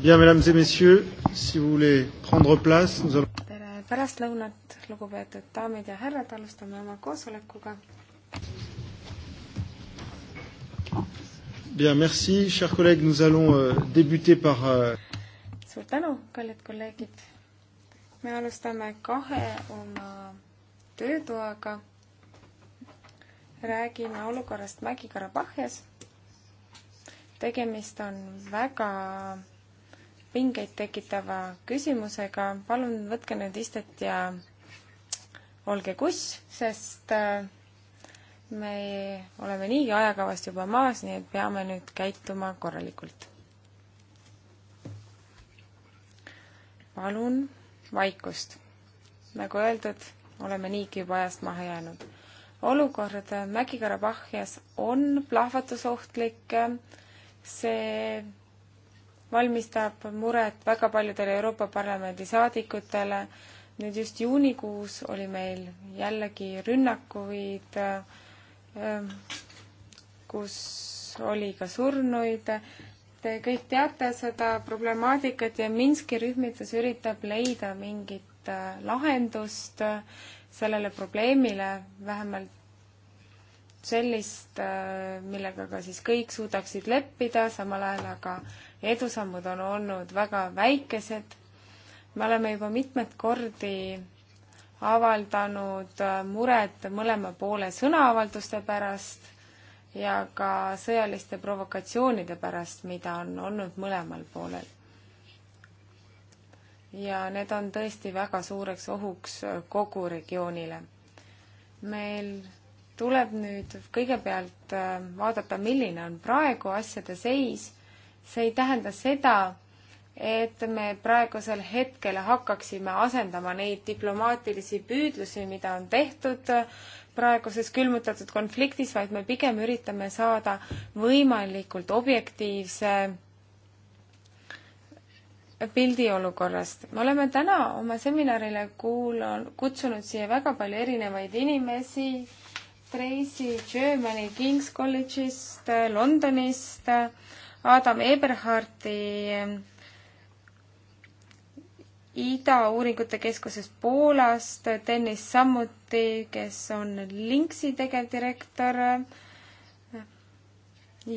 Bien, mesdames et messieurs, si vous voulez prendre place, nous allons... tere pärastlõunat, lugupeetud daamid ja härrad, alustame oma koosolekuga. Bien, merci, chers collègues, nous allons euh, débuter par... Euh... suur tänu, kallid kolleegid. me alustame kahe oma töötoaga. räägime olukorrast Mägi-Karabahhias. tegemist on väga pingeid tekitava küsimusega. palun võtke nüüd istet ja olge kus, sest äh, me oleme niigi ajakavast juba maas, nii et peame nüüd käituma korralikult. palun vaikust. nagu öeldud, oleme niigi juba ajast maha jäänud. olukord Mägi-Karabahhias on plahvatusohtlik. see valmistab muret väga paljudele Euroopa Parlamendi saadikutele. nüüd just juunikuus oli meil jällegi rünnakuid, ähm, kus oli ka surnuid. Te kõik teate seda problemaatikat ja Minski rühmitus üritab leida mingit äh, lahendust äh, sellele probleemile, vähemalt sellist, äh, millega ka siis kõik suudaksid leppida, samal ajal aga edusammud on olnud väga väikesed. me oleme juba mitmeid kordi avaldanud äh, muret mõlema poole sõnaavalduste pärast ja ka sõjaliste provokatsioonide pärast, mida on olnud mõlemal poolel. ja need on tõesti väga suureks ohuks äh, kogu regioonile. meil tuleb nüüd kõigepealt äh, vaadata, milline on praegu asjade seis see ei tähenda seda, et me praegusel hetkel hakkaksime asendama neid diplomaatilisi püüdlusi, mida on tehtud praeguses külmutatud konfliktis, vaid me pigem üritame saada võimalikult objektiivse pildi olukorrast. me oleme täna oma seminarile kuul-, kutsunud siia väga palju erinevaid inimesi, Tracy Germany King's College'ist, Londonist, Adam Eberhardi ehm, Ida-uuringute keskusest Poolast, Tõnis samuti, kes on Linksi tegevdirektor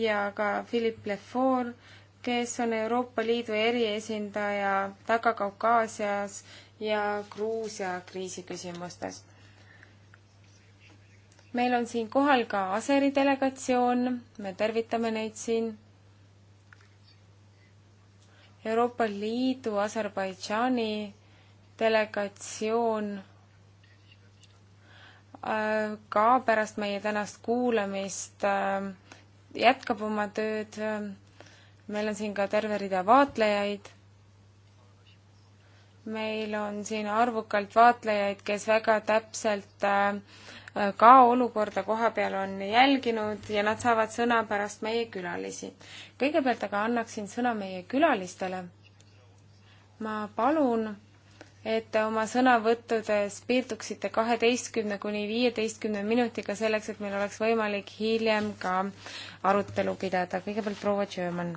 ja ka Philippe Lefour, kes on Euroopa Liidu eriesindaja Taga-Kaukaasias ja Gruusia kriisiküsimustes. meil on siin kohal ka Aseri delegatsioon, me tervitame neid siin Euroopa Liidu Aserbaidžaani delegatsioon äh, ka pärast meie tänast kuulamist äh, jätkab oma tööd. meil on siin ka terve rida vaatlejaid. meil on siin arvukalt vaatlejaid, kes väga täpselt äh, ka olukorda koha peal on jälginud ja nad saavad sõna pärast meie külalisi. kõigepealt aga annaksin sõna meie külalistele. ma palun, et te oma sõnavõttudes piirduksite kaheteistkümne kuni viieteistkümne minutiga selleks, et meil oleks võimalik hiljem ka arutelu pidada. kõigepealt proua Tšöman.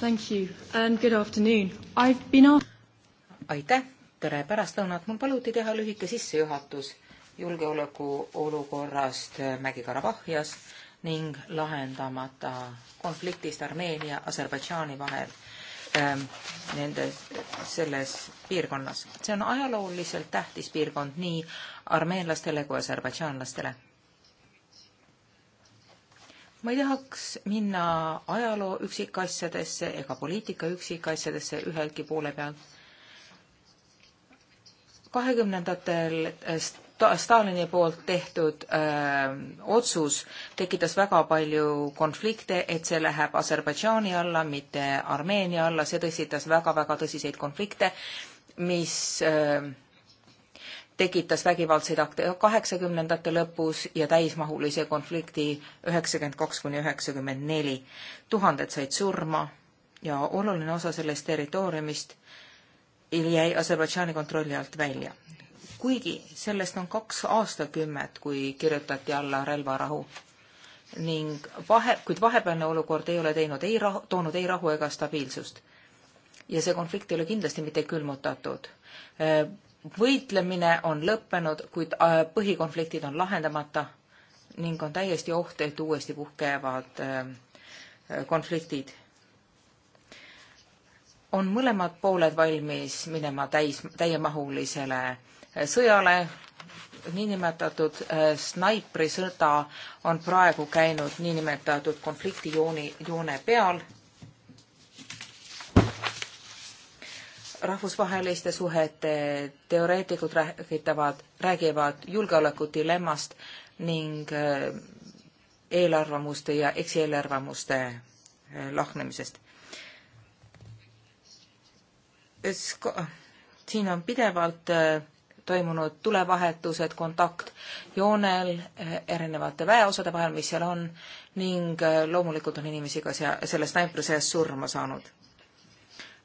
Thank you and good afternoon. I've been off... aitäh, tere pärastlõunat, mul paluti teha lühike sissejuhatus julgeoleku olukorrast Mägi-Karabahhias ning lahendamata konfliktist Armeenia, Aserbaidžaani vahel ähm, nende, selles piirkonnas. see on ajalooliselt tähtis piirkond nii armeenlastele kui aserbaidžaanlastele ma ei tahaks minna ajaloo üksikasjadesse ega poliitika üksikasjadesse ühelgi poole peal. kahekümnendatel äh, Stalini poolt tehtud öö, äh, otsus tekitas väga palju konflikte, et see läheb Aserbaidžaani alla, mitte Armeenia alla, see tõsitas väga-väga tõsiseid konflikte, mis öö, äh, tekitas vägivaldseid akte kaheksakümnendate lõpus ja täismahulise konflikti üheksakümmend kaks kuni üheksakümmend neli. tuhanded said surma ja oluline osa sellest territooriumist jäi Aserbaidžaani kontrolli alt välja. kuigi sellest on kaks aastakümmet, kui kirjutati alla relvarahu ning vahe, kuid vahepealne olukord ei ole teinud ei rahu, toonud ei rahu ega stabiilsust. ja see konflikt ei ole kindlasti mitte külmutatud võitlemine on lõppenud, kuid äh, põhikonfliktid on lahendamata ning on täiesti oht, et uuesti puhkevad äh, konfliktid. on mõlemad pooled valmis minema täis, täiemahulisele äh, sõjale, niinimetatud snaiprisõda on praegu käinud niinimetatud konfliktijooni, joone peal rahvusvaheliste suhete teoreetikud räägitavad, räägivad julgeolekudilemmast ning äh, eelarvamuste ja eksieelarvamuste äh, lahknemisest. siin on pidevalt äh, toimunud tulevahetused, kontakt joonel erinevate väeosade vahel, mis seal on ning loomulikult on inimesi ka sea-, selles näimpruses surma saanud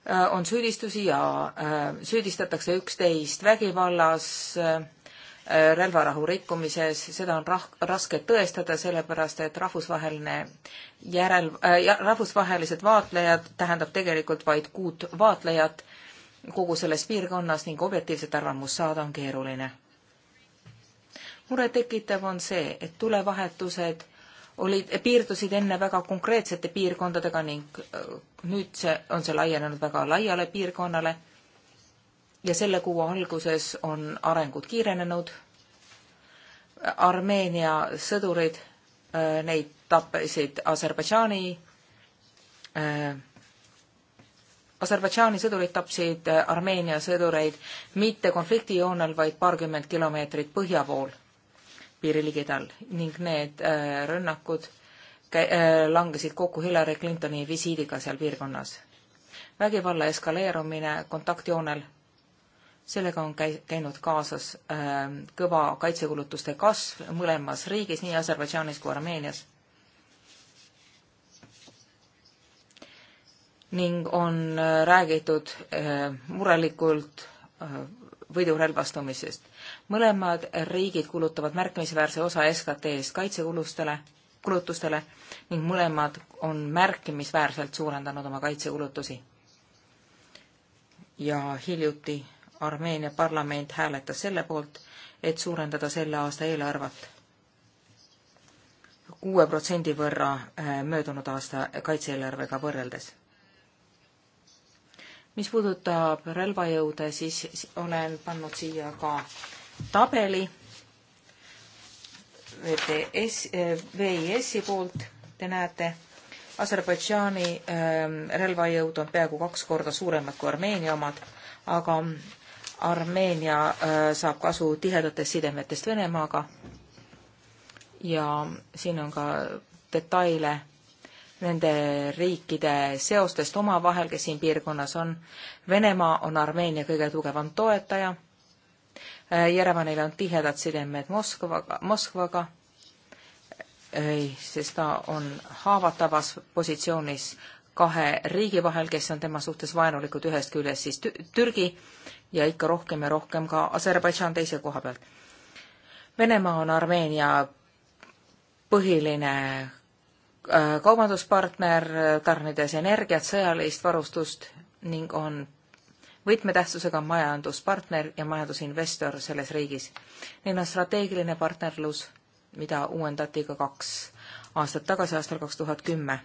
Äh, on süüdistusi ja äh, süüdistatakse üksteist vägivallas, äh, relvarahu rikkumises, seda on rah-, raske tõestada, sellepärast et rahvusvaheline järel- äh,, rahvusvahelised vaatlejad tähendab tegelikult vaid kuut vaatlejat kogu selles piirkonnas ning objektiivset arvamust saada on keeruline. murettekitav on see, et tulevahetused olid, piirdusid enne väga konkreetsete piirkondadega ning äh, nüüd see, on see laienenud väga laiale piirkonnale ja selle kuu alguses on arengud kiirenenud. Armeenia sõdurid, äh, neid tappesid Aserbaidžaani, äh, Aserbaidžaani sõdurid tapsid Armeenia sõdureid mitte konfliktijoonel, vaid paarkümmend kilomeetrit põhja pool piiri ligidal ning need äh, rünnakud äh, langesid kokku Hillary Clintoni visiidiga seal piirkonnas. vägivalla eskaleerumine kontaktjoonel, sellega on käi-, käinud kaasas äh, kõva kaitsekulutuste kasv mõlemas riigis, nii Aserbaidžaanis kui Armeenias. ning on räägitud murelikult võidurelvastumisest mõlemad riigid kulutavad märkimisväärse osa SKT-st kaitsekulustele, kulutustele ning mõlemad on märkimisväärselt suurendanud oma kaitsekulutusi. ja hiljuti Armeenia parlament hääletas selle poolt, et suurendada selle aasta eelarvet kuue protsendi võrra äh, möödunud aasta kaitse-eelarvega võrreldes. mis puudutab relvajõude, siis olen pannud siia ka tabeli VTS, eh, VIS-i poolt, te näete, Aserbaidžaani ehm, relvajõud on peaaegu kaks korda suuremad kui Armeenia omad, aga Armeenia eh, saab kasu tihedatest sidemetest Venemaaga ja siin on ka detaile nende riikide seostest omavahel, kes siin piirkonnas on. Venemaa on Armeenia kõige tugevam toetaja Äh, Järevanil on tihedad sidemed Moskvaga, Moskvaga, sest ta on haavatavas positsioonis kahe riigi vahel, kes on tema suhtes vaenulikud ühest küljest siis Türgi ja ikka rohkem ja rohkem ka Aserbaidžan teise koha pealt. Venemaa on Armeenia põhiline äh, kaubanduspartner, äh, tarnides energiat, sõjalist varustust ning on võtmetähtsusega majanduspartner ja majandusinvestor selles riigis ning on strateegiline partnerlus, mida uuendati ka kaks aastat tagasi, aastal kaks tuhat kümme.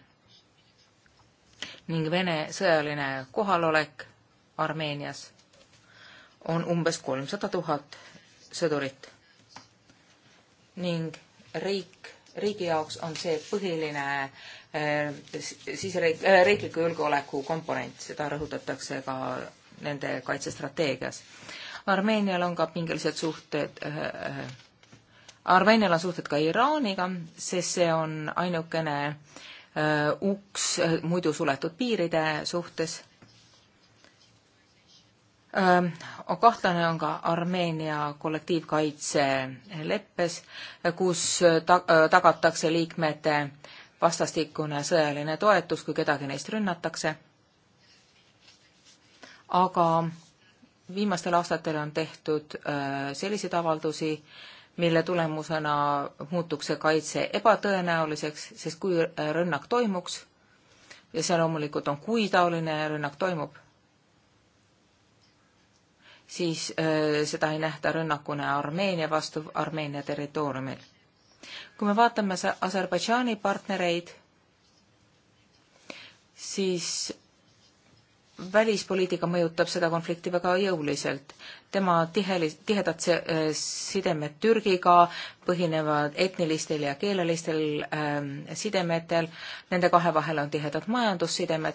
ning Vene sõjaline kohalolek Armeenias on umbes kolmsada tuhat sõdurit. ning riik, riigi jaoks on see põhiline eh, siis eh, riikliku julgeoleku komponent, seda rõhutatakse ka nende kaitsestrateegias. Armeenial on ka pingelised suhted äh, äh, Armeenial on suhted ka Iraaniga, sest see on ainukene äh, uks äh, muidu suletud piiride suhtes ähm,. kahtlane on ka Armeenia kollektiivkaitseleppes, kus äh, ta- äh,, tagatakse liikmete vastastikune sõjaline toetus, kui kedagi neist rünnatakse aga viimastel aastatel on tehtud äh, selliseid avaldusi, mille tulemusena muutuks see kaitse ebatõenäoliseks, sest kui äh, rünnak toimuks, ja see loomulikult on, kui taoline rünnak toimub, siis äh, seda ei nähta rünnakuna Armeenia vastu Armeenia territooriumil. kui me vaatame Aserbaidžaani partnereid, siis välispoliitika mõjutab seda konflikti väga jõuliselt. tema tiheli, tihedad äh, sidemed Türgiga põhinevad etnilistel ja keelelistel ähm, sidemetel, nende kahe vahel on tihedad majandussidemed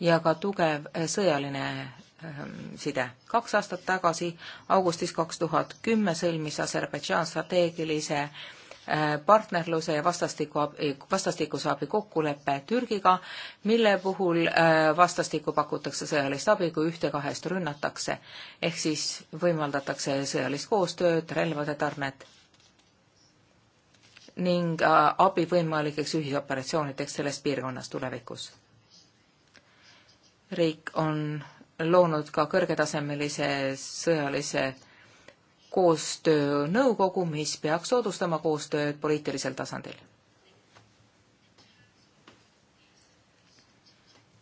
ja ka tugev äh, sõjaline ähm, side. kaks aastat tagasi, augustis kaks tuhat kümme, sõlmis Aserbaidžaan strateegilise äh, partnerluse ja vastastiku, vastastikuse abi kokkulepe Türgiga, mille puhul äh, vastastikku pakutakse sõjalist abi, kui ühte-kahest rünnatakse. ehk siis võimaldatakse sõjalist koostööd, relvade tarnet ning äh, abi võimalikeks ühisoperatsioonideks selles piirkonnas tulevikus. riik on loonud ka kõrgetasemelise sõjalise koostöönõukogu, mis peaks soodustama koostööd poliitilisel tasandil.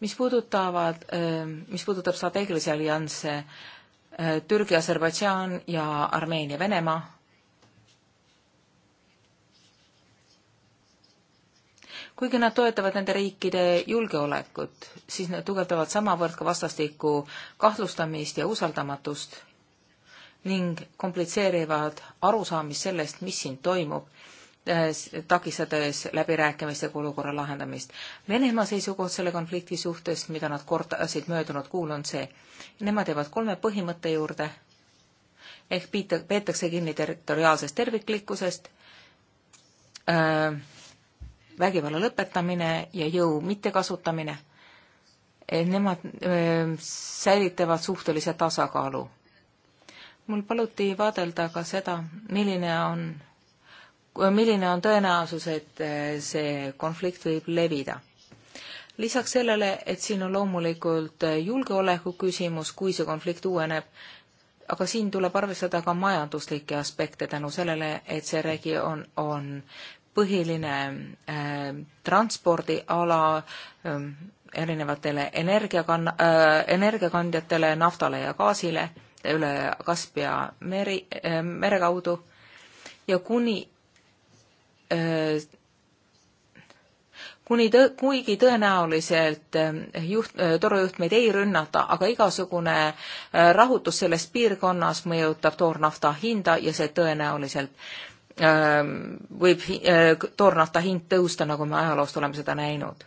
mis puudutavad, ähm, mis puudutab strateegilisi allianse äh, Türgi, Aserbaidžaan ja Armeenia, Venemaa, kuigi nad toetavad nende riikide julgeolekut, siis nad tugevdavad samavõrd ka vastastikku kahtlustamist ja usaldamatust ning komplitseerivad arusaamist sellest, mis siin toimub, eh, takistades läbirääkimiste kui olukorra lahendamist. Venemaa seisukoht selle konflikti suhtes, mida nad kordasid möödunud kuul, on see, nemad jäävad kolme põhimõtte juurde ehk piita-, peetakse kinni territoriaalsest terviklikkusest, eh, vägivalla lõpetamine ja jõu mittekasutamine. Eh, nemad öö, säilitavad suhtelise tasakaalu mul paluti vaadelda ka seda, milline on, milline on tõenäosus, et eh, see konflikt võib levida. lisaks sellele, et siin on loomulikult eh, julgeoleku küsimus, kui see konflikt uueneb, aga siin tuleb arvestada ka majanduslikke aspekte tänu sellele, et see regioon on põhiline äh, transpordiala äh, erinevatele energiakanna äh,, energiakandjatele, naftale ja gaasile äh, üle Kaspia meri äh,, mere kaudu ja kuni äh, kuni tõ-, kuigi tõenäoliselt äh, juht, äh, torujuhtmeid ei rünnata, aga igasugune äh, rahutus selles piirkonnas mõjutab toornafta hinda ja see tõenäoliselt ähm, võib toornafta hind tõusta, nagu me ajaloost oleme seda näinud.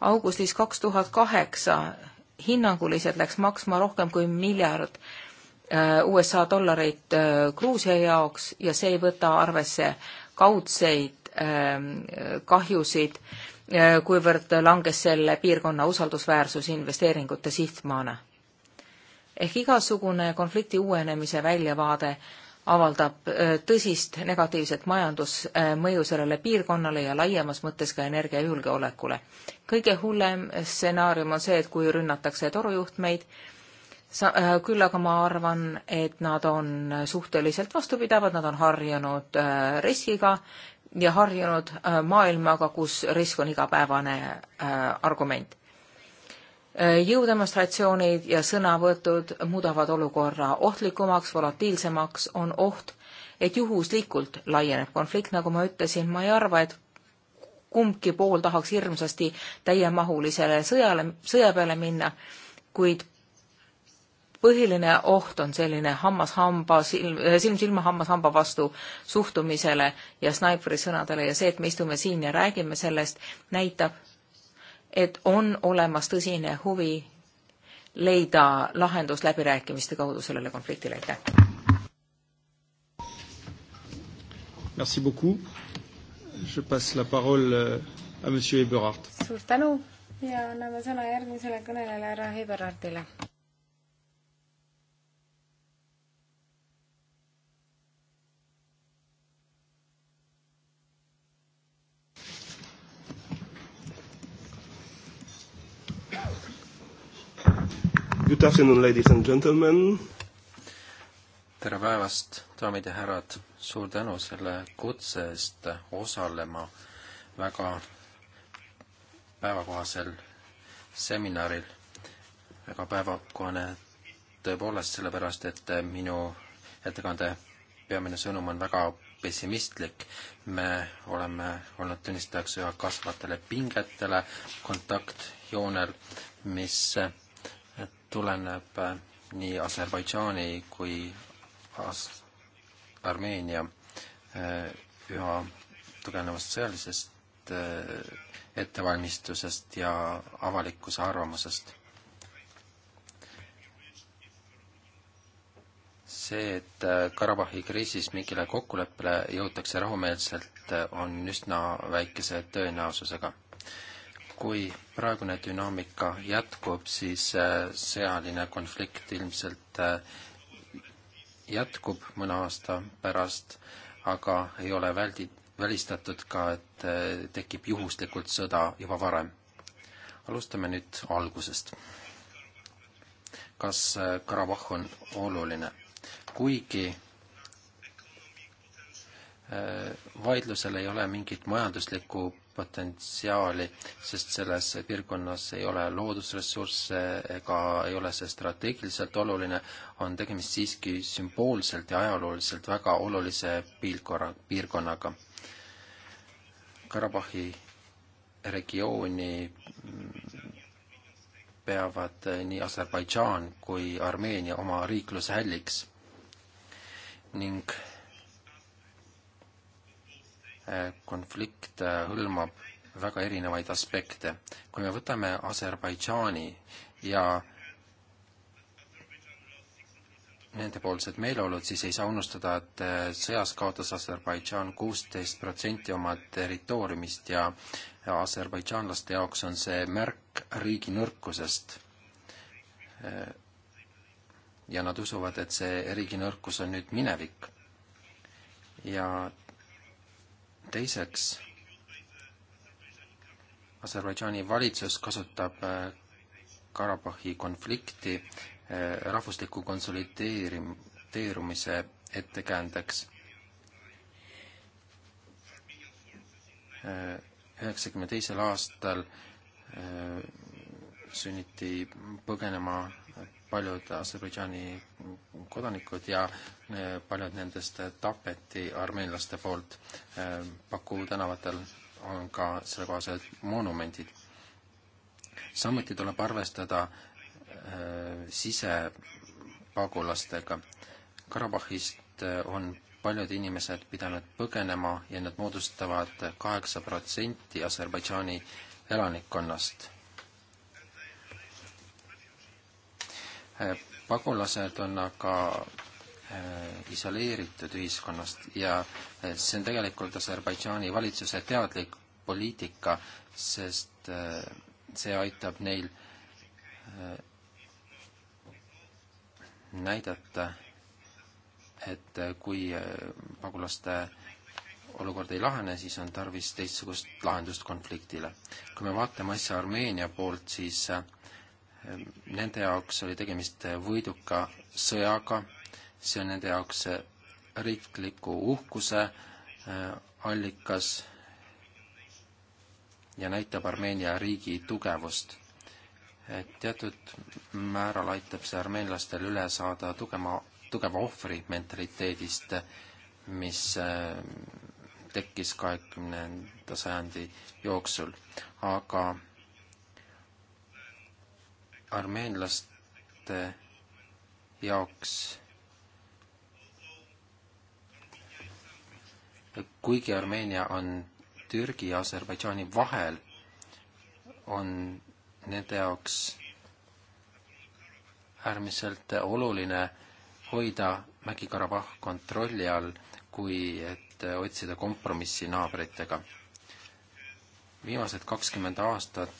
augustis kaks tuhat kaheksa hinnanguliselt läks maksma rohkem kui miljard äh, USA dollareid äh, Gruusia jaoks ja see ei võta arvesse kaudseid ähm, kahjusid, äh, kuivõrd langes selle piirkonna usaldusväärsus investeeringute sihtmaana. ehk igasugune konflikti uuenemise väljavaade avaldab äh, tõsist negatiivset majandusmõju sellele piirkonnale ja laiemas mõttes ka energiajulgeolekule. kõige hullem stsenaarium on see, et kui rünnatakse torujuhtmeid, äh, küll aga ma arvan, et nad on suhteliselt vastupidavad, nad on harjunud äh, riskiga ja harjunud maailmaga, kus risk on igapäevane argument Äh, jõudemonstratsioonid ja sõnavõtud muudavad olukorra ohtlikumaks, volatiilsemaks, on oht, et juhuslikult laieneb konflikt, nagu ma ütlesin, ma ei arva, et kumbki pool tahaks hirmsasti täiemahulisele sõjale, sõja peale minna, kuid põhiline oht on selline hammas hamba, silm, äh, silm silma, hammas hamba vastu suhtumisele ja snaipri sõnadele ja see, et me istume siin ja räägime sellest, näitab, et on olemas tõsine huvi leida lahendus läbirääkimiste kaudu sellele konfliktile, aitäh! Merci beaucoup. Je passe la parole euh, à monsieur Eberhard. suur tänu ja anname sõna järgmisele kõnelejale, härra Eberhardile. Good afternoon, ladies and gentlemen. tere päevast, daamid ja härrad, suur tänu selle kutse eest osalema väga päevakohasel seminaril. väga päevakohane tõepoolest sellepärast, et minu ettekande peamine sõnum on väga pessimistlik. me oleme olnud tunnistajaks üha kasvavatele pingetele kontaktjoonel, mis tuleneb äh, nii Aserbaidžaani kui As-, Armeenia äh, üha tugevnevast sõjalisest äh, ettevalmistusest ja avalikkuse arvamusest. see, et Karabahhi kriisis mingile kokkuleppele jõutakse rahumeelselt, on üsna väikese tõenäosusega kui praegune dünaamika jätkub, siis äh, sõjaline konflikt ilmselt äh, jätkub mõne aasta pärast, aga ei ole väldi-, välistatud ka, et äh, tekib juhuslikult sõda juba varem. alustame nüüd algusest. kas Karabahh on oluline? kuigi vaidlusel ei ole mingit majanduslikku potentsiaali, sest selles piirkonnas ei ole loodusressursse ega ei ole see strateegiliselt oluline, on tegemist siiski sümboolselt ja ajalooliselt väga olulise piirkonna, piirkonnaga. Karabahhi regiooni mm, peavad nii Aserbaidžaan kui Armeenia oma riikluse hälliks ning Eh, konflikt eh, hõlmab väga erinevaid aspekte. kui me võtame Aserbaidžaani ja nendepoolsed meeleolud, siis ei saa unustada, et eh, sõjas kaotas Aserbaidžaan kuusteist protsenti oma territooriumist ja aserbaidžaanlaste jaoks on see märk riigi nõrkusest. ja nad usuvad, et see riigi nõrkus on nüüd minevik. ja teiseks, Aserbaidžaani valitsus kasutab äh, Karabahhi konflikti äh, rahvusliku konsolideerumise ettekäändeks. Äh, üheksakümne teisel aastal sünniti põgenema paljud Aserbaidžaani kodanikud ja eh, paljud nendest tapeti armeenlaste poolt. Eh, Baku tänavatel on ka sellekohased monumendid. samuti tuleb arvestada eh, sisepagulastega. Karabahhist on paljud inimesed pidanud põgenema ja nad moodustavad kaheksa protsenti Aserbaidžaani elanikkonnast Eh, pagulased on aga eh, isoleeritud ühiskonnast ja eh, see on tegelikult Aserbaidžaani valitsuse teadlik poliitika, sest see aitab neil näidata, et kui pagulaste olukord ei lahene, siis on tarvis teistsugust lahendust konfliktile. kui me vaatame asja Armeenia poolt, siis Nende jaoks oli tegemist võiduka sõjaga, see on nende jaoks riikliku uhkuse äh, allikas ja näitab Armeenia riigi tugevust. teatud määral aitab see armeenlastel üle saada tugeva, tugeva ohvri mentaliteedist, mis äh, tekkis kahekümnenda sajandi jooksul, aga armeenlaste jaoks kuigi Armeenia on Türgi ja Aserbaidžaani vahel, on nende jaoks äärmiselt oluline hoida Mägi-Karabahh kontrolli all, kui et otsida kompromissi naabritega. viimased kakskümmend aastat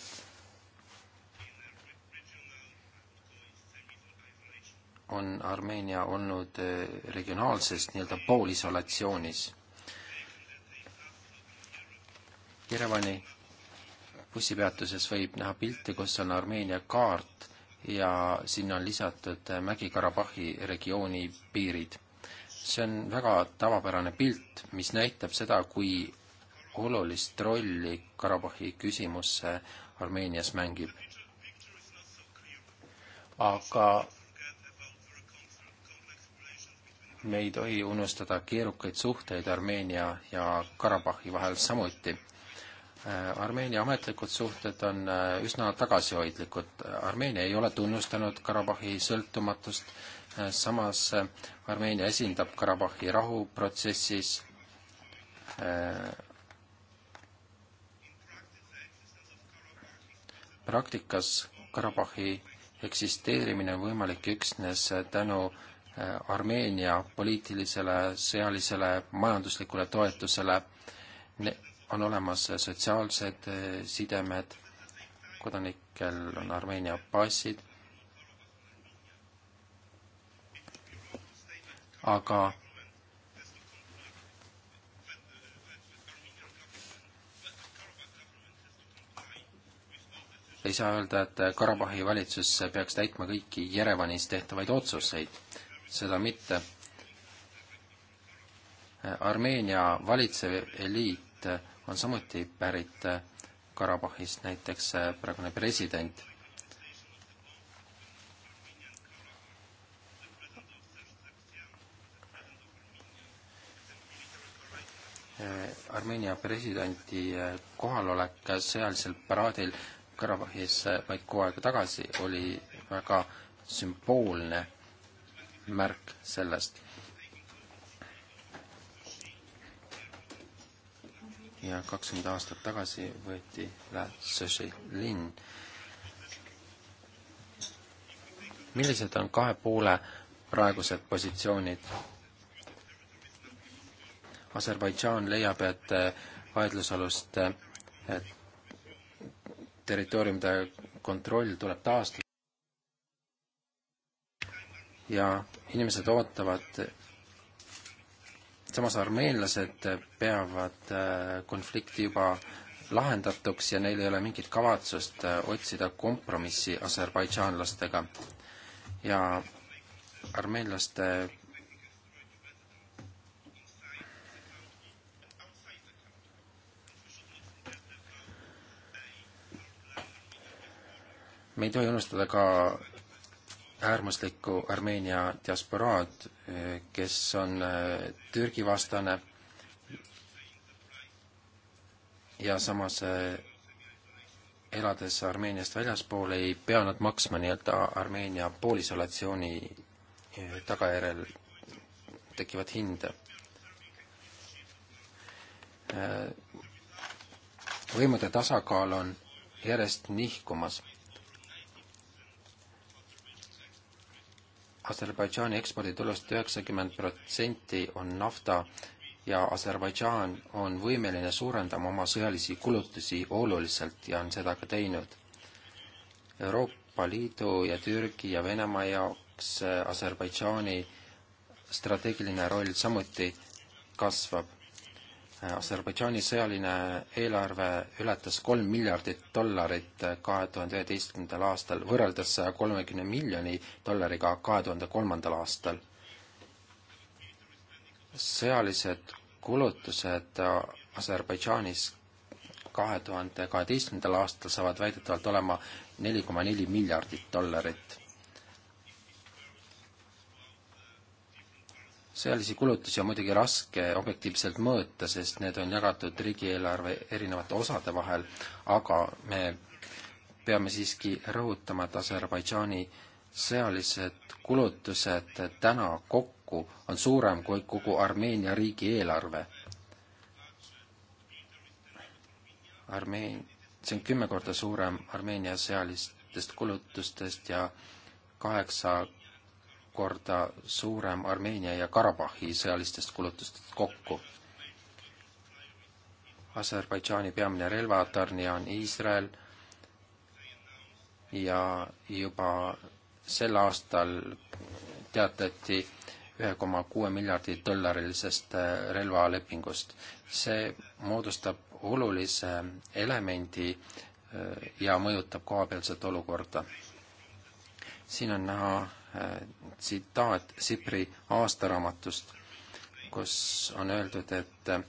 on Armeenia olnud eh, regionaalses nii-öelda poolisolatsioonis. Jerevani bussipeatuses võib näha pilte, kus on Armeenia kaart ja sinna on lisatud eh, Mägi-Karabahhi regiooni piirid. see on väga tavapärane pilt, mis näitab seda, kui olulist rolli Karabahhi küsimus Armeenias mängib. aga me ei tohi unustada keerukaid suhteid Armeenia ja Karabahhi vahel samuti. Äh, Armeenia ametlikud suhted on äh, üsna tagasihoidlikud. Armeenia ei ole tunnustanud Karabahhi sõltumatust, äh, samas Armeenia esindab Karabahhi rahuprotsessis praktikas Karabahhi eksisteerimine on võimalik üksnes tänu äh, Äh, Armeenia poliitilisele, sõjalisele, majanduslikule toetusele, on olemas sotsiaalsed äh, sidemed, kodanikel on Armeenia passid, aga ei saa öelda, et Karabahhi valitsus peaks täitma kõiki Jerevanis tehtavaid otsuseid seda mitte. Armeenia valitsev eliit on samuti pärit Karabahhist, näiteks praegune president. Armeenia presidendi kohalolek sõjalisel paraadil Karabahhis vaid kuu aega tagasi oli väga sümboolne märk sellest. ja kakskümmend aastat tagasi võeti La Sochi linn. millised on kahe poole praegused positsioonid? Aserbaidžaan leiab, et äh, vaidlusalust äh, territooriumide kontroll tuleb taastada, ja inimesed ootavad, samas armeenlased peavad äh, konflikti juba lahendatuks ja neil ei ole mingit kavatsust äh, otsida kompromissi aserbaidžaanlastega. ja armeenlaste me ei tohi unustada ka äärmuslikku Armeenia diasporaad, kes on eh, Türgi vastane ja samas eh, elades Armeeniast väljaspool, ei pea nad maksma nii-öelda Armeenia poolisolatsiooni eh, tagajärjel tekkivat hinda. võimude tasakaal on järjest nihkumas Aserbaidžaani eksporditulust üheksakümmend protsenti on nafta ja Aserbaidžaan on võimeline suurendama oma sõjalisi kulutusi oluliselt ja on seda ka teinud. Euroopa Liidu ja Türgi ja Venemaa jaoks Aserbaidžaani strateegiline roll samuti kasvab Aserbaidžaani sõjaline eelarve ületas kolm miljardit dollarit kahe tuhande üheteistkümnendal aastal, võrreldes saja kolmekümne miljoni dollariga kahe tuhande kolmandal aastal. sõjalised kulutused Aserbaidžaanis kahe tuhande kaheteistkümnendal aastal saavad väidetavalt olema neli koma neli miljardit dollarit. sõjalisi kulutusi on muidugi raske objektiivselt mõõta, sest need on jagatud riigieelarve erinevate osade vahel, aga me peame siiski rõhutama, et Aserbaidžaani sõjalised kulutused täna kokku on suurem kui kogu Armeenia riigieelarve. Armeen-, see on kümme korda suurem Armeenia sõjalistest kulutustest ja kaheksa korda suurem Armeenia ja Karabahhi sõjalistest kulutustest kokku. Aserbaidžaani peamine relvatarnija on Iisrael ja juba sel aastal teatati ühe koma kuue miljardi dollarilisest äh, relvalepingust. see moodustab olulise elemendi äh, ja mõjutab kohapealset olukorda. siin on näha tsitaat Sipri aastaraamatust, kus on öeldud, et äh,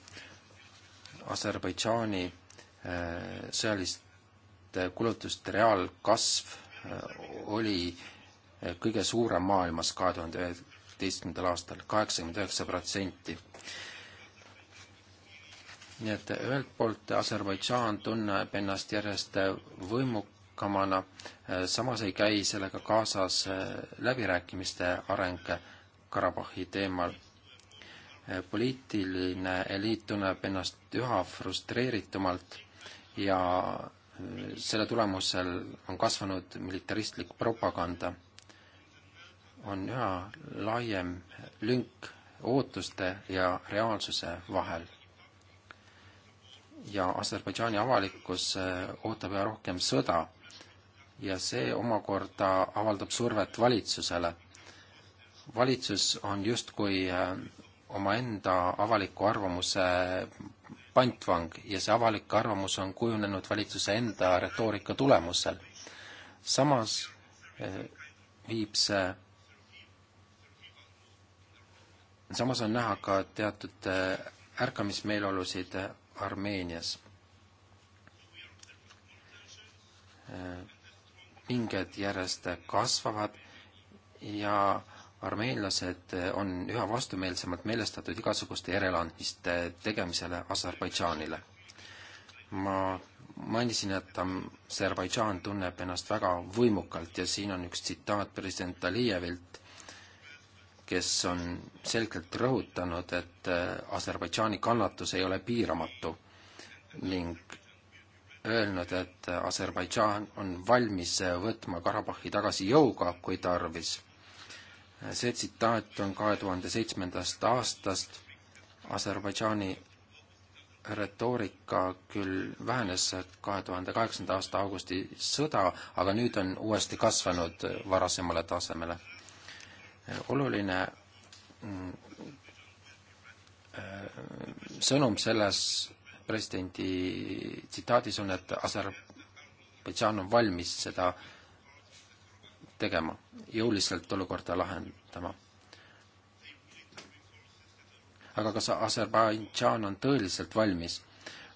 Aserbaidžaani äh, sõjaliste äh, kulutuste reaalkasv oli kõige suurem maailmas kahe tuhande üheteistkümnendal aastal, kaheksakümmend üheksa protsenti. nii et ühelt poolt Aserbaidžaan tunneb ennast järjest võimu kamana, samas ei käi sellega kaasas eh, läbirääkimiste areng Karabahhi teemal. Eh, poliitiline eliit tunneb ennast üha frustreeritumalt ja eh, selle tulemusel on kasvanud militaristlik propaganda. on üha laiem lünk ootuste ja reaalsuse vahel ja Aserbaidžaani avalikkus ootab üha rohkem sõda ja see omakorda avaldab survet valitsusele. valitsus on justkui äh, omaenda avaliku arvamuse pantvang ja see avalik arvamus on kujunenud valitsuse enda retoorika tulemusel. samas äh, viib see, samas on näha ka teatud äh, ärkamismeeleolusid Armeenias pinged järjest kasvavad ja armeenlased on üha vastumeelsemalt meelestatud igasuguste järeleandmiste tegemisele Aserbaidžaanile. ma mainisin, et Aserbaidžaan tunneb ennast väga võimukalt ja siin on üks tsitaat president Alijevilt, kes on selgelt rõhutanud, et Aserbaidžaani kannatus ei ole piiramatu ning öelnud, et Aserbaidžaan on valmis võtma Karabahhi tagasi jõuga, kui tarvis. see tsitaat on kahe tuhande seitsmendast aastast. Aserbaidžaani retoorika küll vähenes kahe tuhande kaheksanda aasta augusti sõda, aga nüüd on uuesti kasvanud varasemale tasemele. oluline mm, äh, sõnum selles presidendi tsitaadis on, et Aserbaidžaan on valmis seda tegema, jõuliselt olukorda lahendama. aga kas Aserbaidžaan on tõeliselt valmis?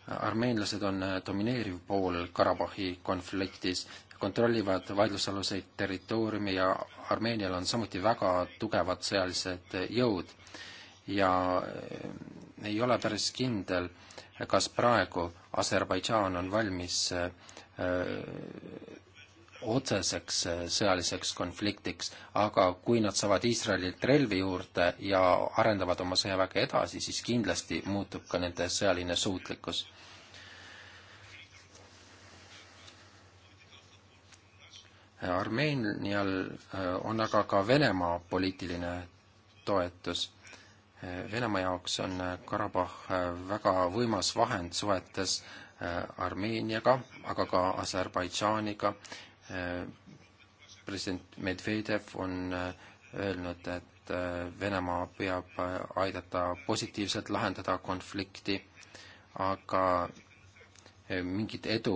armeenlased on domineeriv pool Karabahhi konfliktis, kontrollivad vaidlusaluseid territooriumi ja Armeenial on samuti väga tugevad sõjalised jõud ja ei ole päris kindel, kas praegu Aserbaidžaan on valmis äh, äh, otseseks äh, sõjaliseks konfliktiks, aga kui nad saavad Iisraelilt relvi juurde ja arendavad oma sõjaväge edasi, siis kindlasti muutub ka nende sõjaline suutlikkus. Armeenial on aga ka Venemaa poliitiline toetus Venemaa jaoks on Karabah väga võimas vahend suhetes äh, Armeeniaga, aga ka Aserbaidžaaniga. Äh, president Medvedev on äh, öelnud, et Venemaa peab aidata positiivselt lahendada konflikti, aga mingit edu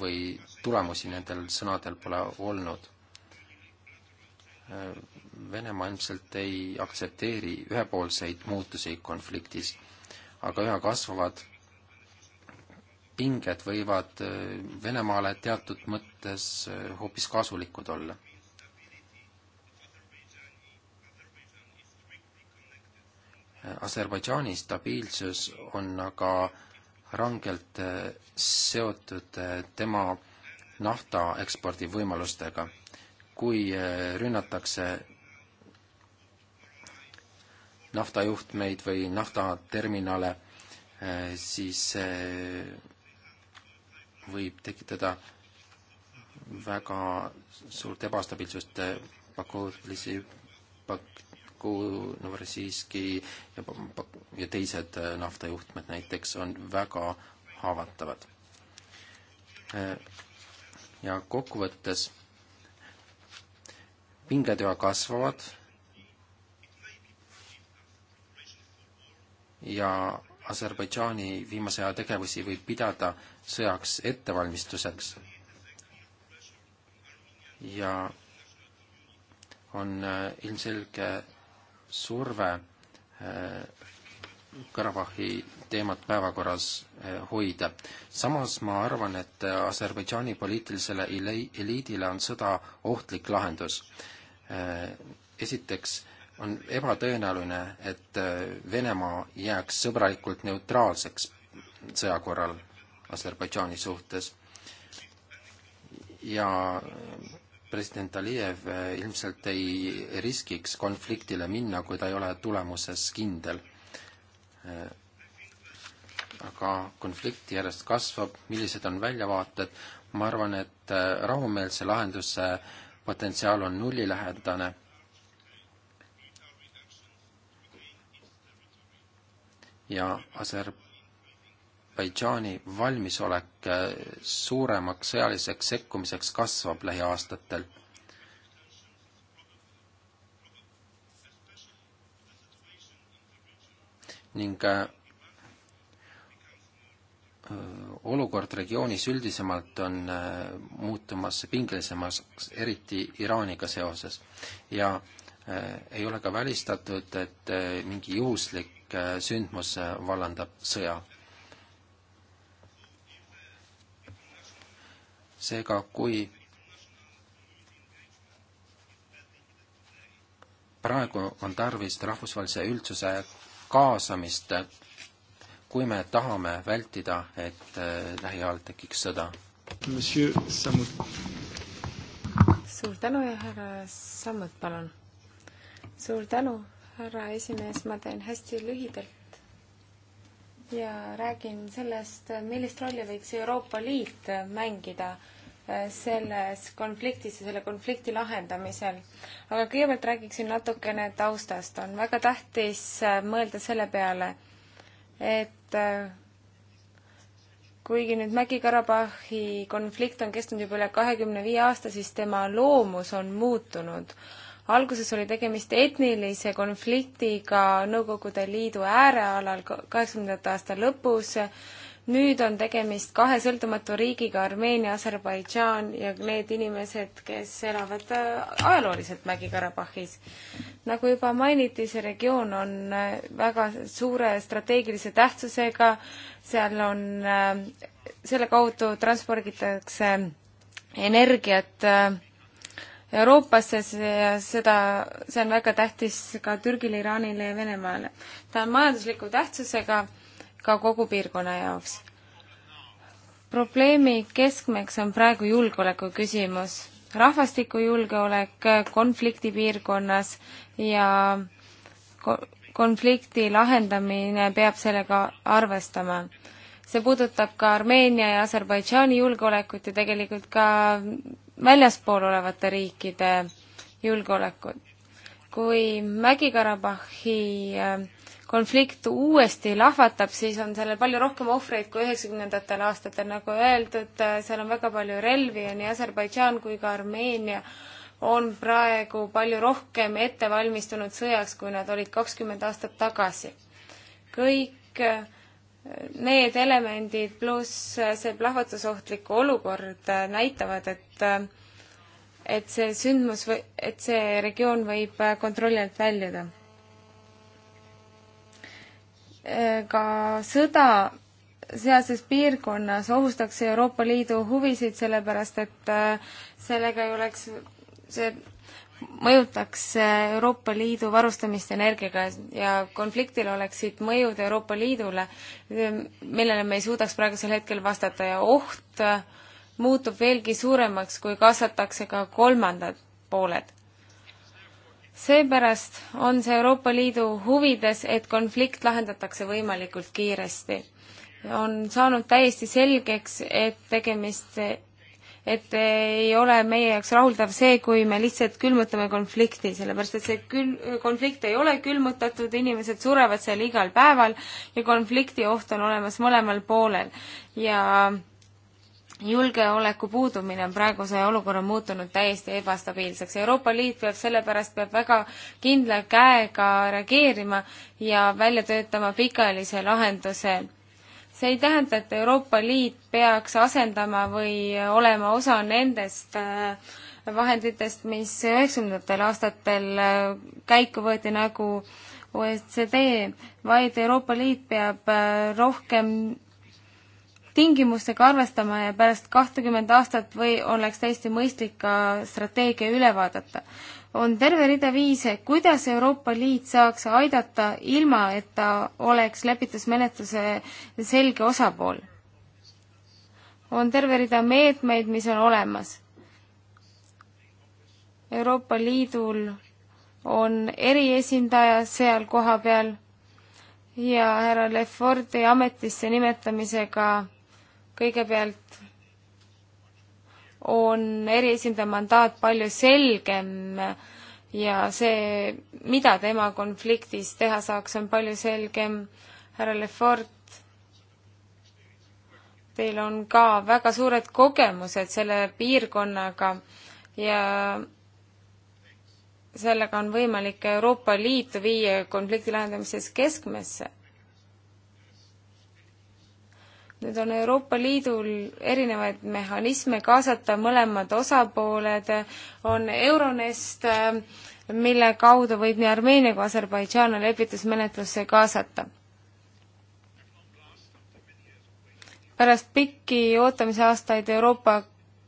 või tulemusi nendel sõnadel pole olnud Venemaa ilmselt ei aktsepteeri ühepoolseid muutusi konfliktis, aga üha kasvavad pinged võivad äh, Venemaale teatud mõttes äh, hoopis kasulikud olla. Äh, Aserbaidžaani stabiilsus on aga rangelt seotud tema nafta ekspordivõimalustega. kui rünnatakse naftajuhtmeid või naftaterminale, eh, siis eh, võib tekitada väga suurt ebastabiilsust eh, Baku-Tbilisi, Baku, Novorossijski ja, ja teised naftajuhtmed näiteks on väga haavatavad. ja kokkuvõttes pingetöö kasvavad ja Aserbaidžaani viimase aja tegevusi võib pidada sõjaks ettevalmistuseks. ja on äh, ilmselge surve äh, Karabahhi teemat päevakorras äh, hoida. samas ma arvan, et Aserbaidžaani poliitilisele eliidile on sõda ohtlik lahendus. esiteks on ebatõenäoline, et äh, Venemaa jääks sõbralikult neutraalseks sõja korral Aserbaidžaani suhtes. ja äh, president Alijev äh, ilmselt ei riskiks konfliktile minna, kui ta ei ole tulemuses kindel. aga konflikt järjest kasvab, millised on väljavaated, ma arvan, et rahumeelse lahenduse potentsiaal on nullilähedane ja Aserbaidžaani valmisolek eh, suuremaks sõjaliseks sekkumiseks kasvab lähiaastatel. ning eh, eh, olukord regioonis üldisemalt on muutumas pingelisemaks, eriti Iraaniga seoses. ja ei ole ka välistatud, et mingi juhuslik Äh, sündmus äh, vallandab sõja. seega, kui praegu on tarvis rahvusvahelise üldsuse kaasamist, kui me tahame vältida, et äh, lähiajal tekiks sõda. suur tänu ja härra Sammut, palun. suur tänu, härra esimees, ma teen hästi lühidalt ja räägin sellest, millist rolli võiks Euroopa Liit mängida äh, selles konfliktis ja selle konflikti lahendamisel. aga kõigepealt räägiksin natukene taustast. on väga tähtis äh, mõelda selle peale, et äh, kuigi nüüd Mägi-Karabahhi konflikt on kestnud juba üle kahekümne viie aasta, siis tema loomus on muutunud alguses oli tegemist etnilise konfliktiga Nõukogude Liidu äärealal kaheksakümnendate aasta lõpus, nüüd on tegemist kahe sõltumatu riigiga, Armeenia, Aserbaidžaan ja need inimesed, kes elavad äh, ajalooliselt Mägi-Karabahhis. nagu juba mainiti, see regioon on äh, väga suure strateegilise tähtsusega, seal on, äh, selle kaudu transporditakse energiat äh, Euroopasse, see, seda, see on väga tähtis ka Türgile, Iraanile ja Venemaale. ta on majandusliku tähtsusega ka kogu piirkonna jaoks. probleemi keskmeks on praegu julgeoleku küsimus, rahvastikujulgeolek konfliktipiirkonnas ja ko konflikti lahendamine peab sellega arvestama. see puudutab ka Armeenia ja Aserbaidžaani julgeolekut ja tegelikult ka väljaspool olevate riikide julgeolekut. kui Mägi-Karabahhi äh, konflikt uuesti lahvatab, siis on sellel palju rohkem ohvreid kui üheksakümnendatel aastatel, nagu öeldud, äh, seal on väga palju relvi ja nii Aserbaidžaan kui ka Armeenia on praegu palju rohkem ette valmistunud sõjaks, kui nad olid kakskümmend aastat tagasi. kõik äh, need elemendid pluss see plahvatusohtlik olukord näitavad, et et see sündmus või, et see regioon võib kontrolli alt väljuda. ka sõda sealses piirkonnas ohustaks Euroopa Liidu huvisid, sellepärast et sellega ei oleks, see mõjutaks Euroopa Liidu varustamist energiaga ja konfliktil oleksid mõjud Euroopa Liidule, millele me ei suudaks praegusel hetkel vastata ja oht muutub veelgi suuremaks, kui kaasatakse ka kolmandad pooled. seepärast on see Euroopa Liidu huvides, et konflikt lahendatakse võimalikult kiiresti. on saanud täiesti selgeks, et tegemist et ei ole meie jaoks rahuldav see, kui me lihtsalt külmutame konflikti, sellepärast et see kül-, konflikt ei ole külmutatud, inimesed surevad seal igal päeval ja konflikti oht on olemas mõlemal poolel. ja julgeoleku puudumine on praeguse olukorra muutunud täiesti ebastabiilseks. Euroopa Liit peab sellepärast, peab väga kindla käega reageerima ja välja töötama pikaajalise lahenduse see ei tähenda, et Euroopa Liit peaks asendama või olema osa nendest äh, vahenditest, mis üheksakümnendatel aastatel äh, käiku võeti nagu OECD, vaid Euroopa Liit peab äh, rohkem tingimustega arvestama ja pärast kahtekümmend aastat või oleks täiesti mõistlik ka strateegia üle vaadata on terve rida viise, kuidas Euroopa Liit saaks aidata, ilma et ta oleks lepitusmenetluse selge osapool. on terve rida meetmeid, mis on olemas. Euroopa Liidul on eriesindaja seal kohapeal ja härra Leforti ametisse nimetamisega kõigepealt on eriesindaja mandaat palju selgem ja see, mida tema konfliktis teha saaks, on palju selgem. härra Lefort, teil on ka väga suured kogemused selle piirkonnaga ja sellega on võimalik Euroopa Liitu viia konflikti lahendamises keskmesse nüüd on Euroopa Liidul erinevaid mehhanisme kaasata mõlemad osapooled, on Euronest, mille kaudu võib nii Armeenia kui Aserbaidžaan lepitusmenetlusse kaasata. pärast pikki ootamise aastaid Euroopa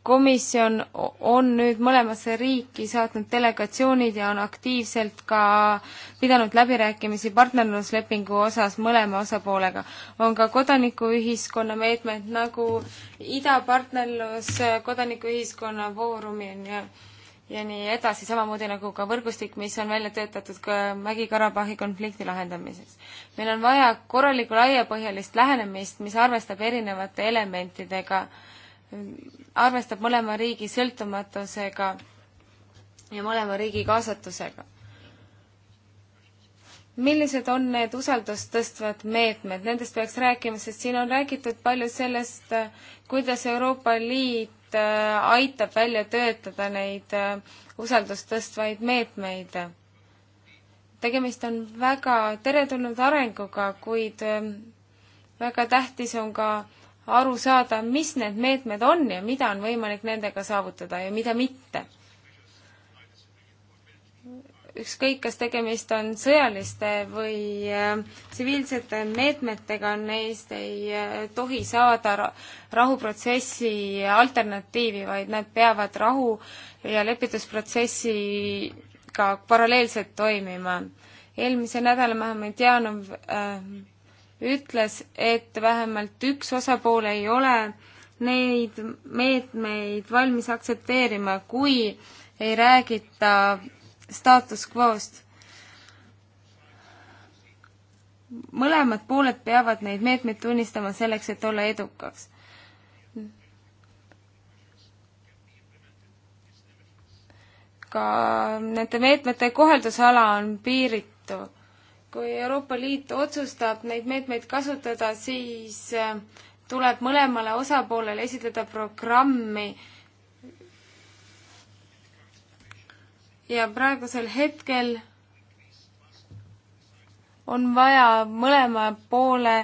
komisjon on nüüd mõlemasse riiki saatnud delegatsioonid ja on aktiivselt ka pidanud läbirääkimisi partnerluslepingu osas mõlema osapoolega. on ka kodanikuühiskonna meetmed nagu idapartnerlus, kodanikuühiskonna foorumi ja ja nii edasi, samamoodi nagu ka võrgustik, mis on välja töötatud ka Mägi-Karabahhi konflikti lahendamiseks. meil on vaja korralikku laiapõhjalist lähenemist, mis arvestab erinevate elementidega äh, arvestab mõlema riigi sõltumatusega ja mõlema riigi kaasatusega. millised on need usaldust tõstvad meetmed, nendest peaks rääkima, sest siin on räägitud palju sellest, kuidas Euroopa Liit äh, aitab välja töötada neid äh, usaldust tõstvaid meetmeid. tegemist on väga teretulnud arenguga, kuid äh, väga tähtis on ka aru saada, mis need meetmed on ja mida on võimalik nendega saavutada ja mida mitte. ükskõik, kas tegemist on sõjaliste või äh, tsiviilsete meetmetega, neist ei äh, tohi saada rahuprotsessi alternatiivi, vaid nad peavad rahu- ja lepitusprotsessiga paralleelselt toimima. eelmise nädala Mahmedjanov äh, ütles, et vähemalt üks osapool ei ole neid meetmeid valmis aktsepteerima, kui ei räägita staatus quo'st. mõlemad pooled peavad neid meetmeid tunnistama selleks, et olla edukaks. ka nende meetmete kohaldusala on piiritu kui Euroopa Liit otsustab neid meetmeid kasutada, siis äh, tuleb mõlemale osapoolele esitleda programmi. ja praegusel hetkel on vaja mõlema poole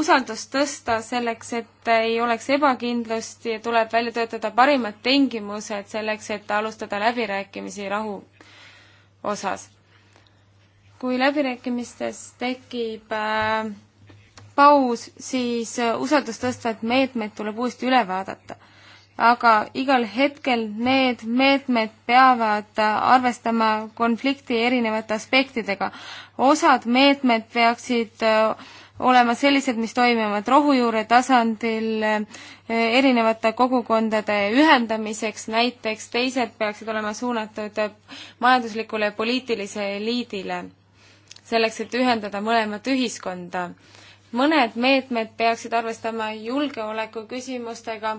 usaldust tõsta selleks, et ei oleks ebakindlust ja tuleb välja töötada parimad tingimused selleks, et alustada läbirääkimisi rahu osas kui läbirääkimistes tekib äh, paus, siis äh, usaldust tõstvad meetmed tuleb uuesti üle vaadata. aga igal hetkel need meetmed peavad äh, arvestama konflikti erinevate aspektidega. osad meetmed peaksid äh, olema sellised, mis toimivad rohujuure tasandil erinevate kogukondade ühendamiseks näiteks, teised peaksid olema suunatud majanduslikule ja poliitilisele eliidile selleks, et ühendada mõlemat ühiskonda. mõned meetmed peaksid arvestama julgeoleku küsimustega,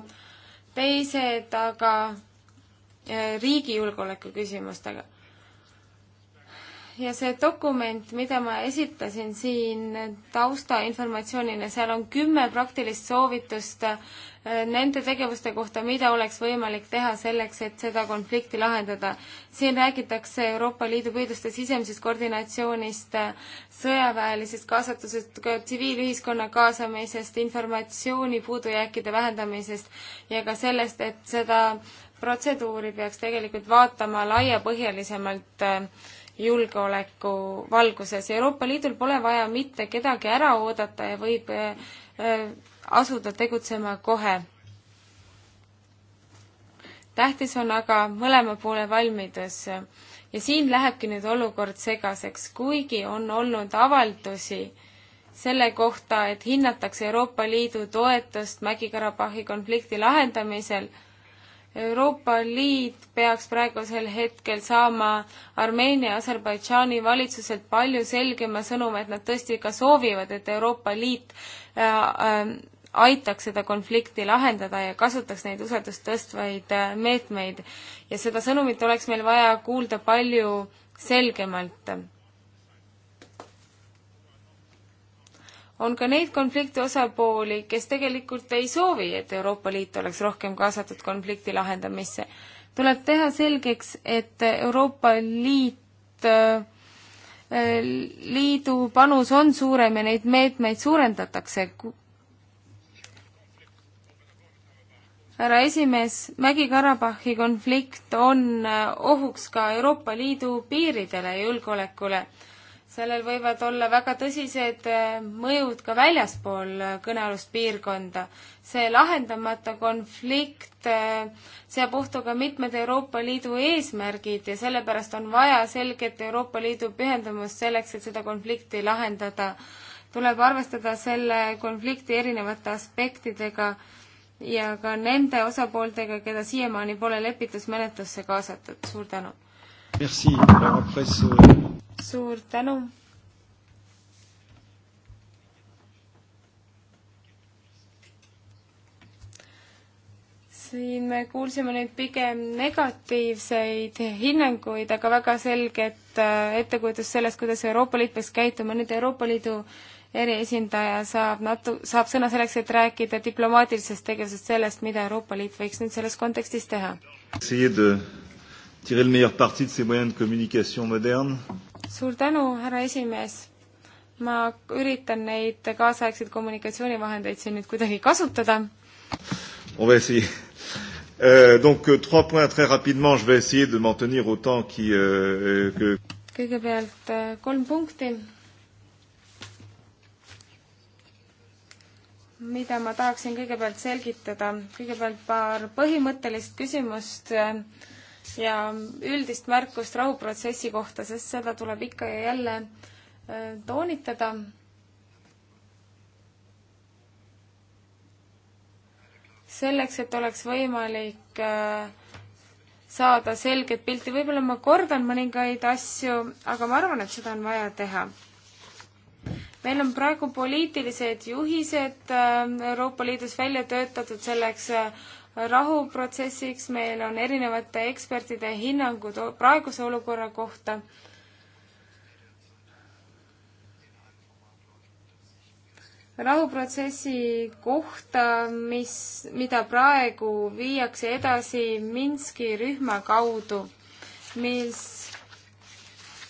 teised aga eh, riigi julgeoleku küsimustega ja see dokument, mida ma esitasin siin taustainformatsioonina, seal on kümme praktilist soovitust äh, nende tegevuste kohta, mida oleks võimalik teha selleks, et seda konflikti lahendada. siin räägitakse Euroopa Liidu püüdluste sisemisest koordinatsioonist, äh, sõjaväelisest kaasatusest, ka tsiviilühiskonna kaasamisest, informatsiooni puudujääkide vähendamisest ja ka sellest, et seda protseduuri peaks tegelikult vaatama laiapõhjalisemalt äh, julgeoleku valguses. Euroopa Liidul pole vaja mitte kedagi ära oodata ja võib äh, äh, asuda tegutsema kohe. tähtis on aga mõlema poole valmidus ja siin lähebki nüüd olukord segaseks, kuigi on olnud avaldusi selle kohta, et hinnatakse Euroopa Liidu toetust Mägi-Karabahhi konflikti lahendamisel Euroopa Liit peaks praegusel hetkel saama Armeenia ja Aserbaidžaani valitsuselt palju selgema sõnumi, et nad tõesti ka soovivad, et Euroopa Liit äh, äh, aitaks seda konflikti lahendada ja kasutaks neid usaldust tõstvaid äh, meetmeid. ja seda sõnumit oleks meil vaja kuulda palju selgemalt on ka neid konflikti osapooli, kes tegelikult ei soovi, et Euroopa Liit oleks rohkem kaasatud konflikti lahendamisse. tuleb teha selgeks, et Euroopa Liit, äh, liidu panus on suurem ja neid meetmeid suurendatakse. härra esimees, Mägi-Karabahhi konflikt on äh, ohuks ka Euroopa Liidu piiridele ja julgeolekule sellel võivad olla väga tõsised äh, mõjud ka väljaspool äh, kõnealust piirkonda. see lahendamata konflikt äh, seab ohtu ka mitmed Euroopa Liidu eesmärgid ja sellepärast on vaja selget Euroopa Liidu pühendumust selleks, et seda konflikti lahendada. tuleb arvestada selle konflikti erinevate aspektidega ja ka nende osapooltega, keda siiamaani pole lepitusmenetlusse kaasatud. suur tänu! Merci. Alors après ce, euh, suur tänu. siin me kuulsime nüüd pigem negatiivseid hinnanguid, aga väga selget äh, ettekujutust sellest, kuidas Euroopa Liit peaks käituma. nüüd Euroopa Liidu eriesindaja saab natu-, saab sõna selleks, et rääkida diplomaatilisest tegevusest, sellest, mida Euroopa Liit võiks nüüd selles kontekstis teha. tirer le meilleur parti de ces moyens de communication modernes suur tänu, härra esimees. ma üritan neid kaasaegseid kommunikatsioonivahendeid siin nüüd kuidagi kasutada. On va essayer. Euh, donc euh, trois points très rapidement, je vais essayer de m'en tenir au temps qui euh, euh que kõigepealt euh, kolm punkti, mida ma tahaksin kõigepealt selgitada. kõigepealt paar põhimõttelist küsimust äh, ja üldist märkust rahuprotsessi kohta, sest seda tuleb ikka ja jälle äh, toonitada. selleks, et oleks võimalik äh, saada selget pilti, võib-olla ma kordan mõningaid asju, aga ma arvan, et seda on vaja teha meil on praegu poliitilised juhised äh, Euroopa Liidus välja töötatud selleks rahuprotsessiks, meil on erinevate ekspertide hinnangud praeguse olukorra kohta. rahuprotsessi kohta, mis, mida praegu viiakse edasi Minski rühma kaudu, mis,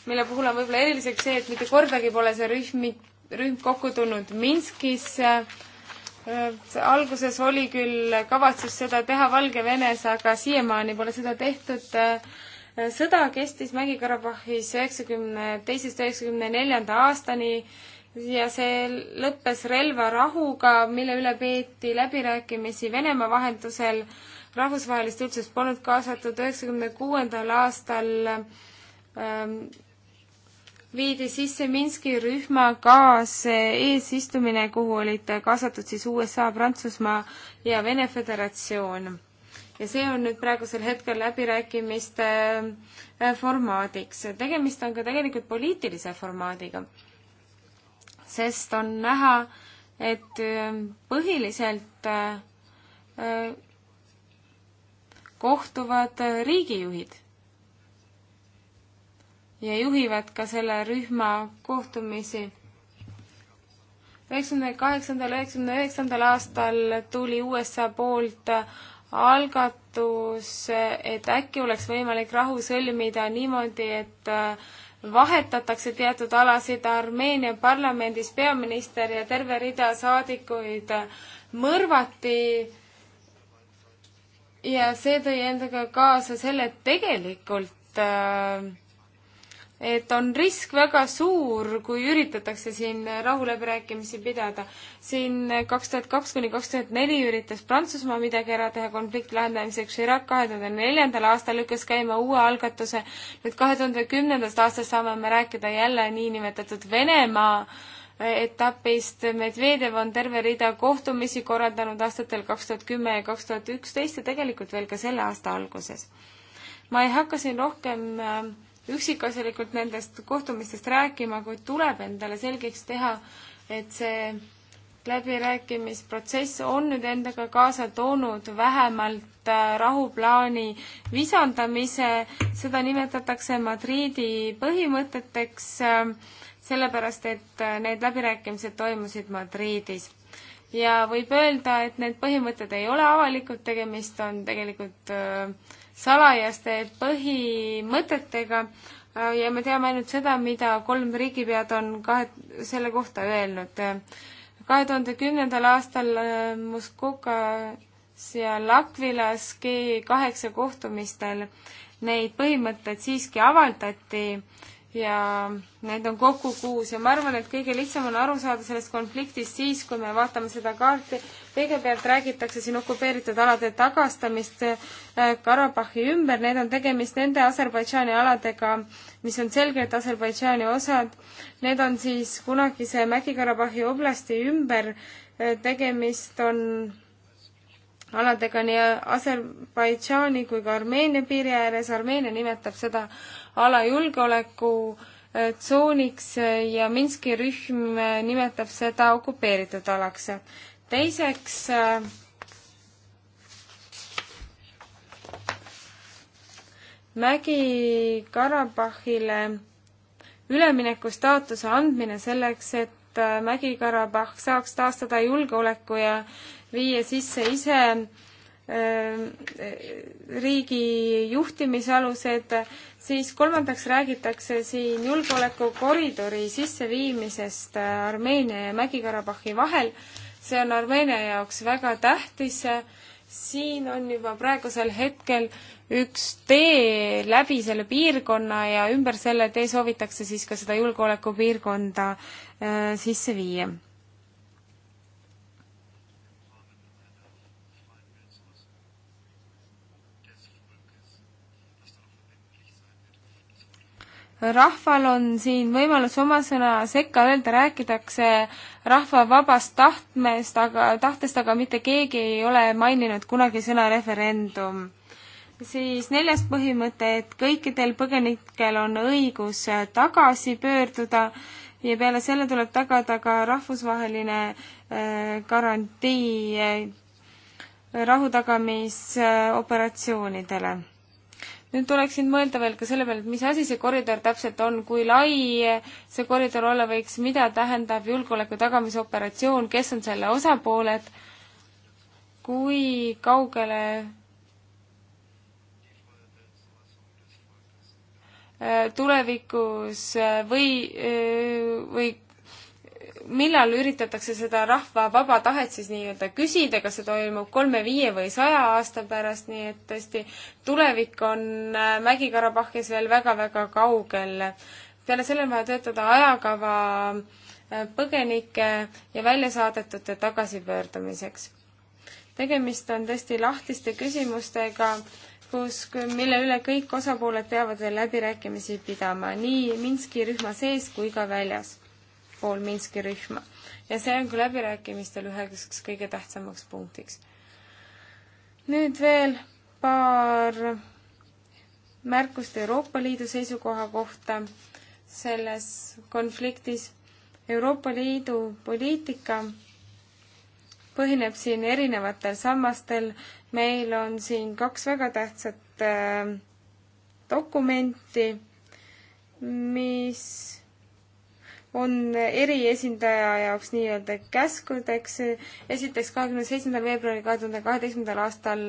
mille puhul on võib-olla eriliseks see, et mitte kordagi pole see rühm, rühm kokku tulnud Minskisse äh, alguses oli küll kavatsus seda teha Valgevenes, aga siiamaani pole seda tehtud. sõda kestis Mägi-Karabahhis üheksakümne teisest üheksakümne neljanda aastani ja see lõppes relvarahuga, mille üle peeti läbirääkimisi Venemaa vahendusel. rahvusvahelist üldsust polnud kaasatud üheksakümne kuuendal aastal ähm, viidi sisse Minski rühma kaaseesistumine, kuhu olid kaasatud siis USA, Prantsusmaa ja Vene Föderatsioon. ja see on nüüd praegusel hetkel läbirääkimiste äh, formaadiks. tegemist on ka tegelikult poliitilise formaadiga, sest on näha, et äh, põhiliselt äh, kohtuvad riigijuhid ja juhivad ka selle rühma kohtumisi. üheksakümne kaheksandal, üheksakümne üheksandal aastal tuli USA poolt algatus, et äkki oleks võimalik rahu sõlmida niimoodi, et äh, vahetatakse teatud alasid Armeenia parlamendis, peaminister ja terve rida saadikuid äh, mõrvati ja see tõi endaga kaasa selle, et tegelikult äh, et on risk väga suur, kui üritatakse siin rahuläbirääkimisi pidada. siin kaks tuhat kaks kuni kaks tuhat neli üritas Prantsusmaa midagi ära teha konflikti lahendamiseks, Iraq kahe tuhande neljandal aastal lükkas käima uue algatuse, nüüd kahe tuhande kümnendast aastast saame me rääkida jälle niinimetatud Venemaa etapist, Medvedev on terve rida kohtumisi korraldanud aastatel kaks tuhat kümme ja kaks tuhat üksteist ja tegelikult veel ka selle aasta alguses. ma ei hakka siin rohkem äh, üksikasjalikult nendest kohtumistest rääkima, kuid tuleb endale selgeks teha, et see läbirääkimisprotsess on nüüd endaga kaasa toonud vähemalt äh, rahuplaani visandamise, seda nimetatakse Madriidi põhimõteteks, äh, sellepärast et äh, need läbirääkimised toimusid Madriidis. ja võib öelda, et need põhimõtted ei ole avalikud, tegemist on tegelikult äh, salajaste põhimõtetega äh, ja me teame ainult seda, mida kolm riigipead on kahe, selle kohta öelnud. kahe tuhande kümnendal aastal äh, Moskokas ja Lakvilas G kaheksa kohtumistel neid põhimõtteid siiski avaldati ja neid on kokku kuus ja ma arvan, et kõige lihtsam on aru saada sellest konfliktist siis, kui me vaatame seda kaarti. kõigepealt räägitakse siin okupeeritud alade tagastamist äh, Karabahhi ümber, need on tegemist nende Aserbaidžaani aladega, mis on selgelt Aserbaidžaani osad. Need on siis kunagise Mägi-Karabahhi oblasti ümber, äh, tegemist on aladega nii Aserbaidžaani kui ka Armeenia piiri ääres, Armeenia nimetab seda ala julgeolekutsooniks eh, eh, ja Minski rühm eh, nimetab seda okupeeritud alaks. teiseks Mägi-Karabahhile üleminekustaatuse andmine selleks, et Mägi-Karabahh saaks taastada julgeoleku ja viia sisse ise Ehm, eh, riigi juhtimisalused, siis kolmandaks räägitakse siin julgeolekukoridori sisseviimisest äh, Armeenia ja Mägi-Karabahhi vahel. see on Armeenia jaoks väga tähtis. siin on juba praegusel hetkel üks tee läbi selle piirkonna ja ümber selle tee soovitakse siis ka seda julgeolekupiirkonda äh, sisse viia rahval on siin võimalus oma sõna sekka öelda, räägitakse rahva vabast tahtmest, aga, tahtest, aga mitte keegi ei ole maininud kunagi sõna referendum. siis neljas põhimõte, et kõikidel põgenikel on õigus tagasi pöörduda ja peale selle tuleb tagada ka rahvusvaheline äh, garantii äh, rahutagamisoperatsioonidele äh, nüüd tuleks siin mõelda veel ka selle peale, et mis asi see koridor täpselt on, kui lai see koridor olla võiks, mida tähendab julgeoleku tagamisoperatsioon, kes on selle osapooled, kui kaugele äh, tulevikus äh, või, äh, või millal üritatakse seda rahva vaba tahet siis nii-öelda küsida, kas see toimub kolme, viie või saja aasta pärast, nii et tõesti tulevik on äh, Mägi-Karabahhis veel väga-väga kaugel. peale selle on vaja töötada ajakava äh, põgenike ja väljasaadetute tagasipöördamiseks. tegemist on tõesti lahtiste küsimustega, kus, mille üle kõik osapooled peavad veel läbirääkimisi pidama, nii Minski rühma sees kui ka väljas pool Minski rühma. ja see on ka läbirääkimistel üheks kõige tähtsamaks punktiks. nüüd veel paar märkust Euroopa Liidu seisukoha kohta selles konfliktis. Euroopa Liidu poliitika põhineb siin erinevatel sammastel. meil on siin kaks väga tähtsat äh, dokumenti, mis on eriesindaja jaoks nii-öelda käskudeks. esiteks, kahekümne seitsmendal veebruaril kahe tuhande kaheteistkümnendal aastal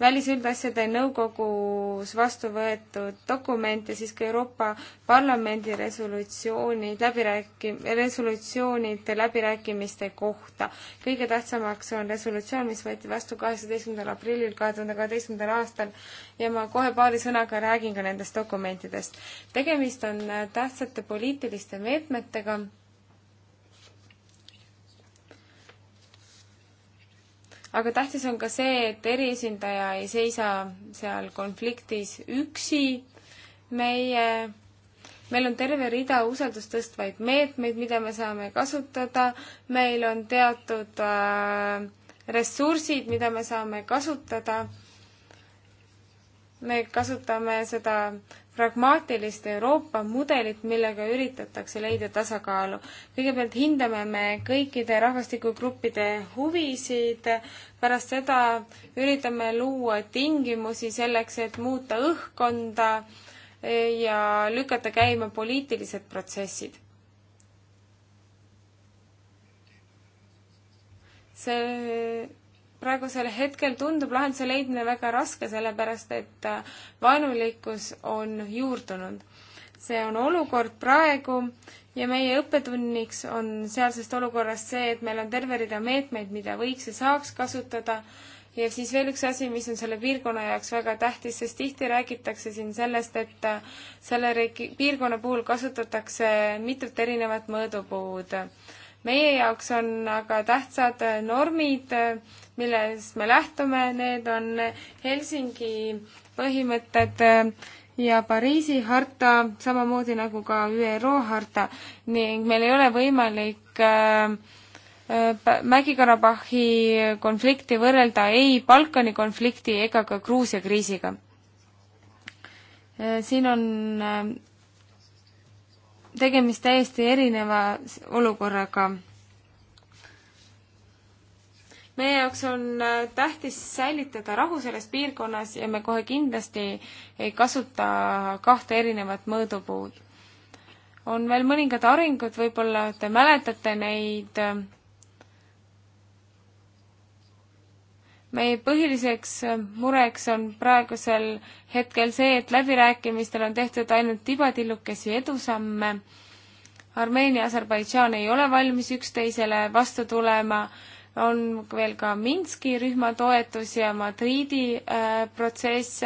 Välisüldasjade Nõukogus vastu võetud dokument ja siis ka Euroopa Parlamendi resolutsioonid, läbirääki-, resolutsioonid läbirääkimiste kohta. kõige tähtsamaks on resolutsioon, mis võeti vastu kaheksateistkümnendal aprillil kahe tuhande kaheteistkümnendal aastal ja ma kohe paari sõnaga räägin ka nendest dokumentidest. tegemist on äh, tähtsate poliitiliste meetmetega, aga tähtis on ka see, et eriesindaja ei seisa seal konfliktis üksi, meie meil on terve rida usaldust tõstvaid meetmeid, mida me saame kasutada, meil on teatud äh, ressursid, mida me saame kasutada me kasutame seda pragmaatilist Euroopa mudelit, millega üritatakse leida tasakaalu. kõigepealt hindame me kõikide rahvastikugruppide huvisid, pärast seda üritame luua tingimusi selleks, et muuta õhkkonda ja lükata käima poliitilised protsessid. see praegusel hetkel tundub lahenduse leidmine väga raske, sellepärast et äh, vaenulikkus on juurdunud. see on olukord praegu ja meie õppetunniks on sealsest olukorrast see, et meil on terve rida meetmeid, mida võiks ja saaks kasutada ja siis veel üks asi, mis on selle piirkonna jaoks väga tähtis, sest tihti räägitakse siin sellest, et äh, selle regi-, piirkonna puhul kasutatakse mitut erinevat mõõdupuud. meie jaoks on aga tähtsad normid, millest me lähtume, need on Helsingi põhimõtted ja Pariisi harta, samamoodi nagu ka ÜRO harta ning meil ei ole võimalik äh, äh Mägi-Karabahhi konflikti võrrelda ei Balkani konflikti ega ka Gruusia kriisiga. Äh, siin on äh, tegemist täiesti erineva olukorraga meie jaoks on äh, tähtis säilitada rahu selles piirkonnas ja me kohe kindlasti ei kasuta kahte erinevat mõõdupuud. on veel mõningad arengud, võib-olla te mäletate neid. Äh, meie põhiliseks äh, mureks on praegusel hetkel see, et läbirääkimistel on tehtud ainult tibatillukesi edusamme Armeenia ja Aserbaidžaan ei ole valmis üksteisele vastu tulema on veel ka Minski rühma toetus ja Madriidi äh, protsess.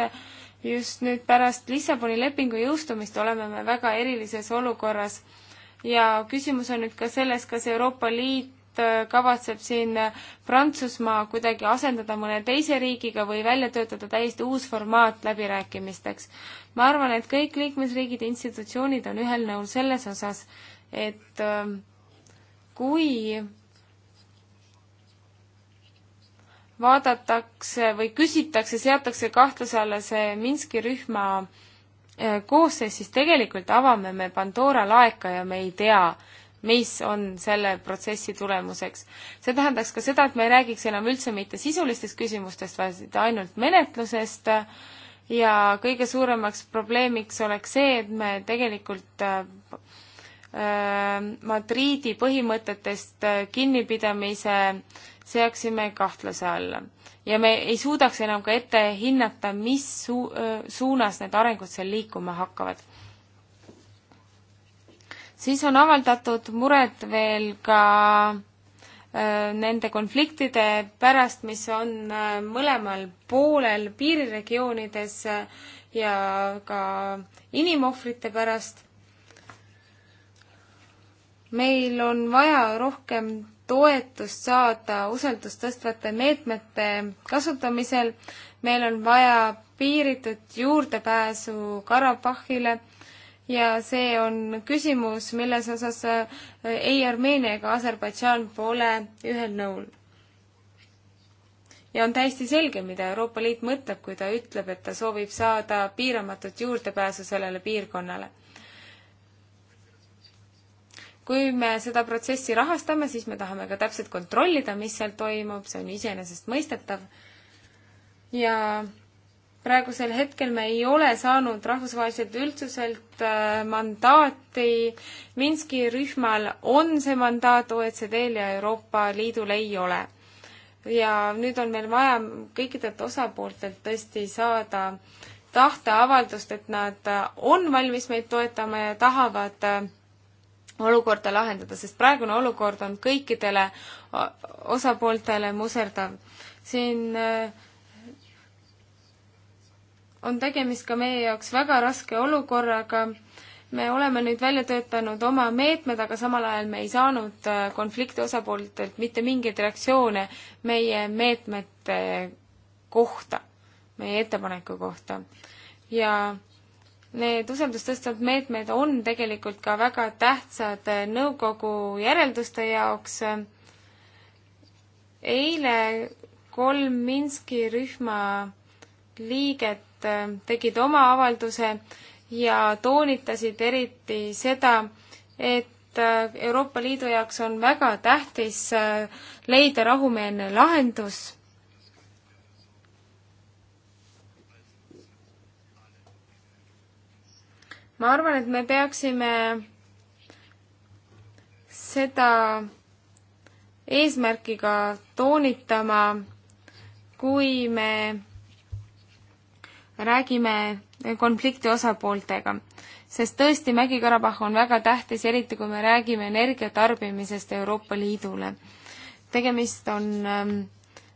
just nüüd pärast Lissaboni lepingu jõustumist oleme me väga erilises olukorras ja küsimus on nüüd ka selles, kas Euroopa Liit äh, kavatseb siin äh, Prantsusmaa kuidagi asendada mõne teise riigiga või välja töötada täiesti uus formaat läbirääkimisteks. ma arvan, et kõik liikmesriigid, institutsioonid on ühel nõul selles osas, et äh, kui vaadatakse või küsitakse, seatakse kahtluse alla see Minski rühma äh, koosseis, siis tegelikult avame me Pandora laeka ja me ei tea, mis on selle protsessi tulemuseks. see tähendaks ka seda, et me ei räägiks enam üldse mitte sisulistest küsimustest, vaid ainult menetlusest ja kõige suuremaks probleemiks oleks see, et me tegelikult äh, äh, Madriidi põhimõtetest kinnipidamise äh, seaksime kahtluse alla. ja me ei suudaks enam ka ette hinnata, mis su-, suunas need arengud seal liikuma hakkavad. siis on avaldatud muret veel ka äh, nende konfliktide pärast, mis on äh, mõlemal poolel piiriregioonides äh, ja ka inimohvrite pärast. meil on vaja rohkem toetust saada usaldust tõstvate meetmete kasutamisel. meil on vaja piiritud juurdepääsu Karabahhile ja see on küsimus, milles osas äh, ei Armeenia ega Aserbaidžaan pole ühel nõul. ja on täiesti selge, mida Euroopa Liit mõtleb, kui ta ütleb, et ta soovib saada piiramatut juurdepääsu sellele piirkonnale kui me seda protsessi rahastame, siis me tahame ka täpselt kontrollida, mis seal toimub, see on iseenesestmõistetav. ja praegusel hetkel me ei ole saanud rahvusvaheliselt üldsuselt äh, mandaati. Minski rühmal on see mandaat, OECD-l ja Euroopa Liidul ei ole. ja nüüd on meil vaja kõikidelt osapooltelt tõesti saada tahteavaldust, et nad äh, on valmis meid toetama ja tahavad äh, olukorda lahendada, sest praegune olukord on kõikidele osapooltele muserdav. siin äh, on tegemist ka meie jaoks väga raske olukorraga, me oleme nüüd välja töötanud oma meetmed, aga samal ajal me ei saanud äh, konflikti osapooltelt mitte mingeid reaktsioone meie meetmete kohta, meie ettepaneku kohta. ja Need usaldust tõstvad meetmed on tegelikult ka väga tähtsad eh, nõukogu järelduste jaoks. eile kolm Minski rühma liiget eh, tegid oma avalduse ja toonitasid eriti seda, et eh, Euroopa Liidu jaoks on väga tähtis leida rahumeelne lahendus ma arvan, et me peaksime seda eesmärkiga toonitama, kui me räägime konflikti osapooltega. sest tõesti, Mägi-Karabahh on väga tähtis, eriti kui me räägime energia tarbimisest Euroopa Liidule. tegemist on ähm,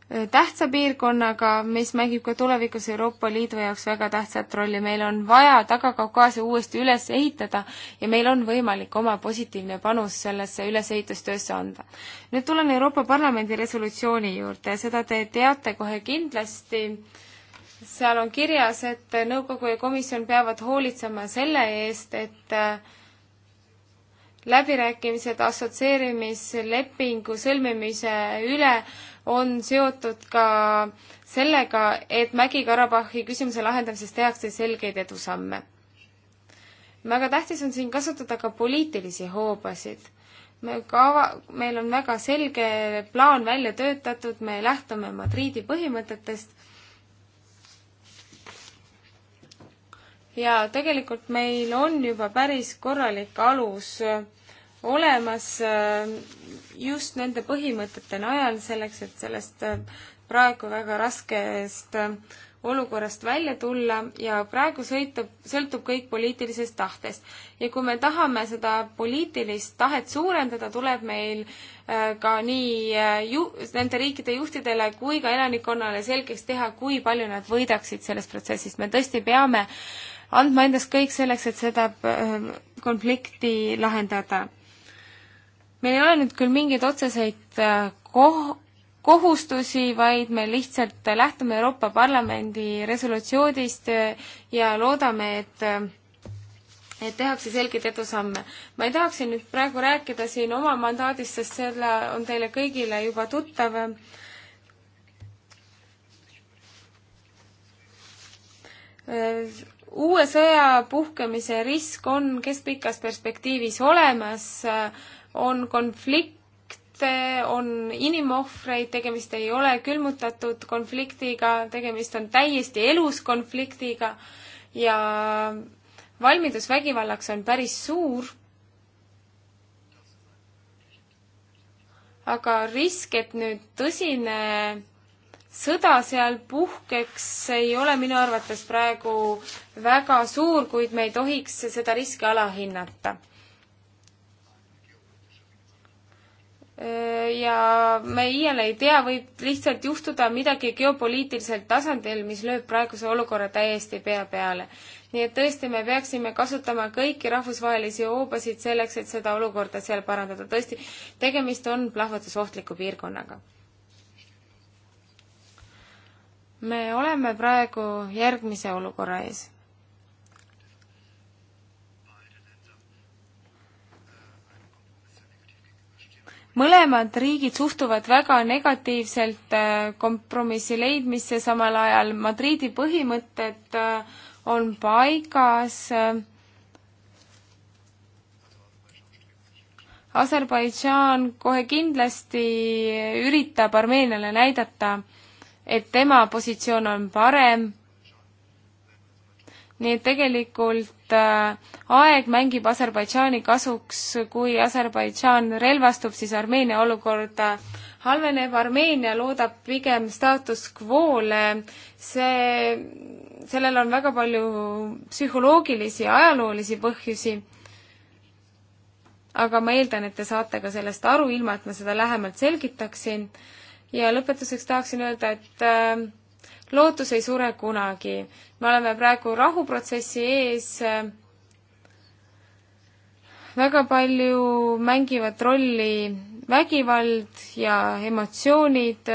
Äh, tähtsa piirkonnaga, mis mängib ka tulevikus Euroopa Liidu jaoks väga tähtsat rolli. meil on vaja Taga-Kaukaasia uuesti üles ehitada ja meil on võimalik oma positiivne panus sellesse ülesehitustöösse anda. nüüd tulen Euroopa Parlamendi resolutsiooni juurde, seda te teate kohe kindlasti. seal on kirjas, et nõukogu ja komisjon peavad hoolitsema selle eest, et äh, läbirääkimised assotsieerimislepingu sõlmimise üle on seotud ka sellega, et Mägi-Karabahhi küsimuse lahendamises tehakse selgeid edusamme. väga tähtis on siin kasutada ka poliitilisi hoobasid. me kava, meil on väga selge plaan välja töötatud, me lähtume Madriidi põhimõtetest ja tegelikult meil on juba päris korralik alus olemas äh, just nende põhimõtete najal, selleks et sellest äh, praegu väga raskest äh, olukorrast välja tulla ja praegu sõitub, sõltub kõik poliitilisest tahtest. ja kui me tahame seda poliitilist tahet suurendada, tuleb meil ka nii ju-, nende riikide juhtidele kui ka elanikkonnale selgeks teha, kui palju nad võidaksid sellest protsessist. me tõesti peame andma endast kõik selleks, et seda konflikti lahendada meil ei ole nüüd küll mingeid otseseid äh, koh-, kohustusi, vaid me lihtsalt lähtume Euroopa Parlamendi resolutsioonist äh, ja loodame, et äh, et tehakse selgeid edusamme. ma ei tahaks siin nüüd praegu rääkida siin oma mandaadist, sest selle on teile kõigile juba tuttav. uue sõja puhkemise risk on keskpikas perspektiivis olemas on konflikte, on inimohvreid, tegemist ei ole külmutatud konfliktiga, tegemist on täiesti elus konfliktiga ja valmidus vägivallaks on päris suur. aga risk, et nüüd tõsine sõda seal puhkeks, ei ole minu arvates praegu väga suur, kuid me ei tohiks seda riski alahinnata ja me iial ei tea, võib lihtsalt juhtuda midagi geopoliitilisel tasandil, mis lööb praeguse olukorra täiesti pea peale. nii et tõesti, me peaksime kasutama kõiki rahvusvahelisi hoobasid selleks, et seda olukorda seal parandada. tõesti, tegemist on plahvatusohtliku piirkonnaga. me oleme praegu järgmise olukorra ees mõlemad riigid suhtuvad väga negatiivselt äh, kompromissi leidmisse, samal ajal Madriidi põhimõtted äh, on paigas. Äh, Aserbaidžaan kohe kindlasti üritab Armeeniale näidata, et tema positsioon on parem nii et tegelikult äh, aeg mängib Aserbaidžaani kasuks, kui Aserbaidžaan relvastub, siis Armeenia olukord äh, halveneb, Armeenia loodab pigem status quo'le, see, sellel on väga palju psühholoogilisi ja ajaloolisi põhjusi, aga ma eeldan, et te saate ka sellest aru, ilma et ma seda lähemalt selgitaksin, ja lõpetuseks tahaksin öelda, et äh, lootus ei sure kunagi. me oleme praegu rahuprotsessi ees. väga palju mängivad rolli vägivald ja emotsioonid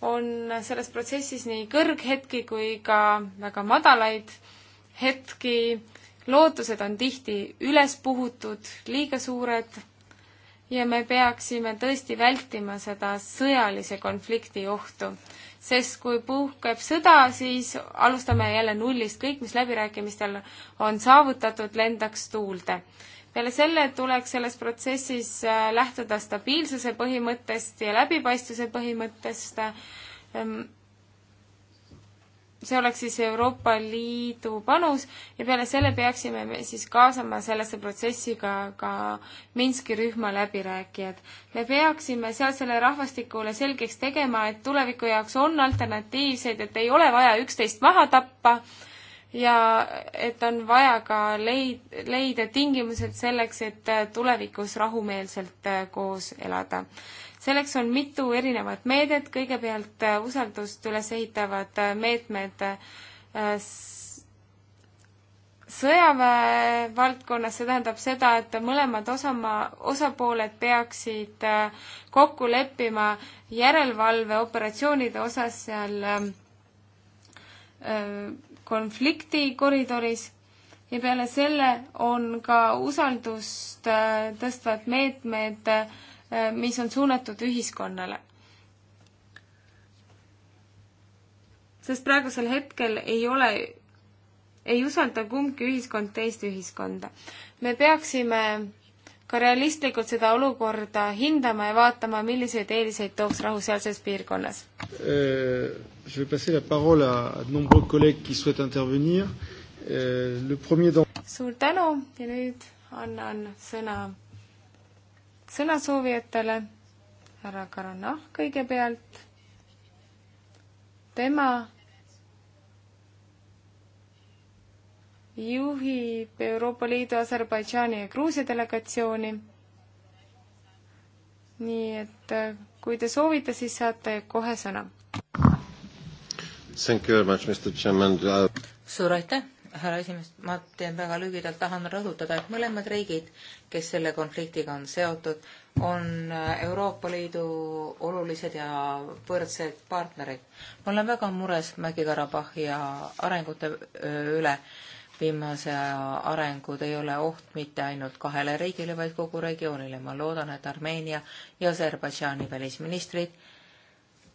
on selles protsessis nii kõrghetki kui ka väga madalaid hetki. lootused on tihti üles puhutud, liiga suured ja me peaksime tõesti vältima seda sõjalise konflikti ohtu sest kui puhkeb sõda, siis alustame jälle nullist, kõik, mis läbirääkimistel on saavutatud, lendaks tuulde. peale selle tuleks selles protsessis äh, lähtuda stabiilsuse põhimõttest ja läbipaistvuse põhimõttest ehm, see oleks siis Euroopa Liidu panus ja peale selle peaksime me siis kaasama sellesse protsessi ka, ka Minski rühma läbirääkijad. me peaksime sealsele rahvastikule selgeks tegema, et tuleviku jaoks on alternatiivseid, et ei ole vaja üksteist maha tappa ja et on vaja ka leid-, leida tingimused selleks, et tulevikus rahumeelselt äh, koos elada selleks on mitu erinevat meedet, kõigepealt äh, usaldust üles ehitavad äh, meetmed äh, sõjaväe valdkonnas, see tähendab seda, et mõlemad osama, osapooled peaksid kokku leppima järelevalveoperatsioonide osas seal ähm, konfliktikoridoris ja peale selle on ka usaldust tõstvad meetmed meet, Äh, mis on suunatud ühiskonnale. sest praegusel hetkel ei ole, ei usalda kumbki ühiskond teist ühiskonda. me peaksime ka realistlikult seda olukorda hindama ja vaatama, milliseid eeliseid tooks rahu sealses piirkonnas euh,. Je vais passer la parole à de nombreux collègues qui souhaitent intervenir euh,. Le premier dans... suur tänu ja nüüd annan sõna sõnasoovijatele. härra Karanah kõigepealt. tema juhib Euroopa Liidu, Aserbaidžaani ja Gruusia delegatsiooni. nii et äh, kui te soovite, siis saate kohe sõna. suur aitäh härra esimees, ma teen väga lühidalt, tahan rõhutada, et mõlemad riigid, kes selle konfliktiga on seotud, on äh, Euroopa Liidu olulised ja võrdsed partnerid. ma olen väga mures Mägi-Karabahhi ja arengute üle. viimase aja arengud ei ole oht mitte ainult kahele riigile, vaid kogu regioonile. ma loodan, et Armeenia ja Aserbaidžaani välisministrid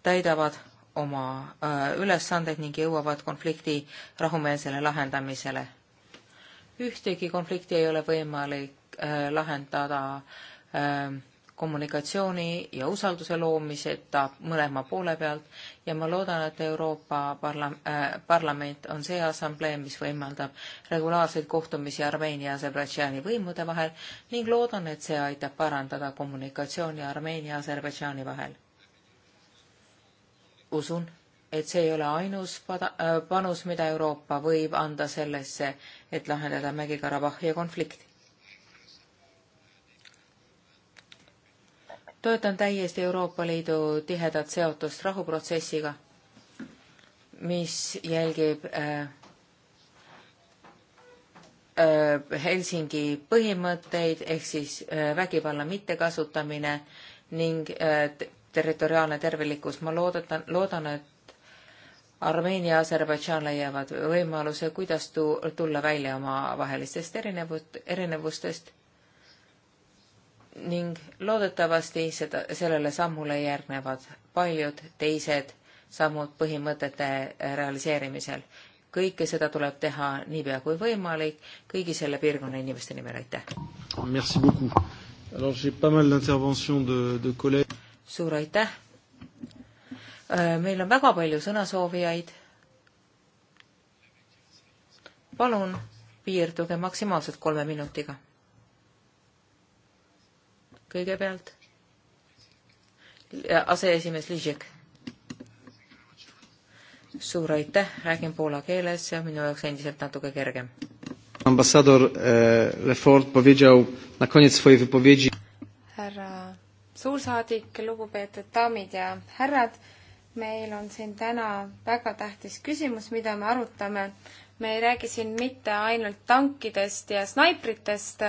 täidavad oma äh, ülesandeid ning jõuavad konflikti rahumeelsele lahendamisele. ühtegi konflikti ei ole võimalik äh, lahendada ähm, kommunikatsiooni ja usalduse loomiseta mõlema poole pealt ja ma loodan, et Euroopa parla- äh,, Parlament on see assamblee, mis võimaldab regulaarseid kohtumisi Armeenia ja Aserbaidžaani võimude vahel ning loodan, et see aitab parandada kommunikatsiooni Armeenia ja Aserbaidžaani vahel usun, et see ei ole ainus pada, äh, panus, mida Euroopa võib anda sellesse, et lahendada Mägi-Karabahhi konflikti. toetan täiesti Euroopa Liidu tihedat seotust rahuprotsessiga, mis jälgib äh, äh, Helsingi põhimõtteid ehk siis äh, vägivalla mittekasutamine ning äh, territoriaalne terviklikkus, ma loodetan, loodan, et Armeenia ja Aserbaidžaan leiavad võimaluse, kuidas tu-, tulla välja omavahelistest erinevust, erinevustest ning loodetavasti seda, sellele sammule järgnevad paljud teised sammud põhimõtete realiseerimisel. kõike seda tuleb teha niipea kui võimalik, kõigi selle piirkonna inimeste nimel, aitäh! Merci beaucoup! Alors j'ai pas mal d'interventions de, de collègues suur aitäh! Äh, meil on väga palju sõnasoovijaid. palun piirduge maksimaalselt kolme minutiga. kõigepealt aseesimees Ližek. suur aitäh, räägin poola keeles ja minu jaoks endiselt natuke kergem. ambasador äh, Lefort powiedział na koniec swojej wypowiedzi härra suursaadik, lugupeetud daamid ja härrad, meil on siin täna väga tähtis küsimus, mida me arutame. me ei räägi siin mitte ainult tankidest ja snaipritest,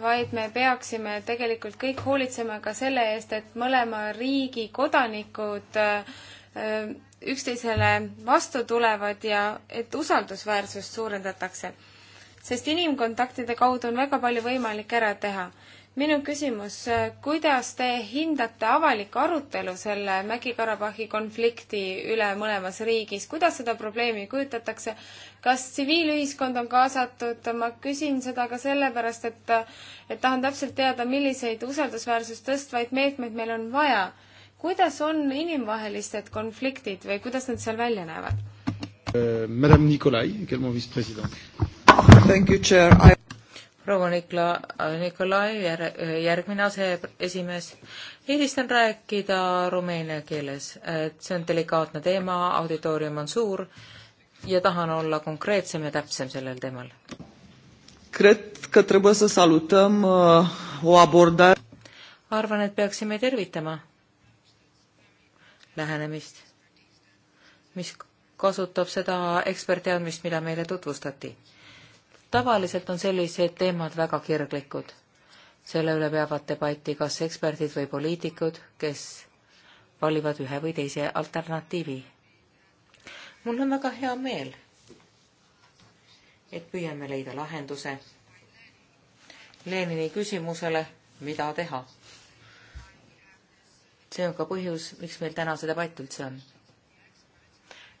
vaid me peaksime tegelikult kõik hoolitsema ka selle eest, et mõlema riigi kodanikud äh, üksteisele vastu tulevad ja et usaldusväärsust suurendatakse. sest inimkontaktide kaudu on väga palju võimalik ära teha minu küsimus, kuidas te hindate avalikku arutelu selle Mägi-Karabahhi konflikti üle mõlemas riigis, kuidas seda probleemi kujutatakse, kas tsiviilühiskond on kaasatud, ma küsin seda ka sellepärast, et et tahan täpselt teada, milliseid usaldusväärsust tõstvaid meetmeid meil on vaja. kuidas on inimvahelised konfliktid või kuidas nad seal välja näevad? Madame Nikolai, également vice-présidente. Thank you, chair I proua Nikla, Nikolai, järgmine aseesimees. eelistan rääkida rumeenia keeles, et see on delikaatne teema, auditoorium on suur ja tahan olla konkreetsem ja täpsem sellel teemal. Uh, arvan, et peaksime tervitama lähenemist, mis kasutab seda ekspertteadmist, mida meile tutvustati tavaliselt on sellised teemad väga kirglikud. selle üle peavad debatti kas eksperdid või poliitikud, kes valivad ühe või teise alternatiivi. mul on väga hea meel, et püüame leida lahenduse Lenini küsimusele, mida teha. see on ka põhjus, miks meil täna see debatt üldse on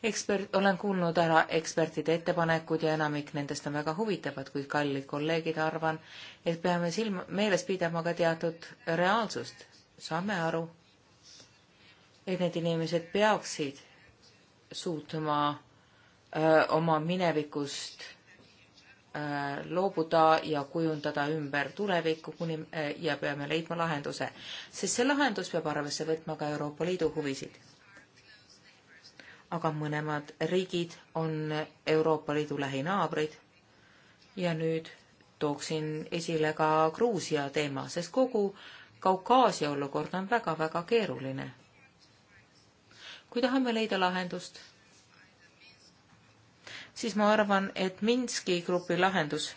ekspert, olen kuulnud ära ekspertide ettepanekud ja enamik nendest on väga huvitavad, kuid kallid kolleegid, arvan, et peame silma, meeles pidama ka teatud reaalsust. saame aru, et need inimesed peaksid suutma öö, oma minevikust öö, loobuda ja kujundada ümber tulevikku kuni öö, ja peame leidma lahenduse, sest see lahendus peab arvesse võtma ka Euroopa Liidu huvisid aga mõlemad riigid on Euroopa Liidu lähinaabrid. ja nüüd tooksin esile ka Gruusia teema, sest kogu Kaukaasia olukord on väga-väga keeruline. kui tahame leida lahendust, siis ma arvan, et Minski grupi lahendus,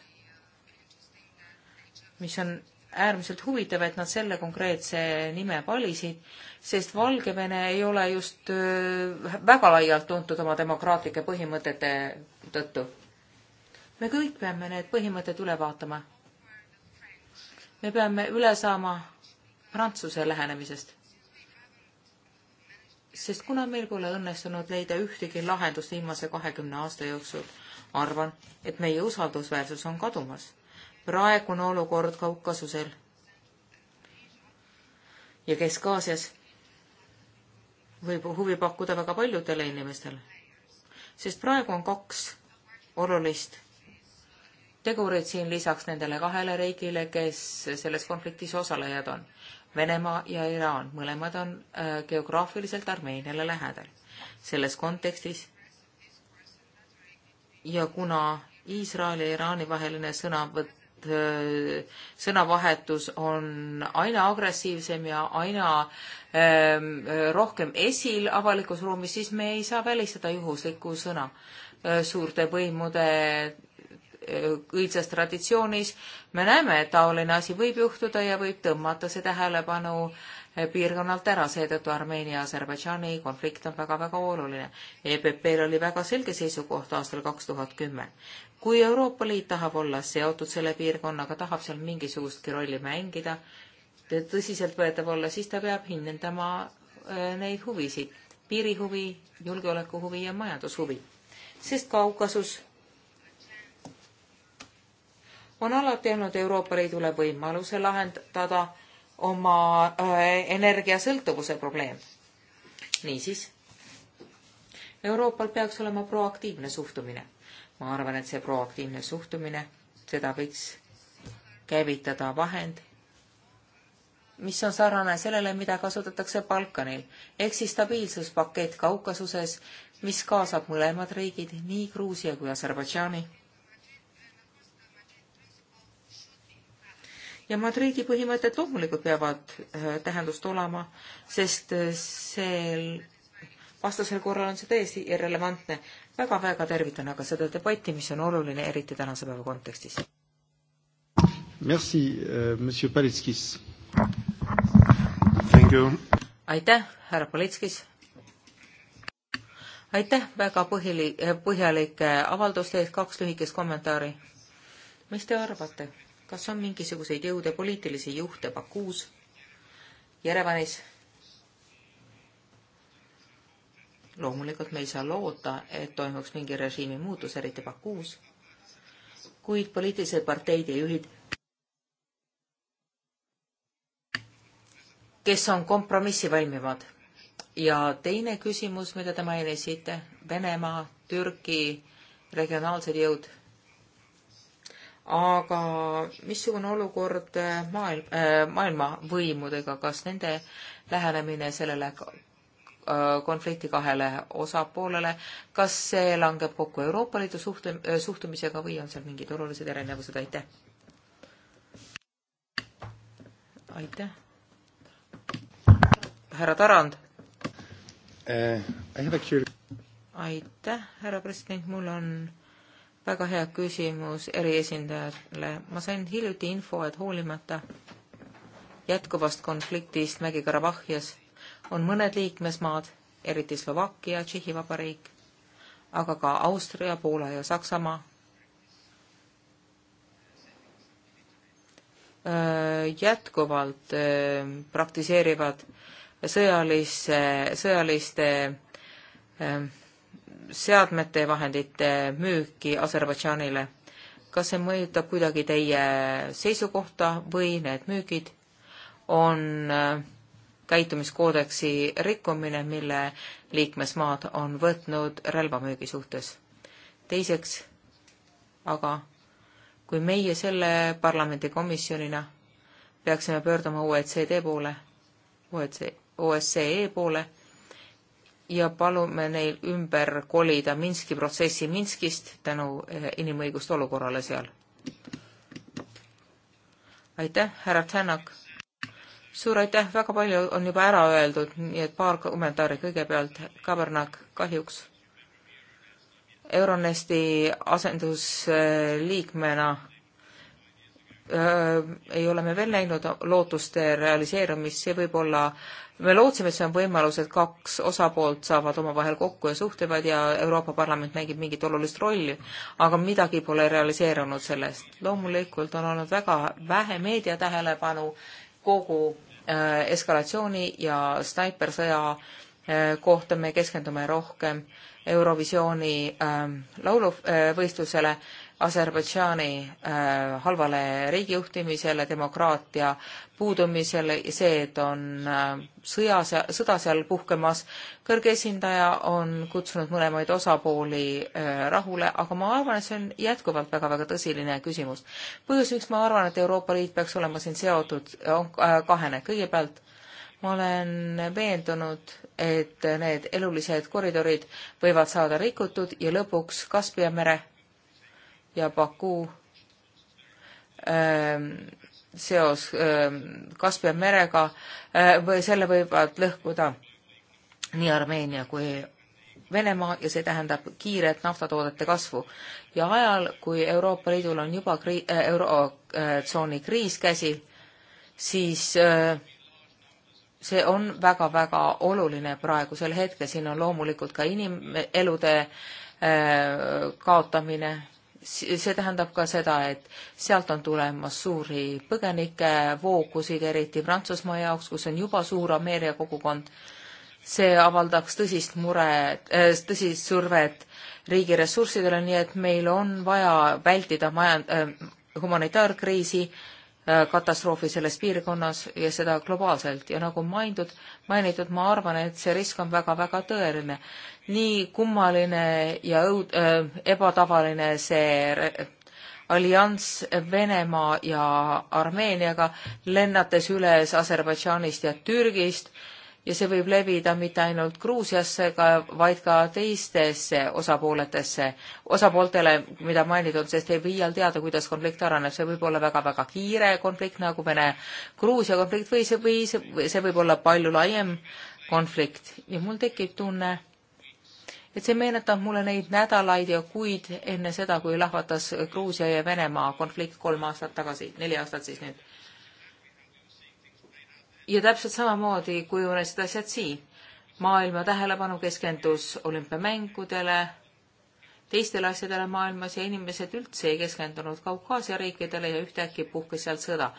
mis on äärmiselt huvitav, et nad selle konkreetse nime valisid, sest Valgevene ei ole just äh, väga laialt tuntud oma demokraatlike põhimõtete tõttu. me kõik peame need põhimõtted üle vaatama. me peame üle saama Prantsuse lähenemisest. sest kuna meil pole õnnestunud leida ühtegi lahendust viimase kahekümne aasta jooksul, arvan, et meie usaldusväärsus on kadumas praegune olukord Kaukasusel ja Kesk-Aasias võib huvi pakkuda väga paljudele inimestele, sest praegu on kaks olulist tegurid siin lisaks nendele kahele riigile, kes selles konfliktis osalejad on. Venemaa ja Iraan, mõlemad on äh, geograafiliselt Armeeniale lähedal. selles kontekstis ja kuna Iisraeli ja Iraani vaheline sõnavõtt Äh, sõnavahetus on aina agressiivsem ja aina ähm, rohkem esil avalikus ruumis, siis me ei saa välistada juhuslikku sõna äh, suurte võimude äh, õilsas traditsioonis. me näeme, et taoline asi võib juhtuda ja võib tõmmata see tähelepanu piirkonnalt ära, seetõttu Armeenia ja Aserbaidžaani konflikt on väga-väga oluline. EPP-l oli väga selge seisukoht aastal kaks tuhat kümme kui Euroopa Liit tahab olla seotud selle piirkonnaga, tahab seal mingisugustki rolli mängida, tõsiseltvõetav olla, siis ta peab hindama äh, neid huvisid, piirihuvi, julgeolekuhuvi ja majandushuvi. sest Kaukasus on alati olnud Euroopa Liidule võimaluse lahendada oma äh, energiasõltuvuse probleem. niisiis, Euroopal peaks olema proaktiivne suhtumine ma arvan, et see proaktiivne suhtumine, seda võiks käivitada vahend, mis on sarnane sellele, mida kasutatakse Balkanil, ehk siis stabiilsuspakett Kaukasuses, mis kaasab mõlemad riigid, nii Gruusia kui Aserbaidžaani. ja Madridi põhimõtted loomulikult peavad äh, tähendust olema, sest äh, sel vastasel korral on see täiesti irrelevantne väga-väga tervitan aga seda debatti, mis on oluline eriti tänase päeva kontekstis. Merci, euh, monsieur Palitskis. Thank you. aitäh, härra Palitskis. aitäh väga põhili-, põhjalike avalduste eest, kaks lühikest kommentaari. mis te arvate, kas on mingisuguseid jõude, poliitilisi juhte Bakuus, Jerevanis loomulikult me ei saa loota, et toimuks mingi režiimi muutus, eriti Bakuus, kuid poliitilised parteid ja juhid, kes on kompromissivalmimad. ja teine küsimus, mida te mainisite, Venemaa, Türgi regionaalsed jõud. aga missugune olukord maailm äh,, maailma võimudega, kas nende lähenemine sellele Äh, konflikti kahele osapoolele, kas see langeb kokku Euroopa Liidu suhtle-, äh, suhtumisega või on seal mingid olulised erinevused, aitäh! aitäh! härra Tarand äh,! aitäh, härra president, mul on väga hea küsimus eriesindajale. ma sain hiljuti info, et hoolimata jätkuvast konfliktist Mägi-Karabahhias on mõned liikmesmaad, eriti Slovakkia, Tšehhi Vabariik, aga ka Austria, Poola ja Saksamaa, jätkuvalt praktiseerivad sõjalise, sõjaliste seadmete ja vahendite müüki Aserbaidžaanile. kas see mõjutab kuidagi teie seisukohta või need müügid on käitumiskoodeksi rikkumine, mille liikmesmaad on võtnud relvamüügi suhtes. teiseks aga, kui meie selle parlamendikomisjonina peaksime pöörduma OECD poole, OSCE e poole ja palume neil ümber kolida Minski protsessi Minskist tänu eh, inimõiguste olukorrale seal. aitäh, härra Tänak suur aitäh, väga palju on juba ära öeldud, nii et paar kommentaari kõigepealt. Kabernak, kahjuks Euronesti asendusliikmena ei ole me veel näinud lootuste realiseerumist, see võib olla, me lootsime, et see on võimalus, et kaks osapoolt saavad omavahel kokku ja suhtlevad ja Euroopa Parlament mängib mingit olulist rolli, aga midagi pole realiseerunud sellest. loomulikult on olnud väga vähe meediatähelepanu kogu äh, eskalatsiooni ja snaipersõja äh, kohta me keskendume rohkem Eurovisiooni ähm, lauluvõistlusele, Aserbaidžaani äh, halvale riigijuhtimisele, demokraatia puudumisele, see, et on äh, sõja, sõda seal puhkemas. kõrge esindaja on kutsunud mõlemaid osapooli äh, rahule, aga ma arvan, et see on jätkuvalt väga-väga tõsiline küsimus. põhjus, miks ma arvan, et Euroopa Liit peaks olema siin seotud, on äh, kahene. kõigepealt ma olen veendunud, et need elulised koridorid võivad saada rikutud ja lõpuks Kaspia mere ja Baku ähm, seos ähm, Kaspia merega äh, või selle võivad lõhkuda nii Armeenia kui Venemaa ja see tähendab kiiret naftatoodete kasvu. ja ajal, kui Euroopa Liidul on juba kri-, äh, eurotsooni kriis käsil, siis äh, see on väga-väga oluline praegusel hetkel, siin on loomulikult ka inim-, elude kaotamine see tähendab ka seda, et sealt on tulemas suuri põgenikevoogusid, eriti Prantsusmaa jaoks, kus on juba suur Ameeria kogukond. see avaldaks tõsist mure, äh, tõsist survet riigi ressurssidele, nii et meil on vaja vältida majand-, äh, humanitaarkriisi Äh, katastroofi selles piirkonnas ja seda globaalselt ja nagu mainitud, mainitud, ma arvan, et see risk on väga-väga tõeline. nii kummaline ja õud- äh,, ebatavaline see allianss Venemaa ja Armeeniaga, lennates üles Aserbaidžaanist ja Türgist äh,, ja see võib levida mitte ainult Gruusiasse, vaid ka teistesse osapooletesse, osapooltele, mida mainitud, sest ei või iial teada, kuidas konflikt areneb, see võib olla väga-väga kiire konflikt, nagu me näeme, Gruusia konflikt või see, või see, see võib olla palju laiem konflikt ja mul tekib tunne, et see meenutab mulle neid nädalaid ja kuid enne seda, kui lahvatas Gruusia ja Venemaa konflikt kolm aastat tagasi, neli aastat siis nüüd ja täpselt samamoodi kujunesid asjad siin. maailma tähelepanu keskendus olümpiamängudele, teistele asjadele maailmas ja inimesed üldse ei keskendunud Kaukaasia riikidele ja ühtäkki puhkes seal sõda.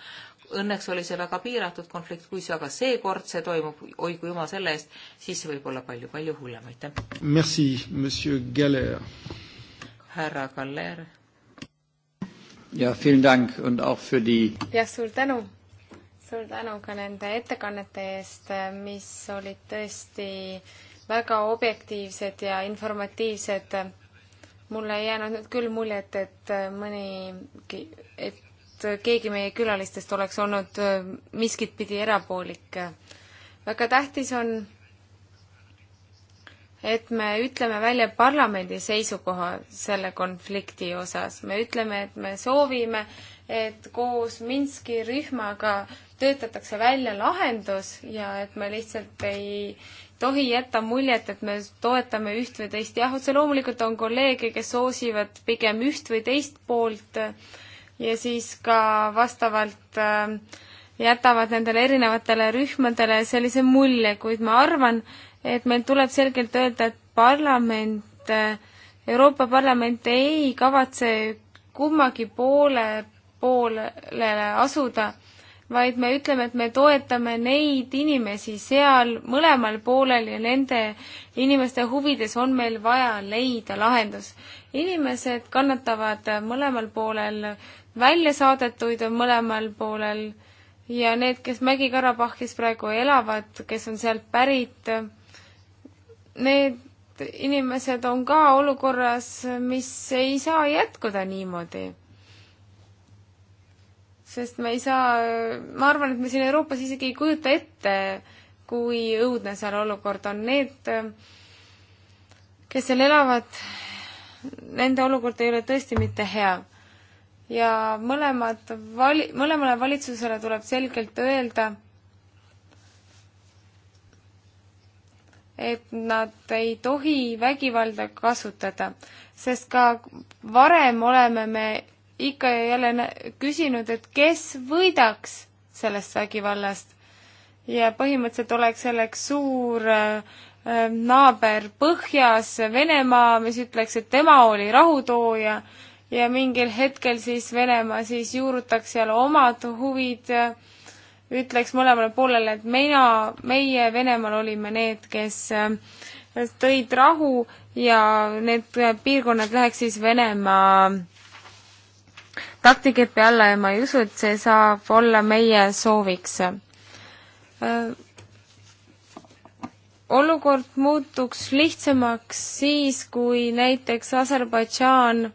Õnneks oli see väga piiratud konflikt, kui see aga seekord see toimub, oi kui jumal selle eest, siis see võib olla palju-palju hullem, aitäh. Merci, monsieur Galler. härra Galler. ja, vielen Dank und auch für die. jah, suur tänu suur tänu ka nende ettekannete eest, mis olid tõesti väga objektiivsed ja informatiivsed. mulle ei jäänud nüüd küll muljet, et mõni, et keegi meie külalistest oleks olnud äh, miskit pidi erapoolik. väga tähtis on, et me ütleme välja parlamendi seisukoha selle konflikti osas. me ütleme, et me soovime, et koos Minski rühmaga töötatakse välja lahendus ja et me lihtsalt ei tohi jätta muljet, et me toetame üht või teist. jah, otse loomulikult on kolleege, kes soosivad pigem üht või teist poolt ja siis ka vastavalt äh, jätavad nendele erinevatele rühmadele sellise mulje, kuid ma arvan, et meil tuleb selgelt öelda, et parlament, äh, Euroopa Parlament ei kavatse kummagi poole poolele asuda, vaid me ütleme, et me toetame neid inimesi seal mõlemal poolel ja nende inimeste huvides on meil vaja leida lahendus. inimesed kannatavad mõlemal poolel, väljasaadetuid on mõlemal poolel ja need, kes Mägi-Karabahhis praegu elavad, kes on sealt pärit, need inimesed on ka olukorras, mis ei saa jätkuda niimoodi sest me ei saa, ma arvan, et me siin Euroopas isegi ei kujuta ette, kui õudne seal olukord on. Need, kes seal elavad, nende olukord ei ole tõesti mitte hea. ja mõlemad vali-, mõlemale valitsusele tuleb selgelt öelda, et nad ei tohi vägivalda kasutada, sest ka varem oleme me ikka ja jälle küsinud, et kes võidaks sellest vägivallast. ja põhimõtteliselt oleks selleks suur äh, äh, naaber põhjas, Venemaa, mis ütleks, et tema oli rahutooja ja mingil hetkel siis Venemaa siis juurutaks seal omad huvid, ütleks mõlemale poolele, et mina, meie Venemaal olime need, kes äh, tõid rahu ja need piirkonnad läheks siis Venemaa taktikepi alla ja ma ei usu, et see saab olla meie sooviks. olukord muutuks lihtsamaks siis, kui näiteks Aserbaidžaan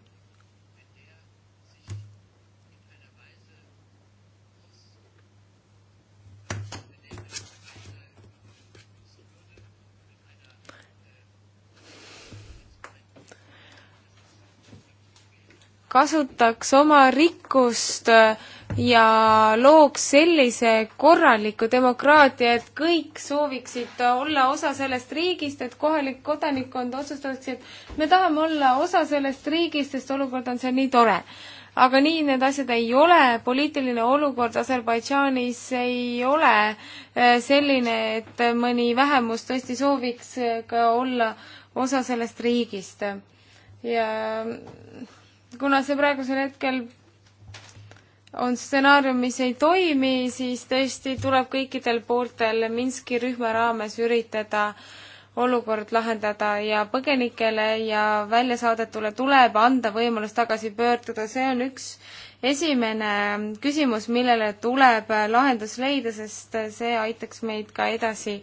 kasutaks oma rikkust äh, ja looks sellise korraliku demokraatia, et kõik sooviksid olla osa sellest riigist, et kohalik kodanikkond otsustaks, et me tahame olla osa sellest riigist, sest olukord on seal nii tore. aga nii need asjad ei ole, poliitiline olukord Aserbaidžaanis ei ole äh, selline, et mõni vähemus tõesti sooviks ka olla osa sellest riigist ja kuna see praegusel hetkel on stsenaarium, mis ei toimi, siis tõesti tuleb kõikidel pooltel Minski rühma raames üritada olukord lahendada ja põgenikele ja väljasaadetule tuleb anda võimalus tagasi pöörduda, see on üks esimene küsimus, millele tuleb lahendus leida, sest see aitaks meid ka edasi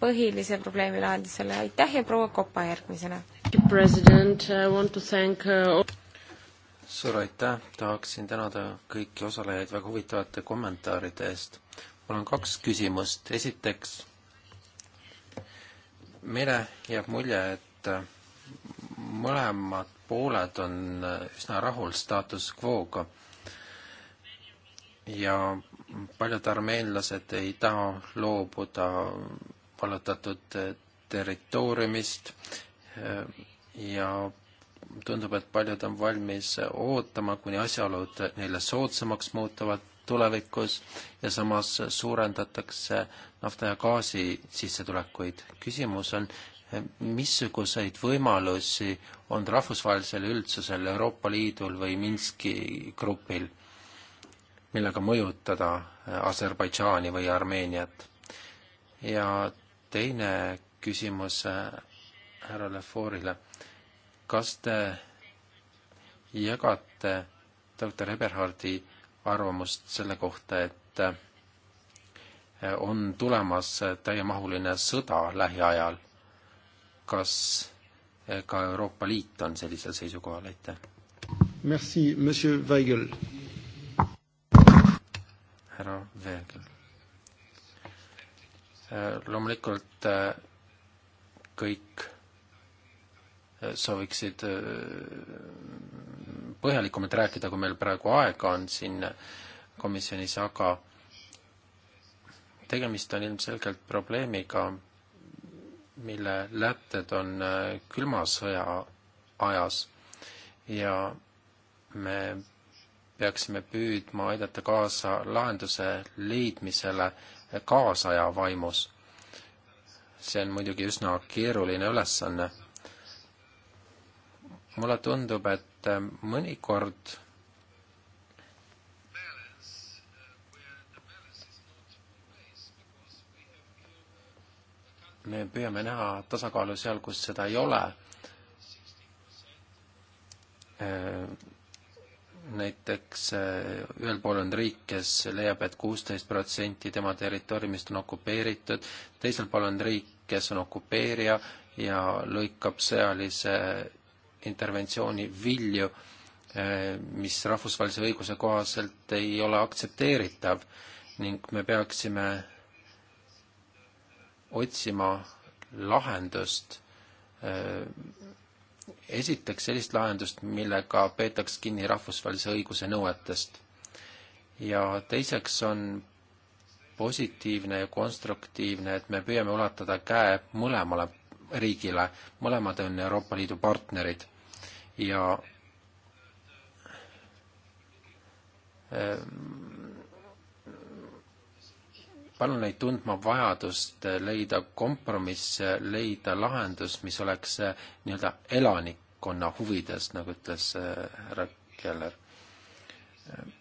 põhilise probleemi lahendusele. aitäh ja proua Kopa järgmisena! president, I want to thank uh suur aitäh, tahaksin tänada kõiki osalejaid väga huvitavate kommentaaride eest. mul on kaks küsimust, esiteks meile jääb mulje, et mõlemad pooled on üsna rahul status quo'ga ja paljud armeenlased ei taha loobuda vallutatud territooriumist ja tundub, et paljud on valmis ootama, kuni asjaolud neile soodsamaks muutuvad tulevikus ja samas suurendatakse nafta ja gaasi sissetulekuid. küsimus on, missuguseid võimalusi on rahvusvahelisel üldsusel, Euroopa Liidul või Minski grupil, millega mõjutada Aserbaidžaani või Armeeniat? ja teine küsimus äh, härra Leforile äh, kas te jagate doktor Eberhardi arvamust selle kohta, et on tulemas täiemahuline sõda lähiajal. kas ka Euroopa Liit on sellisel seisukohal, aitäh? Merci, monsieur Weigel. härra Weigel. loomulikult kõik sooviksid äh, põhjalikumalt rääkida, kui meil praegu aega on siin komisjonis, aga tegemist on ilmselgelt probleemiga, mille lätted on äh, külma sõja ajas ja me peaksime püüdma aidata kaasa lahenduse leidmisele kaasaja vaimus. see on muidugi üsna keeruline ülesanne mulle tundub, et äh, mõnikord me püüame näha tasakaalu seal, kus seda ei ole. Äh, näiteks äh, ühel pool on riik, kes leiab et, et kuusteist protsenti tema territooriumist on okupeeritud, teisel pool on riik, kes on okupeerija ja lõikab sõjalise interventsiooni vilju, eh, mis rahvusvahelise õiguse kohaselt ei ole aktsepteeritav ning me peaksime otsima lahendust, eh, esiteks sellist lahendust, millega peetaks kinni rahvusvahelise õiguse nõuetest. ja teiseks on positiivne ja konstruktiivne, et me püüame ulatada käe mõlemale riigile, mõlemad on Euroopa Liidu partnerid ja ähm, palun neid tundma vajadust leida kompromiss, leida lahendus, mis oleks äh, nii-öelda elanikkonna huvides, nagu ütles äh, härra Keller. Äh,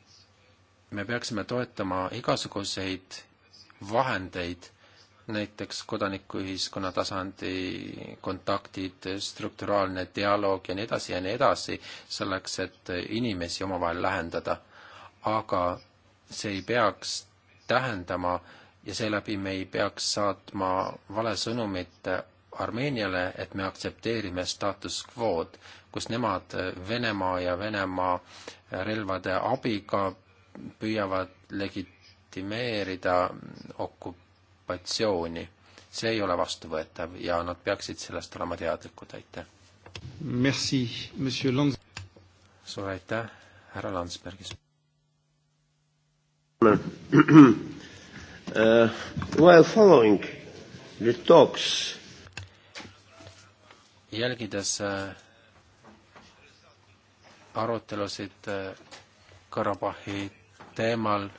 me peaksime toetama igasuguseid vahendeid näiteks kodanikuühiskonna tasandi kontaktid, strukturaalne dialoog ja nii edasi ja nii edasi, selleks, et inimesi omavahel lähendada. aga see ei peaks tähendama ja seeläbi me ei peaks saatma vale sõnumit Armeeniale, et me aktsepteerime status quo'd, kus nemad Venemaa ja Venemaa relvade abiga püüavad legitimeerida okup-, okupatsiooni. see ei ole vastuvõetav ja nad peaksid sellest olema teadlikud, aitäh. Merci, monsieur Lanz-. suur aitäh, härra Landsbergis. Uh, while following the talks jälgides uh, arutelusid uh, Karabahhi teemal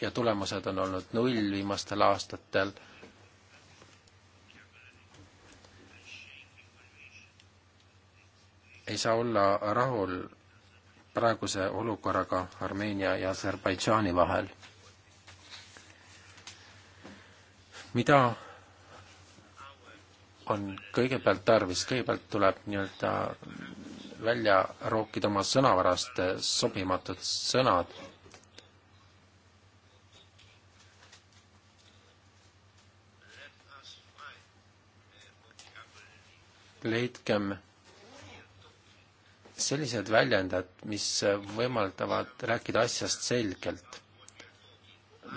ja tulemused on olnud null viimastel aastatel. ei saa olla rahul praeguse olukorraga Armeenia ja Aserbaidžaani vahel. mida on kõigepealt tarvis, kõigepealt tuleb nii-öelda välja rookida oma sõnavarast sobimatud sõnad leidkem sellised väljendad, mis võimaldavad rääkida asjast selgelt.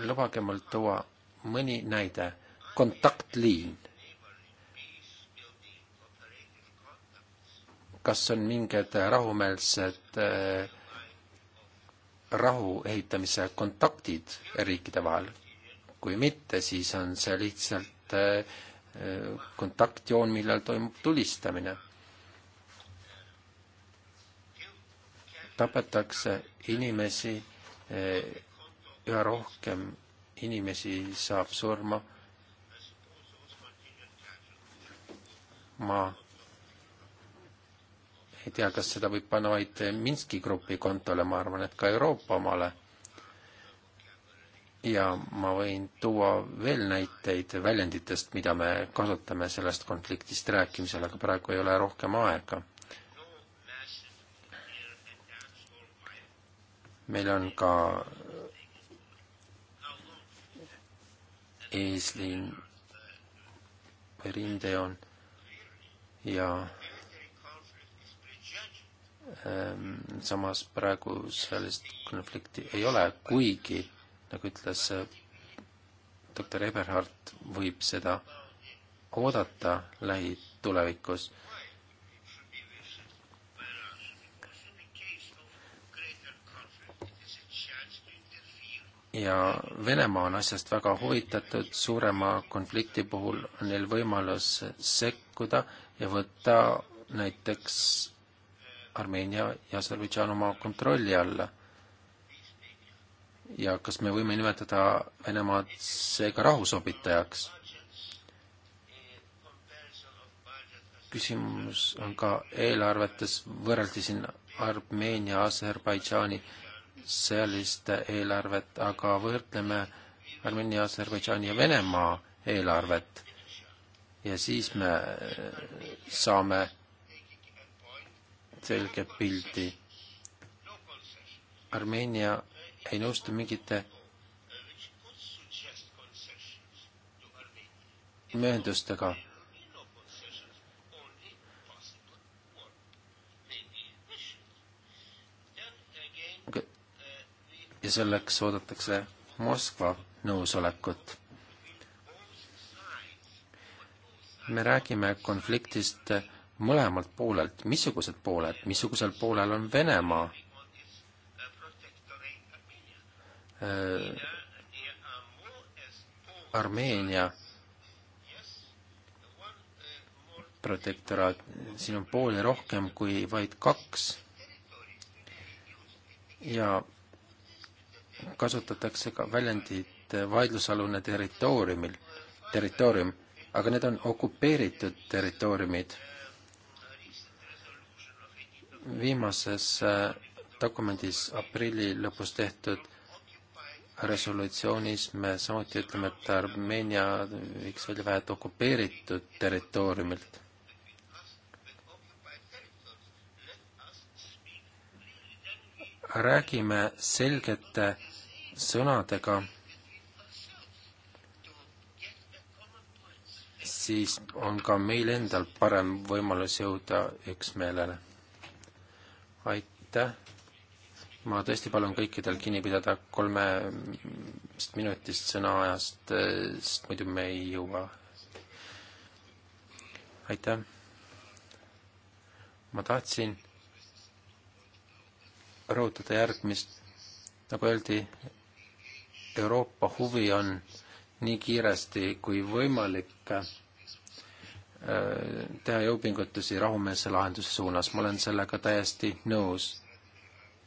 lubage mul tuua mõni näide. kontaktliin. kas on mingid rahumeelsed äh, rahu ehitamise kontaktid riikide vahel? kui mitte, siis on see lihtsalt äh, kontaktjoon, millal toimub tulistamine. tapetakse inimesi, eh, üha rohkem inimesi saab surma. ma ei tea, kas seda võib panna vaid Minski grupi kontole, ma arvan, et ka Euroopa omale ja ma võin tuua veel näiteid väljenditest, mida me kasutame sellest konfliktist rääkimisel, aga praegu ei ole rohkem aega. meil on ka eesliin või rindejoon ja ähm, samas praegu sellist konflikti ei ole, kuigi nagu ütles äh, doktor Eberhard, võib seda oodata lähitulevikus. ja Venemaa on asjast väga huvitatud, suurema konflikti puhul on neil võimalus sekkuda ja võtta näiteks Armeenia ja Aserbaidžaan oma kontrolli alla ja kas me võime nimetada Venemaad seega rahusobitajaks? küsimus on ka eelarvetes, võrreldi siin Armeenia, Aserbaidžaani sõjalist eelarvet, aga võrdleme Armeenia, Aserbaidžaani ja Venemaa eelarvet ja siis me saame selge pildi. Armeenia ei nõustu mingite mööndustega. ja selleks oodatakse Moskva nõusolekut. me räägime konfliktist mõlemalt poolelt, missugused pooled, missugusel poolel on Venemaa Armeenia protektoraat, siin on poole rohkem kui vaid kaks ja kasutatakse ka väljendit vaidlusalune territooriumil, territoorium, aga need on okupeeritud territooriumid. viimases äh, dokumendis aprilli lõpus tehtud resolutsioonis me samuti ütleme, et Armeenia võiks välja vähed okupeeritud territooriumilt. räägime selgete sõnadega, siis on ka meil endal parem võimalus jõuda üksmeelele. aitäh! ma tõesti palun kõikidel kinni pidada kolmest minutist sõnaajast, sest muidu me ei jõua. aitäh. ma tahtsin rõhutada järgmist, nagu öeldi, Euroopa huvi on nii kiiresti kui võimalik äh, teha jõupingutusi rahumeelse lahenduse suunas, ma olen sellega täiesti nõus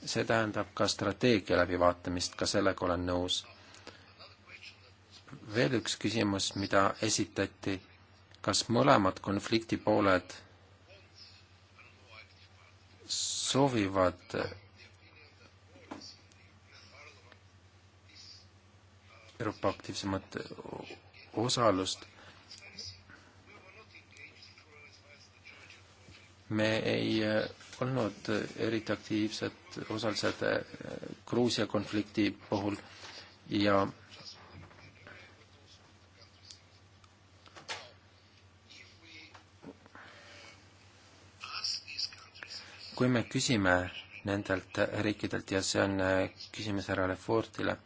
see tähendab ka strateegia läbivaatamist, ka sellega olen nõus. veel üks küsimus, mida esitati, kas mõlemad konfliktipooled soovivad Euroopa aktiivsemat osalust. me ei olnud eriti aktiivsed osalised eh, Gruusia konflikti puhul ja kui me küsime nendelt riikidelt ja see on eh, küsimus härra Lefortile,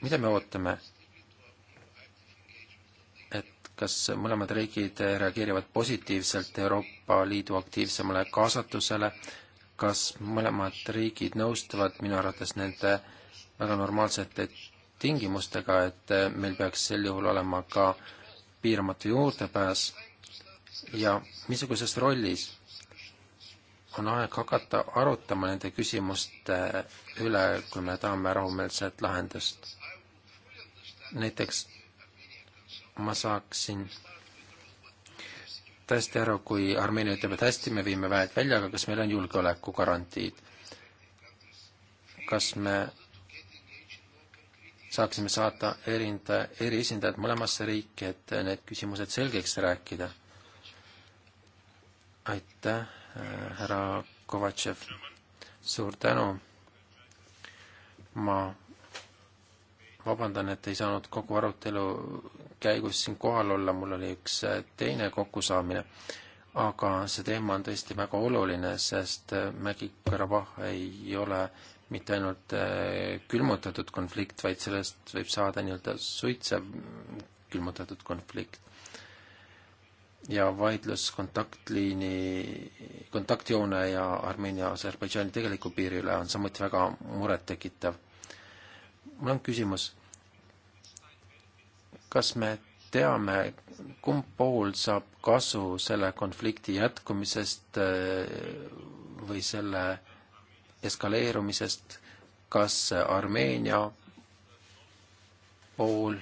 mida me ootame kas mõlemad riigid reageerivad positiivselt Euroopa Liidu aktiivsemale kaasatusele, kas mõlemad riigid nõustuvad minu arvates nende väga normaalsete tingimustega, et meil peaks sel juhul olema ka piiramatu juurdepääs ja missuguses rollis on aeg hakata arutama nende küsimuste üle, kui me tahame rahumeelset lahendust. näiteks ma saaksin täiesti aru, kui Armeenia ütleb, et hästi, me viime väed välja, aga kas meil on julgeolekugarantiid? kas me saaksime saata erinda-, eriesindajad mõlemasse riiki, et need küsimused selgeks rääkida? aitäh, härra Kovatšev, suur tänu, ma vabandan, et ei saanud kogu arutelu käigus siin kohal olla, mul oli üks äh, teine kokkusaamine, aga see teema on tõesti väga oluline, sest äh, Mägi-Karabahh ei ole mitte ainult äh, külmutatud konflikt, vaid sellest võib saada nii-öelda suitsev külmutatud konflikt. ja vaidlus kontaktliini, kontaktjoone ja Armeenia-Aserbaidžaani tegeliku piiri üle on samuti väga murettekitav mul on küsimus, kas me teame, kumb pool saab kasu selle konflikti jätkumisest äh, või selle eskaleerumisest, kas Armeenia pool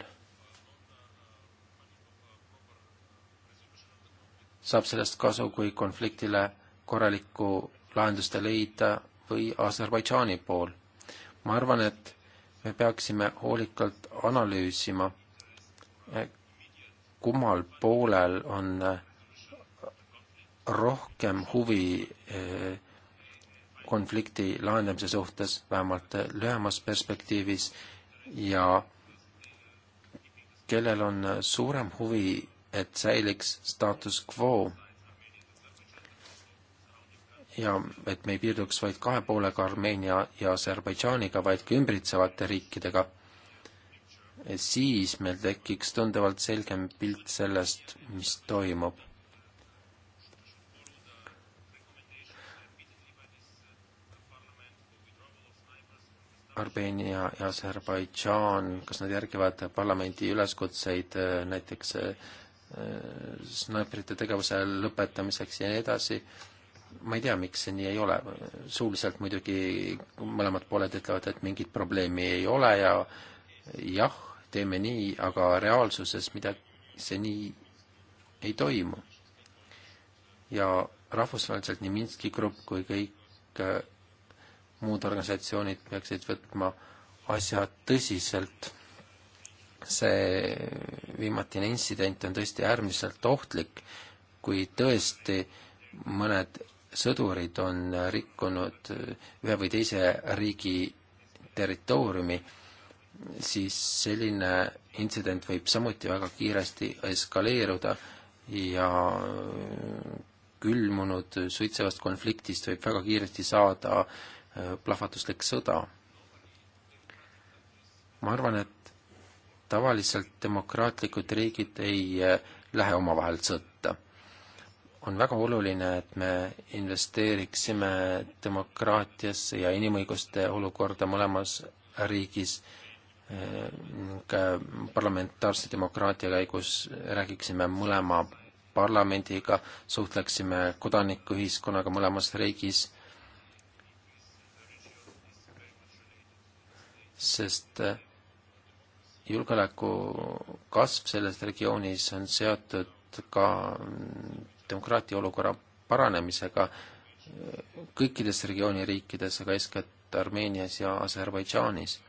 saab sellest kasu, kui konfliktile korralikku lahendust ei leida või Aserbaidžaani pool. ma arvan, et me peaksime hoolikalt analüüsima, kummal poolel on eh, rohkem huvi eh, konflikti lahendamise suhtes, vähemalt eh, lühemas perspektiivis, ja kellel on suurem huvi, et säiliks status quo ja et me ei piirduks vaid kahe poolega, Armeenia ja Aserbaidžaaniga, vaid ka ümbritsevate riikidega, siis meil tekiks tunduvalt selgem pilt sellest, mis toimub. Armeenia ja Aserbaidžaan, kas nad järgivad parlamendi üleskutseid äh, näiteks äh, äh, snaiprite tegevuse lõpetamiseks ja nii edasi, ma ei tea, miks see nii ei ole, suuliselt muidugi mõlemad pooled ütlevad, et mingit probleemi ei ole ja jah, teeme nii, aga reaalsuses midagi, see nii ei toimu. ja rahvusvaheliselt nii Minski grupp kui kõik äh, muud organisatsioonid peaksid võtma asja tõsiselt. see viimatine intsident on tõesti äärmiselt ohtlik, kui tõesti mõned sõdurid on rikkunud ühe või teise riigi territooriumi, siis selline intsident võib samuti väga kiiresti eskaleeruda ja külmunud suitsevast konfliktist võib väga kiiresti saada äh, plahvatuslik sõda. ma arvan, et tavaliselt demokraatlikud riigid ei äh, lähe omavahel sõtta on väga oluline, et me investeeriksime demokraatiasse ja inimõiguste olukorda mõlemas riigis eh, ning eh, parlamentaarse demokraatia käigus räägiksime mõlema parlamendiga, suhtleksime kodanikuühiskonnaga mõlemas riigis, sest eh, julgeoleku kasv selles regioonis on seotud ka mm, demokraatia olukorra paranemisega äh, kõikides regiooni riikides, aga eeskätt Armeenias ja Aserbaidžaanis.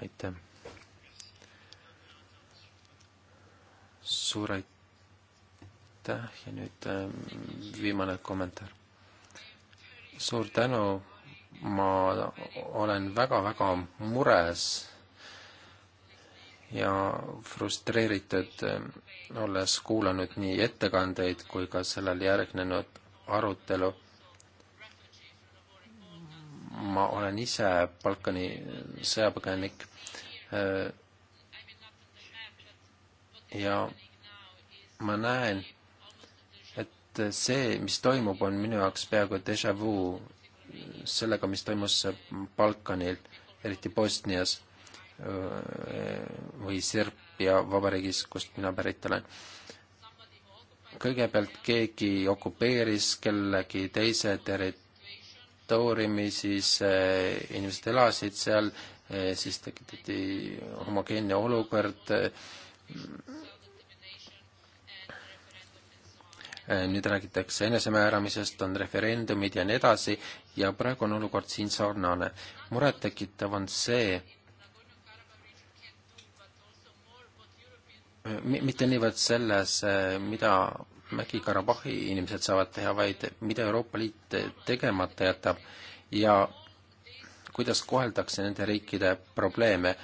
aitäh. suur aitäh ja nüüd äh, viimane kommentaar. suur tänu, ma olen väga-väga mures ja frustreeritud äh, olles kuulanud nii ettekandeid kui ka sellele järgnenud arutelu, ma olen ise Balkani sõjapõgenik äh, ja ma näen, et see, mis toimub, on minu jaoks peaaegu déjà vu sellega, mis toimus Balkanil, eriti Bosnias äh, või Serb-, Araabia Vabariigis, kust mina pärit olen. kõigepealt keegi okupeeris kellegi teise territooriumi, siis eh, inimesed elasid seal, eh, siis tekitati homogeenne olukord, eh, nüüd räägitakse enesemääramisest, on referendumid ja nii edasi ja praegu on olukord siin sarnane. murettekitav on see, Äh, mitte niivõrd selles, äh, mida Mägi-Karabahhi inimesed saavad teha, vaid mida Euroopa Liit tegemata jätab ja kuidas koheldakse nende riikide probleeme.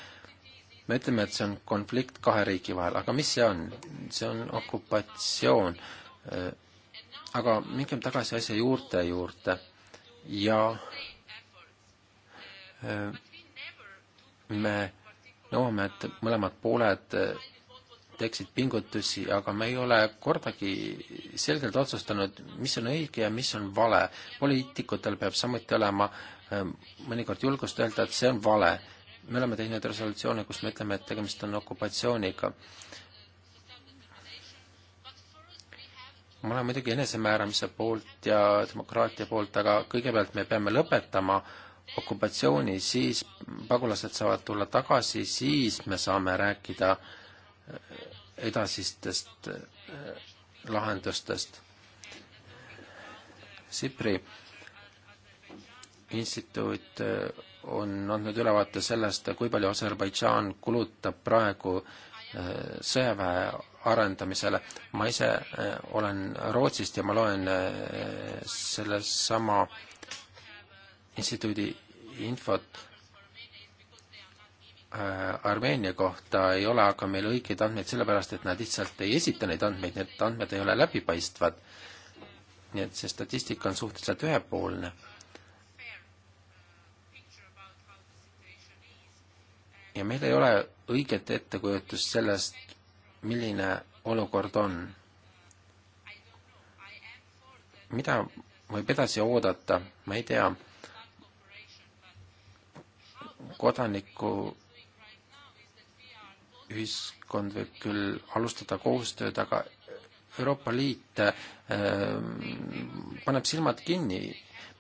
me ütleme, et see on konflikt kahe riigi vahel, aga mis see on? see on okupatsioon. Äh, aga mingem tagasi asja juurte juurde ja me nõuame, et mõlemad pooled teeksid pingutusi, aga me ei ole kordagi selgelt otsustanud, mis on õige ja mis on vale. poliitikutel peab samuti olema ähm, mõnikord julgust öelda, et see on vale. me oleme teinud resolutsioone, kus me ütleme, et tegemist on okupatsiooniga. ma olen muidugi enesemääramise poolt ja demokraatia poolt, aga kõigepealt me peame lõpetama okupatsiooni, siis pagulased saavad tulla tagasi, siis me saame rääkida äh, edasistest äh, lahendustest. Sipri instituut äh, on andnud ülevaate sellest, kui palju Aserbaidžaan kulutab praegu äh, sõjaväe arendamisele. ma ise olen Rootsist ja ma loen sellesama instituudi infot Äh, Armeenia kohta ei ole aga meil õigeid andmeid, sellepärast et nad lihtsalt ei esita neid andmeid, need andmed ei ole läbipaistvad. nii et see statistika on suhteliselt ühepoolne. ja meil ei ole õiget ettekujutust sellest, milline olukord on. mida võib edasi oodata, ma ei tea kodaniku ühiskond võib küll alustada koostööd, aga Euroopa Liit äh, paneb silmad kinni.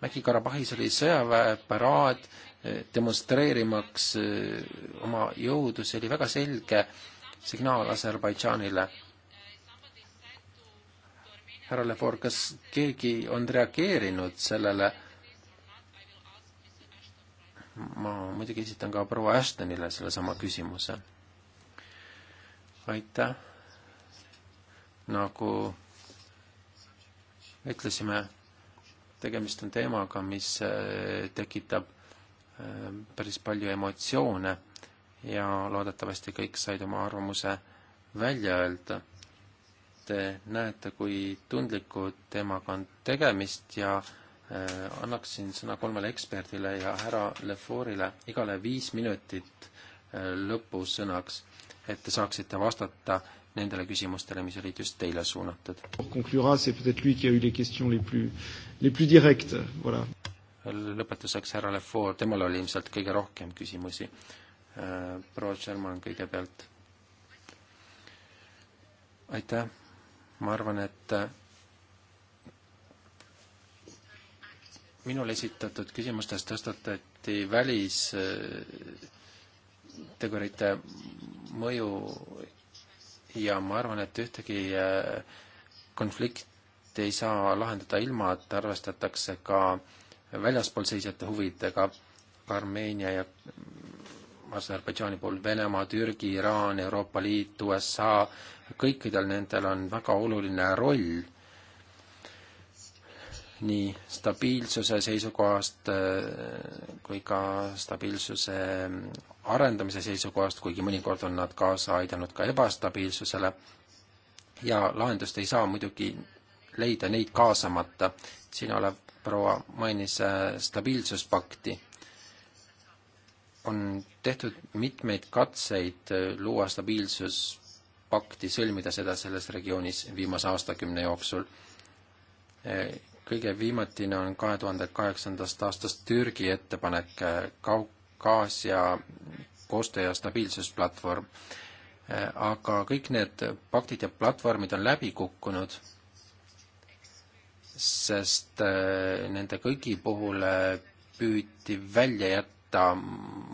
Mägi-Karabahhis oli sõjaväeparaad eh, demonstreerimaks äh, oma jõudu, see oli väga selge signaal Aserbaidžaanile. härra Lefor, kas keegi on reageerinud sellele? ma muidugi esitan ka proua Ashtonile sellesama küsimuse aitäh. nagu ütlesime, tegemist on teemaga, mis eh, tekitab eh, päris palju emotsioone ja loodetavasti kõik said oma arvamuse välja öelda. Te näete, kui tundliku teemaga on tegemist ja eh, annaksin sõna kolmele eksperdile ja härra Lefourile igale viis minutit lõpusõnaks et te saaksite vastata nendele küsimustele, mis olid just teile suunatud. lõpetuseks härra Lefort, temal oli ilmselt kõige rohkem küsimusi. Äh, proua Sherman kõigepealt. aitäh, ma arvan, et äh, minule esitatud küsimustes tõstatati välis äh, tegurite äh, mõju ja ma arvan, et ühtegi äh, konflikti ei saa lahendada ilma, et arvestatakse ka väljaspool seisjate huvidega, Armeenia ja Aserbaidžaani pool Venemaa, Türgi, Iraan, Euroopa Liit, USA, kõikidel nendel on väga oluline roll nii stabiilsuse seisukohast äh, kui ka stabiilsuse arendamise seisukohast, kuigi mõnikord on nad kaasa aidanud ka ebastabiilsusele ja lahendust ei saa muidugi leida neid kaasamata. siin olev proua mainis äh, stabiilsuspakti. on tehtud mitmeid katseid äh, luua stabiilsuspakti, sõlmida seda selles regioonis viimase aastakümne jooksul kõige viimatine on kahe tuhande kaheksandast aastast Türgi ettepanek äh, Kaukaasia koostöö- ja stabiilsusplatvorm. Äh, aga kõik need paktid ja platvormid on läbi kukkunud, sest äh, nende kõigi puhul püüti välja jätta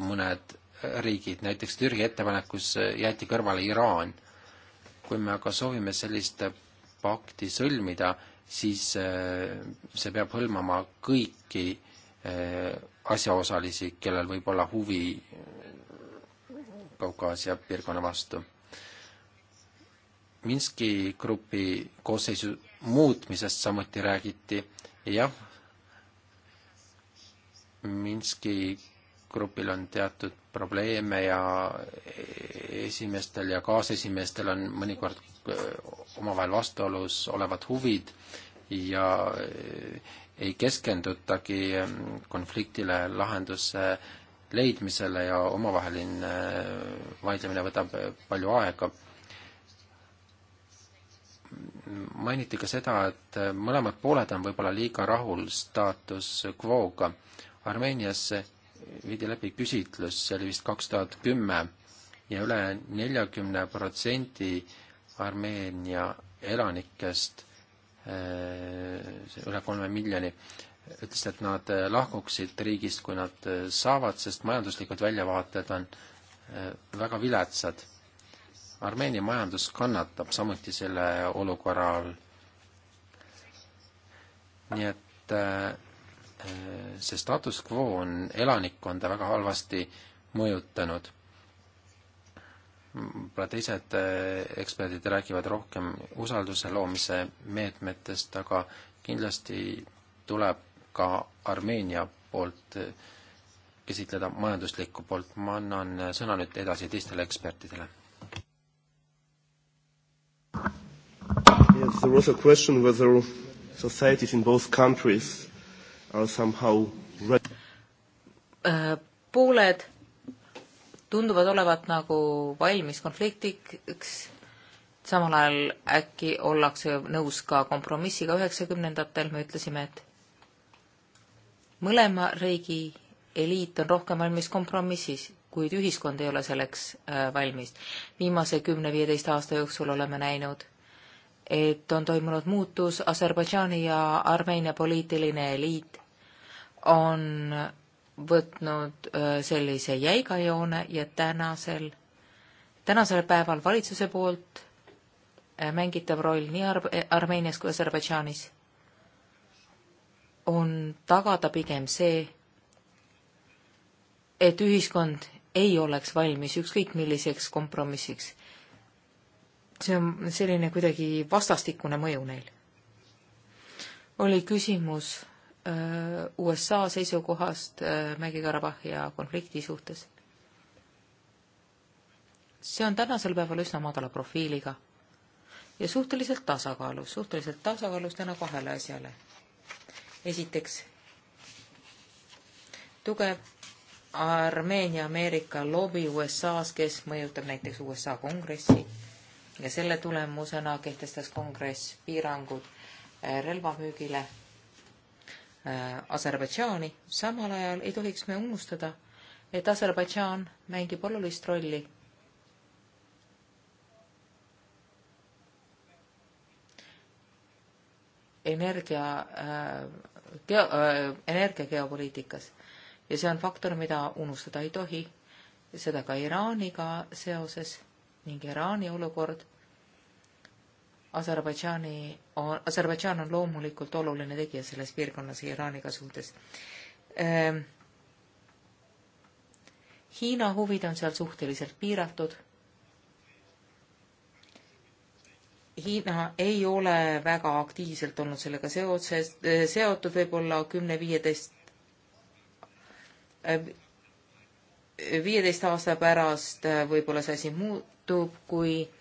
mõned riigid, näiteks Türgi ettepanekus jäeti kõrvale Iraan. kui me aga soovime sellist pakti sõlmida, siis äh, see peab hõlmama kõiki äh, asjaosalisi, kellel võib olla huvi äh, Kaukaasia piirkonna vastu. Minski grupi koosseisu muutmisest samuti räägiti, jah, Minski grupil on teatud probleeme ja e-, esimestel ja kaasesimeestel on mõnikord Äh, omavahel vastuolus olevad huvid ja äh, ei keskendutagi ähm, konfliktile lahenduse leidmisele ja omavaheline äh, vaidlemine võtab palju aega. mainiti ka seda, et mõlemad pooled on võib-olla liiga rahul staatus quo'ga. Armeenias viidi läbi küsitlus, see oli vist kaks tuhat kümme, ja üle neljakümne protsendi Armeenia elanikest, eh, üle kolme miljoni, ütles, et nad eh, lahkuksid riigist, kui nad eh, saavad, sest majanduslikud väljavaated on väga viletsad. Armeenia majandus kannatab samuti selle olukorra all. nii et see status quo on elanikkonda väga halvasti mõjutanud võib-olla teised eh, eksperdid räägivad rohkem usalduse loomise meetmetest, aga kindlasti tuleb ka Armeenia poolt eh, käsitleda majanduslikku poolt, ma annan sõna nüüd edasi teistele ekspertidele. Yes, there was a question whether societies in both countries are somehow äh, pooled tunduvad olevat nagu valmis konfliktiks, samal ajal äkki ollakse nõus ka kompromissiga, üheksakümnendatel me ütlesime, et mõlema riigi eliit on rohkem valmis kompromissis, kuid ühiskond ei ole selleks äh, valmis. viimase kümne-viieteist aasta jooksul oleme näinud, et on toimunud muutus, Aserbaidžaani ja Armeenia poliitiline eliit on võtnud sellise jäiga joone ja tänasel, tänasel päeval valitsuse poolt mängitav roll nii Ar e, Armeenias kui Aserbaidžaanis on tagada pigem see, et ühiskond ei oleks valmis ükskõik milliseks kompromissiks. see on selline kuidagi vastastikune mõju neil. oli küsimus Äh, USA seisukohast äh, Mägi-Karabahhi konflikti suhtes. see on tänasel päeval üsna madala profiiliga ja suhteliselt tasakaalus, suhteliselt tasakaalus täna kahele asjale. esiteks, tugev Armeenia-Ameerika lobi USA-s, kes mõjutab näiteks USA kongressi ja selle tulemusena kehtestas kongress piirangud äh, relvamüügile Äh, Aserbaidžaani, samal ajal ei tohiks me unustada, et Aserbaidžaan mängib olulist rolli energia äh,, geo- äh,, energia geopoliitikas. ja see on faktor, mida unustada ei tohi, seda ka Iraaniga seoses ning Iraani olukord Aserbaidžaani, Aserbaidžaan on loomulikult oluline tegija selles piirkonnas Iraaniga suhtes ähm,. Hiina huvid on seal suhteliselt piiratud. Hiina ei ole väga aktiivselt olnud sellega seoses, eh, seotud võib-olla kümne-viieteist, eh, viieteist aasta pärast eh, võib-olla see asi muutub, kui äh,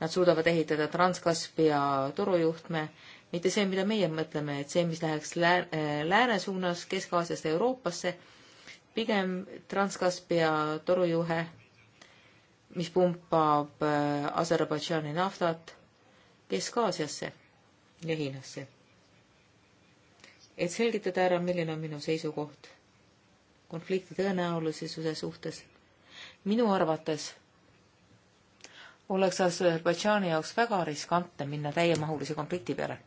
Nad suudavad ehitada Transkaspia torujuhtme, mitte see, mida meie mõtleme, et see, mis läheks lää-, äh, lääne suunas Kesk-Aasiast Euroopasse, pigem Transkaspia torujuhe, mis pumpab äh, Aserbaidžaani naftat Kesk-Aasiasse ja Hiinasse. et selgitada ära, milline on minu seisukoht konflikti tõenäolisuse suhtes. minu arvates oleks Aserbaidžaani jaoks väga riskantne minna täiemahulise konflikti peale.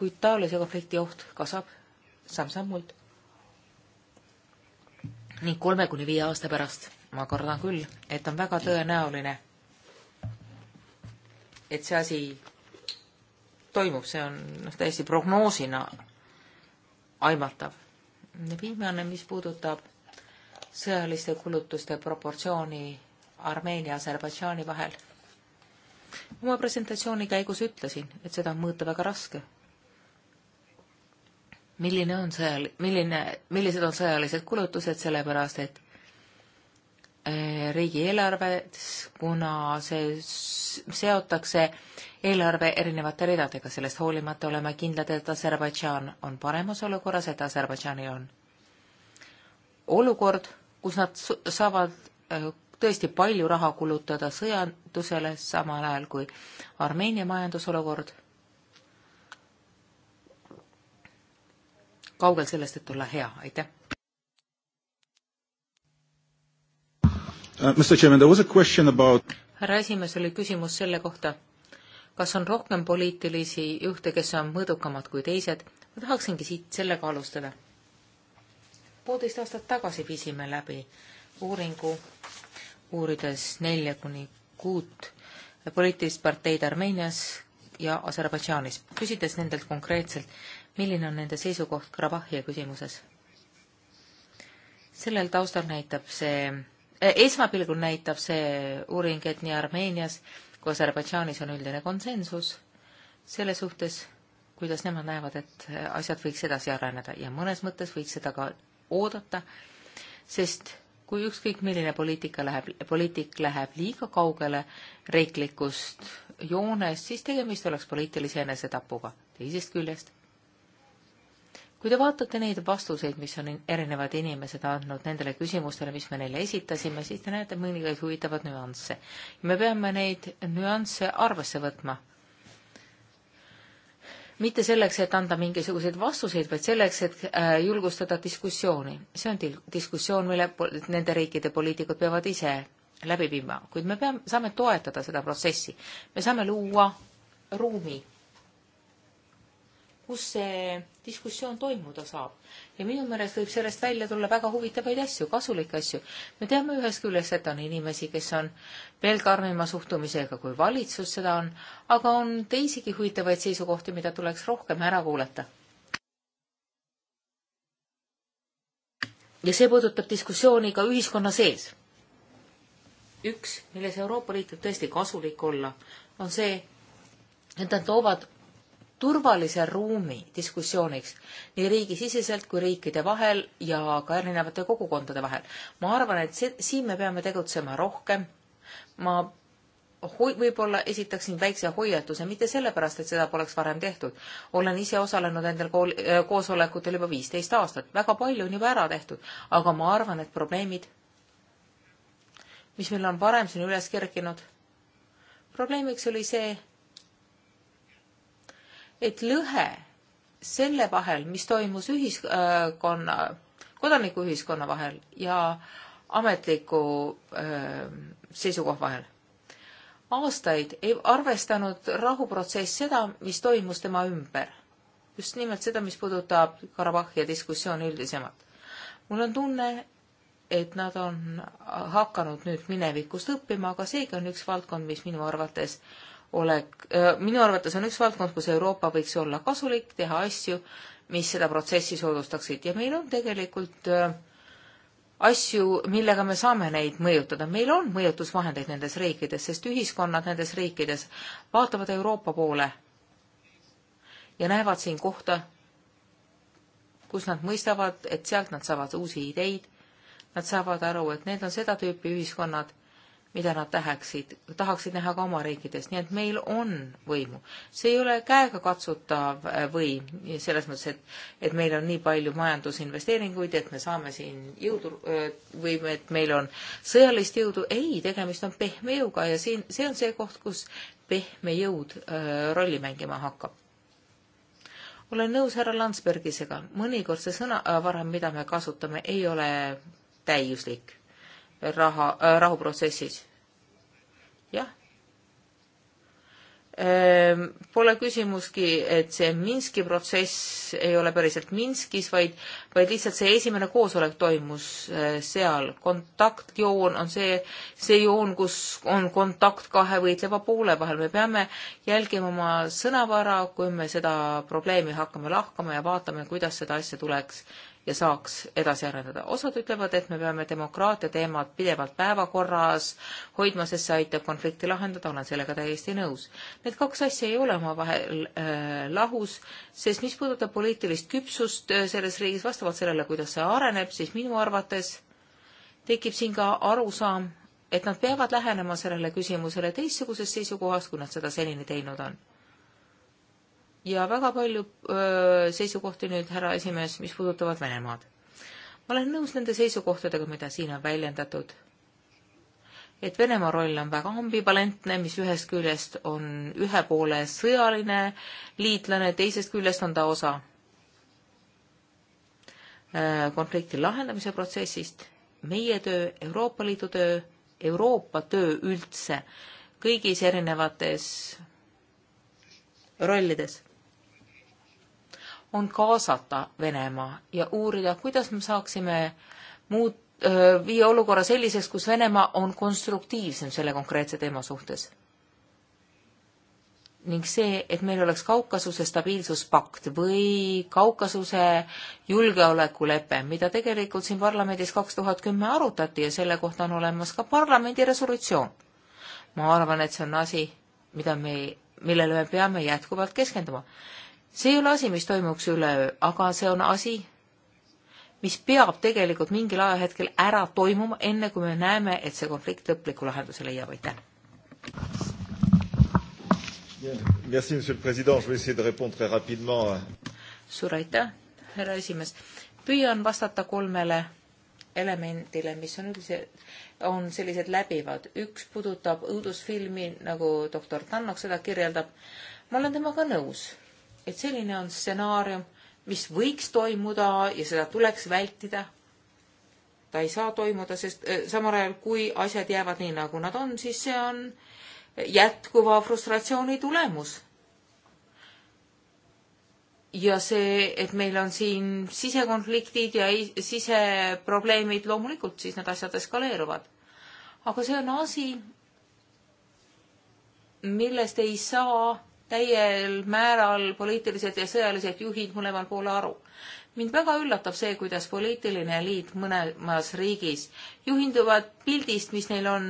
kuid taolise konflikti oht kasvab samm-sammult ning kolme kuni viie aasta pärast ma kardan küll, et on väga tõenäoline, et see asi toimub, see on noh, täiesti prognoosina aimatav. viimane, mis puudutab sõjaliste kulutuste proportsiooni Armeenia ja Aserbaidžaani vahel. oma presentatsiooni käigus ütlesin, et seda on mõõta väga raske. milline on sõjal-, milline, millised on sõjalised kulutused, sellepärast et eh, riigieelarves, kuna see seotakse eelarve erinevate ridadega, sellest hoolimata oleme kindlad, et Aserbaidžaan on paremas olukorras, et Aserbaidžaanil on olukord, kus nad saavad äh, tõesti palju raha kulutada sõjandusele, samal ajal kui Armeenia majandusolukord kaugel sellest, et olla hea, aitäh. Uh, härra esimees, oli küsimus selle kohta, kas on rohkem poliitilisi juhte, kes on mõõdukamad kui teised. ma tahaksingi siit sellega alustada poolteist aastat tagasi viisime läbi uuringu, uurides nelja kuni kuut poliitilist parteid Armeenias ja Aserbaidžaanis, küsides nendelt konkreetselt, milline on nende seisukoht Karabahhi küsimuses. sellel taustal näitab see, eh, esmapilgul näitab see uuring, et nii Armeenias kui Aserbaidžaanis on üldine konsensus selle suhtes, kuidas nemad näevad, et asjad võiks edasi areneda ja mõnes mõttes võiks seda ka oodata, sest kui ükskõik milline poliitika läheb, poliitik läheb liiga kaugele riiklikust joonest, siis tegemist oleks poliitilise enesetapuga. teisest küljest, kui te vaatate neid vastuseid, mis on erinevad inimesed andnud nendele küsimustele, mis me neile esitasime, siis te näete mõningaid huvitavaid nüansse. me peame neid nüansse arvesse võtma mitte selleks, et anda mingisuguseid vastuseid, vaid selleks, et äh, julgustada diskussiooni. see on diskussioon, mille nende riikide poliitikud peavad ise läbi viima, kuid me peame, saame toetada seda protsessi. me saame luua ruumi, kus see diskussioon toimuda saab ja minu meelest võib sellest välja tulla väga huvitavaid asju, kasulikke asju. me teame ühest küljest, et on inimesi, kes on veel karmima suhtumisega, kui valitsus seda on, aga on teisigi huvitavaid seisukohti, mida tuleks rohkem ära kuulata. ja see puudutab diskussiooni ka ühiskonna sees. üks, milles Euroopa Liit võib tõesti kasulik olla, on see, et nad toovad turvalise ruumi diskussiooniks nii riigisiseselt kui riikide vahel ja ka erinevate kogukondade vahel. ma arvan, et see, siin me peame tegutsema rohkem. ma hoi-, võib-olla esitaksin väikse hoiatuse, mitte sellepärast, et seda poleks varem tehtud. olen ise osalenud nendel kool-, äh, koosolekutel juba viisteist aastat, väga palju on juba ära tehtud, aga ma arvan, et probleemid, mis meil on varem siin üles kerkinud, probleemiks oli see, et lõhe selle vahel, mis toimus ühiskonna, kodanikuühiskonna vahel ja ametliku seisukoha vahel. aastaid ei arvestanud rahuprotsess seda, mis toimus tema ümber. just nimelt seda, mis puudutab Karabahhi ja diskussiooni üldisemalt. mul on tunne, et nad on hakanud nüüd minevikust õppima, aga seegi on üks valdkond, mis minu arvates äh, olek-, äh, minu arvates on üks valdkond, kus Euroopa võiks olla kasulik, teha asju, mis seda protsessi soodustaksid ja meil on tegelikult äh, asju, millega me saame neid mõjutada, meil on mõjutusvahendeid nendes riikides, sest ühiskonnad nendes riikides vaatavad Euroopa poole ja näevad siin kohta, kus nad mõistavad, et sealt nad saavad uusi ideid, nad saavad aru, et need on seda tüüpi ühiskonnad, mida nad tahaksid, tahaksid näha ka oma riikides, nii et meil on võimu. see ei ole käegakatsutav äh, võim selles mõttes, et, et meil on nii palju majandusinvesteeringuid, et me saame siin jõudu äh, või et meil on sõjalist jõudu. ei, tegemist on pehme jõuga ja siin, see on see koht, kus pehme jõud öö, äh, rolli mängima hakkab. olen nõus härra Landsbergisega, mõnikord see sõnavaram, mida me kasutame, ei ole täiuslik raha äh,, rahuprotsessis. jah. Ehm, pole küsimustki, et see Minski protsess ei ole päriselt Minskis, vaid, vaid lihtsalt see esimene koosolek toimus äh, seal. kontaktjoon on see, see joon, kus on kontakt kahe võitleva poole vahel. me peame jälgima oma sõnavara, kui me seda probleemi hakkame lahkama ja vaatame, kuidas seda asja tuleks ja saaks edasi arendada. osad ütlevad, et me peame demokraatia teemad pidevalt päevakorras hoidma, sest see aitab konflikti lahendada, olen sellega täiesti nõus. Need kaks asja ei ole omavahel äh, lahus, sest mis puudutab poliitilist küpsust äh, selles riigis vastavalt sellele, kuidas see areneb, siis minu arvates tekib siin ka arusaam, et nad peavad lähenema sellele küsimusele teistsugusest seisukohast, kui nad seda senini teinud on ja väga palju öö, seisukohti nüüd, härra esimees, mis puudutavad Venemaad. ma olen nõus nende seisukohtadega, mida siin on väljendatud. et Venemaa roll on väga ambivalentne, mis ühest küljest on ühe poole sõjaline liitlane, teisest küljest on ta osa öö, konflikti lahendamise protsessist, meie töö, Euroopa Liidu töö, Euroopa töö üldse, kõigis erinevates rollides on kaasata Venemaa ja uurida, kuidas me saaksime muud, viia olukorra selliseks, kus Venemaa on konstruktiivsem selle konkreetse teema suhtes. ning see, et meil oleks Kaukasuse stabiilsuspakt või Kaukasuse julgeolekulepe, mida tegelikult siin parlamendis kaks tuhat kümme arutati ja selle kohta on olemas ka parlamendi resolutsioon. ma arvan, et see on asi, mida me, millele me peame jätkuvalt keskenduma see ei ole asi, mis toimuks üleöö, aga see on asi, mis peab tegelikult mingil ajahetkel ära toimuma, enne kui me näeme, et see konflikt lõpliku lahenduse leiab, aitäh. suur aitäh, härra esimees. püüan vastata kolmele elemendile, mis on üldiselt, on sellised läbivad. üks puudutab õudusfilmi, nagu doktor Tannok seda kirjeldab. ma olen temaga nõus et selline on stsenaarium, mis võiks toimuda ja seda tuleks vältida. ta ei saa toimuda, sest äh, samal ajal, kui asjad jäävad nii, nagu nad on, siis see on jätkuva frustratsiooni tulemus ja see, et meil on siin sisekonfliktid ja siseprobleemid, loomulikult siis need asjad eskaleeruvad. aga see on asi, millest ei saa täiel määral poliitilised ja sõjalised juhid mõlemal pool aru. mind väga üllatab see, kuidas poliitiline eliit mõlemas riigis juhinduvad pildist, mis neil on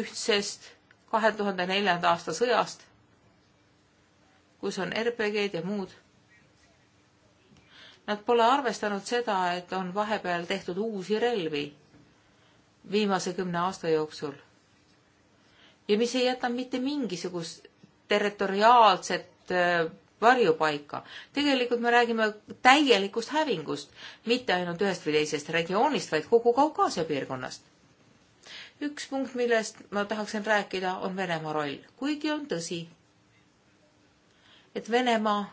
ühtsest kahe tuhande neljanda aasta sõjast, kus on RPG-d ja muud. Nad pole arvestanud seda, et on vahepeal tehtud uusi relvi viimase kümne aasta jooksul ja mis ei jäta mitte mingisugust territoriaalset äh, varjupaika. tegelikult me räägime täielikust hävingust, mitte ainult ühest või teisest regioonist, vaid kogu Kaukaasia piirkonnast. üks punkt, millest ma tahaksin rääkida, on Venemaa roll, kuigi on tõsi, et Venemaa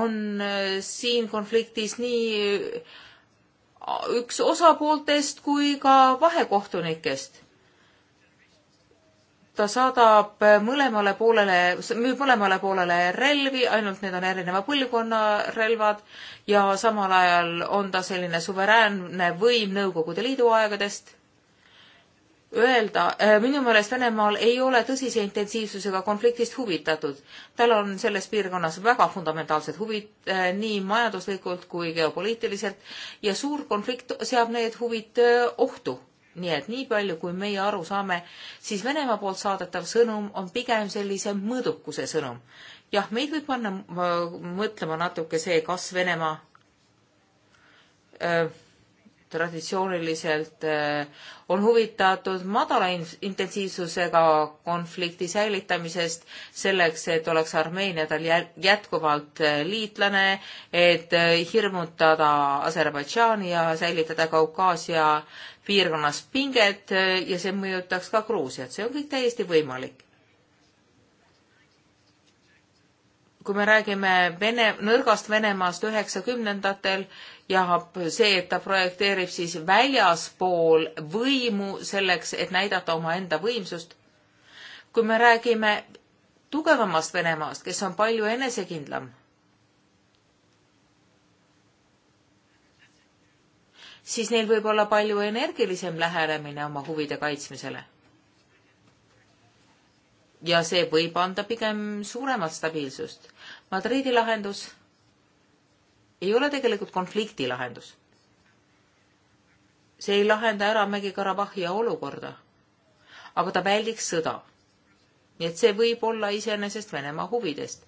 on äh, siin konfliktis nii äh, üks osapooltest kui ka vahekohtunikest ta saadab mõlemale poolele, müüb mõlemale poolele relvi, ainult need on erineva põlvkonna relvad ja samal ajal on ta selline suveräänne võim Nõukogude Liidu aegadest. Öelda, äh, minu meelest Venemaal ei ole tõsise intensiivsusega konfliktist huvitatud. tal on selles piirkonnas väga fundamentaalsed huvid äh, nii majanduslikult kui geopoliitiliselt ja suur konflikt seab need huvid äh, ohtu nii et nii palju, kui meie aru saame, siis Venemaa poolt saadetav sõnum on pigem sellise mõõdukuse sõnum. jah, meid võib panna äh, mõtlema natuke see, kas Venemaa äh, traditsiooniliselt äh, on huvitatud madala intensiivsusega konflikti säilitamisest selleks, et oleks Armeenia tal jätkuvalt äh, liitlane, et äh, hirmutada Aserbaidžaani ja säilitada Kaukaasia piirkonnas pinget eh, ja see mõjutaks ka Gruusiat, see on kõik täiesti võimalik. kui me räägime Vene, nõrgast Venemaast üheksakümnendatel ja see, et ta projekteerib siis väljaspool võimu selleks, et näidata omaenda võimsust. kui me räägime tugevamast Venemaast, kes on palju enesekindlam siis neil võib olla palju energilisem lähenemine oma huvide kaitsmisele. ja see võib anda pigem suuremat stabiilsust. Madridi lahendus ei ole tegelikult konflikti lahendus. see ei lahenda ära Mägi-Karabahhi olukorda, aga ta väldiks sõda. nii et see võib olla iseenesest Venemaa huvidest.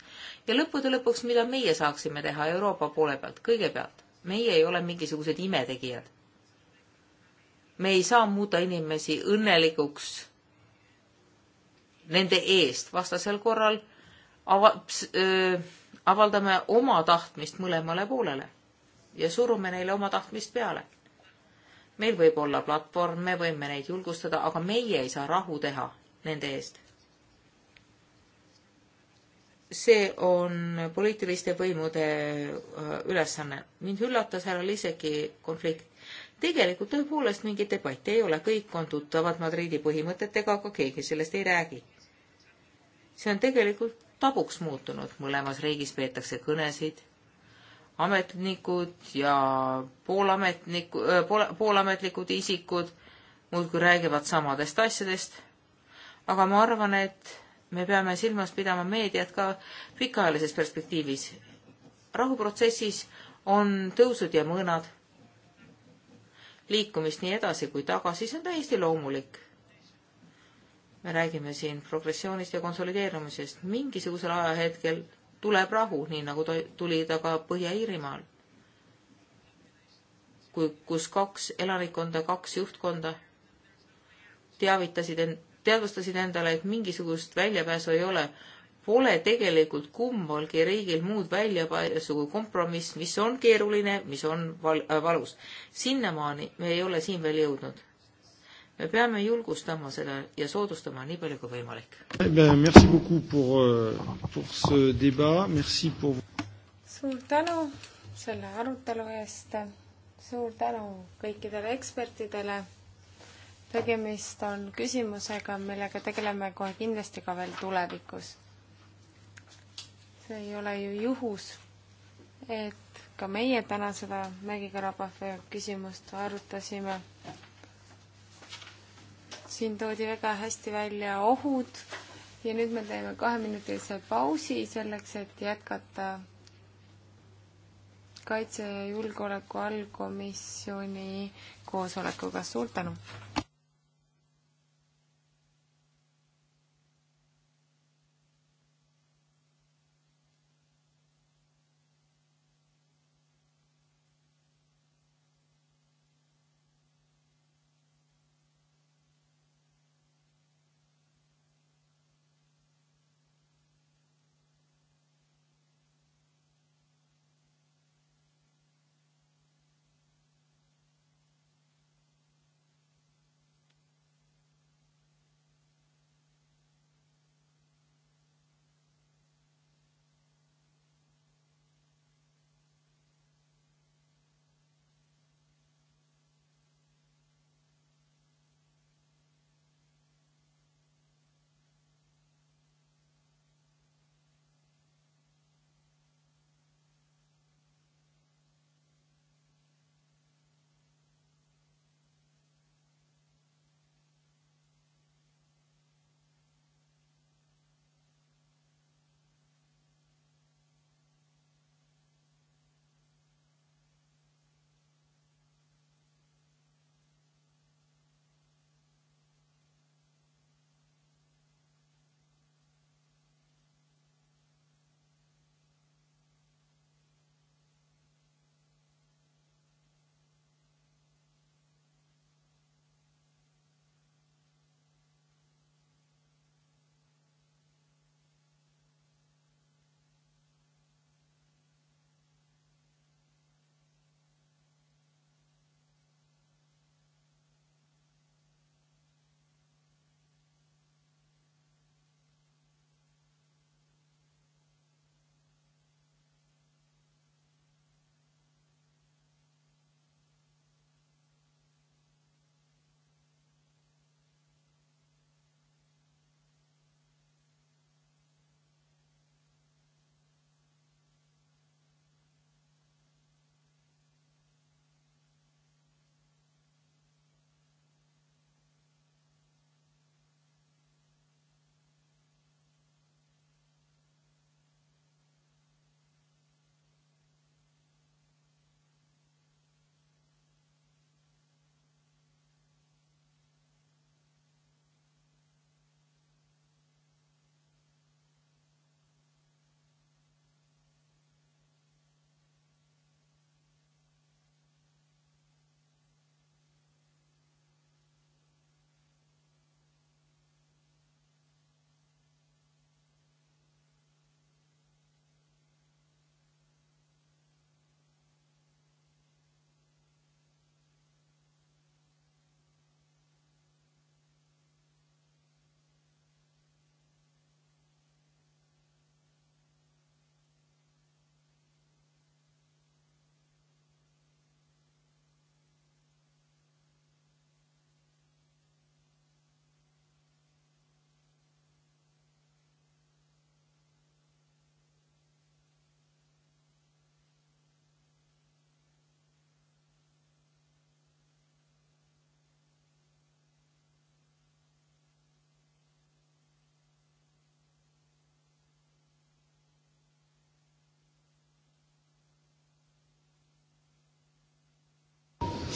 ja lõppude lõpuks, mida meie saaksime teha Euroopa poole pealt kõigepealt? meie ei ole mingisugused imetegijad. me ei saa muuta inimesi õnnelikuks nende eest, vastasel korral ava-, avaldame oma tahtmist mõlemale poolele ja surume neile oma tahtmist peale. meil võib olla platvorm, me võime neid julgustada, aga meie ei saa rahu teha nende eest see on poliitiliste võimude äh, ülesanne. mind üllatas härra Liiseki konflikt. tegelikult tõepoolest mingit debatti ei ole, kõik on tuttavad Madridi põhimõtetega, aga keegi sellest ei räägi. see on tegelikult tabuks muutunud, mõlemas riigis peetakse kõnesid, ametnikud ja poolametniku, äh, pool, poolametlikud isikud muudkui räägivad samadest asjadest, aga ma arvan, et me peame silmas pidama meediat ka pikaajalises perspektiivis. rahuprotsessis on tõusud ja mõõnad, liikumist nii edasi kui tagasi, see on täiesti loomulik. me räägime siin progressioonist ja konsolideerumisest. mingisugusel ajahetkel tuleb rahu, nii nagu tuli ta ka Põhja-Iirimaal, kui, kus kaks elanikkonda, kaks juhtkonda teavitasid end teadvustasid endale, et mingisugust väljapääsu ei ole. Pole tegelikult kummalgi riigil muud väljapääsu kui kompromiss, mis on keeruline, mis on val-, äh, valus. sinnamaani me ei ole siin veel jõudnud. me peame julgustama seda ja soodustama nii palju kui võimalik. Eh merci beaucoup pour, euh, pour ce débat, merci pour suur tänu selle arutelu eest, suur tänu kõikidele ekspertidele tegemist on küsimusega, millega tegeleme kohe kindlasti ka veel tulevikus. see ei ole ju juhus, et ka meie täna seda Mägi-Karabahhi küsimust arutasime. siin toodi väga hästi välja ohud ja nüüd me teeme kaheminutilise pausi selleks, et jätkata kaitse- ja julgeoleku allkomisjoni koosolekuga, suur tänu!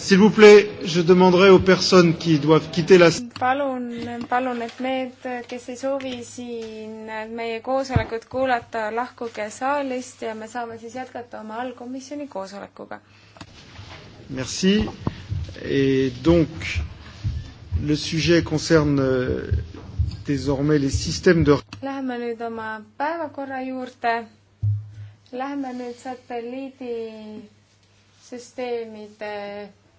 S'il vous plaît, je demanderai aux personnes qui doivent quitter la palun, palun, et need, kes ei soovi siin meie koosolekut kuulata, lahkuge saalist ja me saame siis jätkata oma allkomisjoni koosolekuga. Merci. Et donc, le sujet concerne euh, désormais les systèmes de... Läheme nüüd oma päevakorra juurde. Läheme nüüd satelliidisüsteemide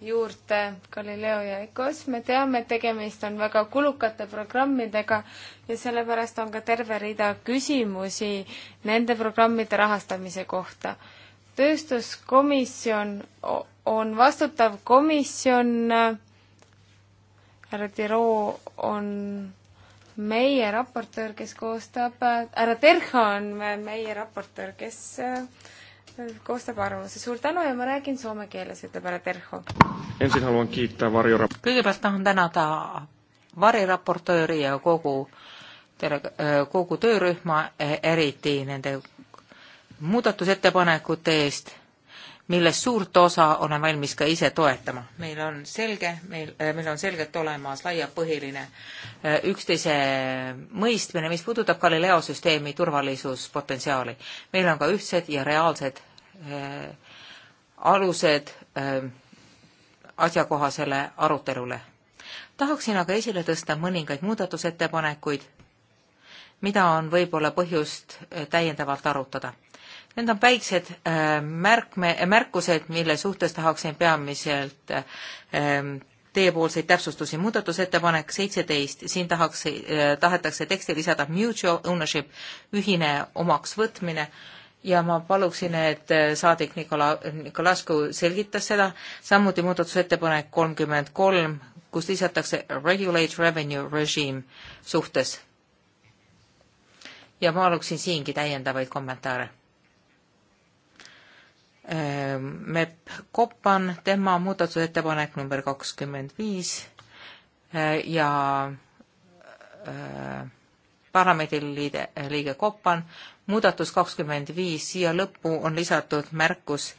juurde Galileo ja ECOS. me teame, et tegemist on väga kulukate programmidega ja sellepärast on ka terve rida küsimusi nende programmide rahastamise kohta. tööstuskomisjon on vastutav komisjon, härra Tiro on meie raportöör, kes koostab, härra Terho on meie raportöör, kes äh, koostab arvamuse. suur tänu ja ma räägin soome keeles, ütleb härra Terho. kõigepealt tahan tänada variraportööri ja kogu kogu töörühma, eriti nende muudatusettepanekute eest millest suurt osa olen valmis ka ise toetama. meil on selge, meil, äh, meil on selgelt olemas laiapõhiline äh, üksteise mõistmine, mis puudutab Galileo süsteemi turvalisuuspotentsiaali. meil on ka ühtsed ja reaalsed äh, alused äh, asjakohasele arutelule. tahaksin aga esile tõsta mõningaid muudatusettepanekuid, mida on võib-olla põhjust äh, täiendavalt arutada Need on väiksed äh, märkme, äh, märkused, mille suhtes tahaksin peamiselt ähm, teiepoolseid täpsustusi. muudatusettepanek seitseteist, siin tahaks, äh, tahetakse teksti lisada mutual ownership, ühine omaksvõtmine ja ma paluksin, et saadik Nikola, Nikolasku selgitas seda, samuti muudatusettepanek kolmkümmend kolm, kus lisatakse regulate revenue regime suhtes. ja paluksin siingi täiendavaid kommentaare Ehm, MEP Kopan, tema muudatusettepanek number kakskümmend viis eh, ja eh, parlamendi liide, liige Kopan, muudatus kakskümmend viis, siia lõppu on lisatud märkus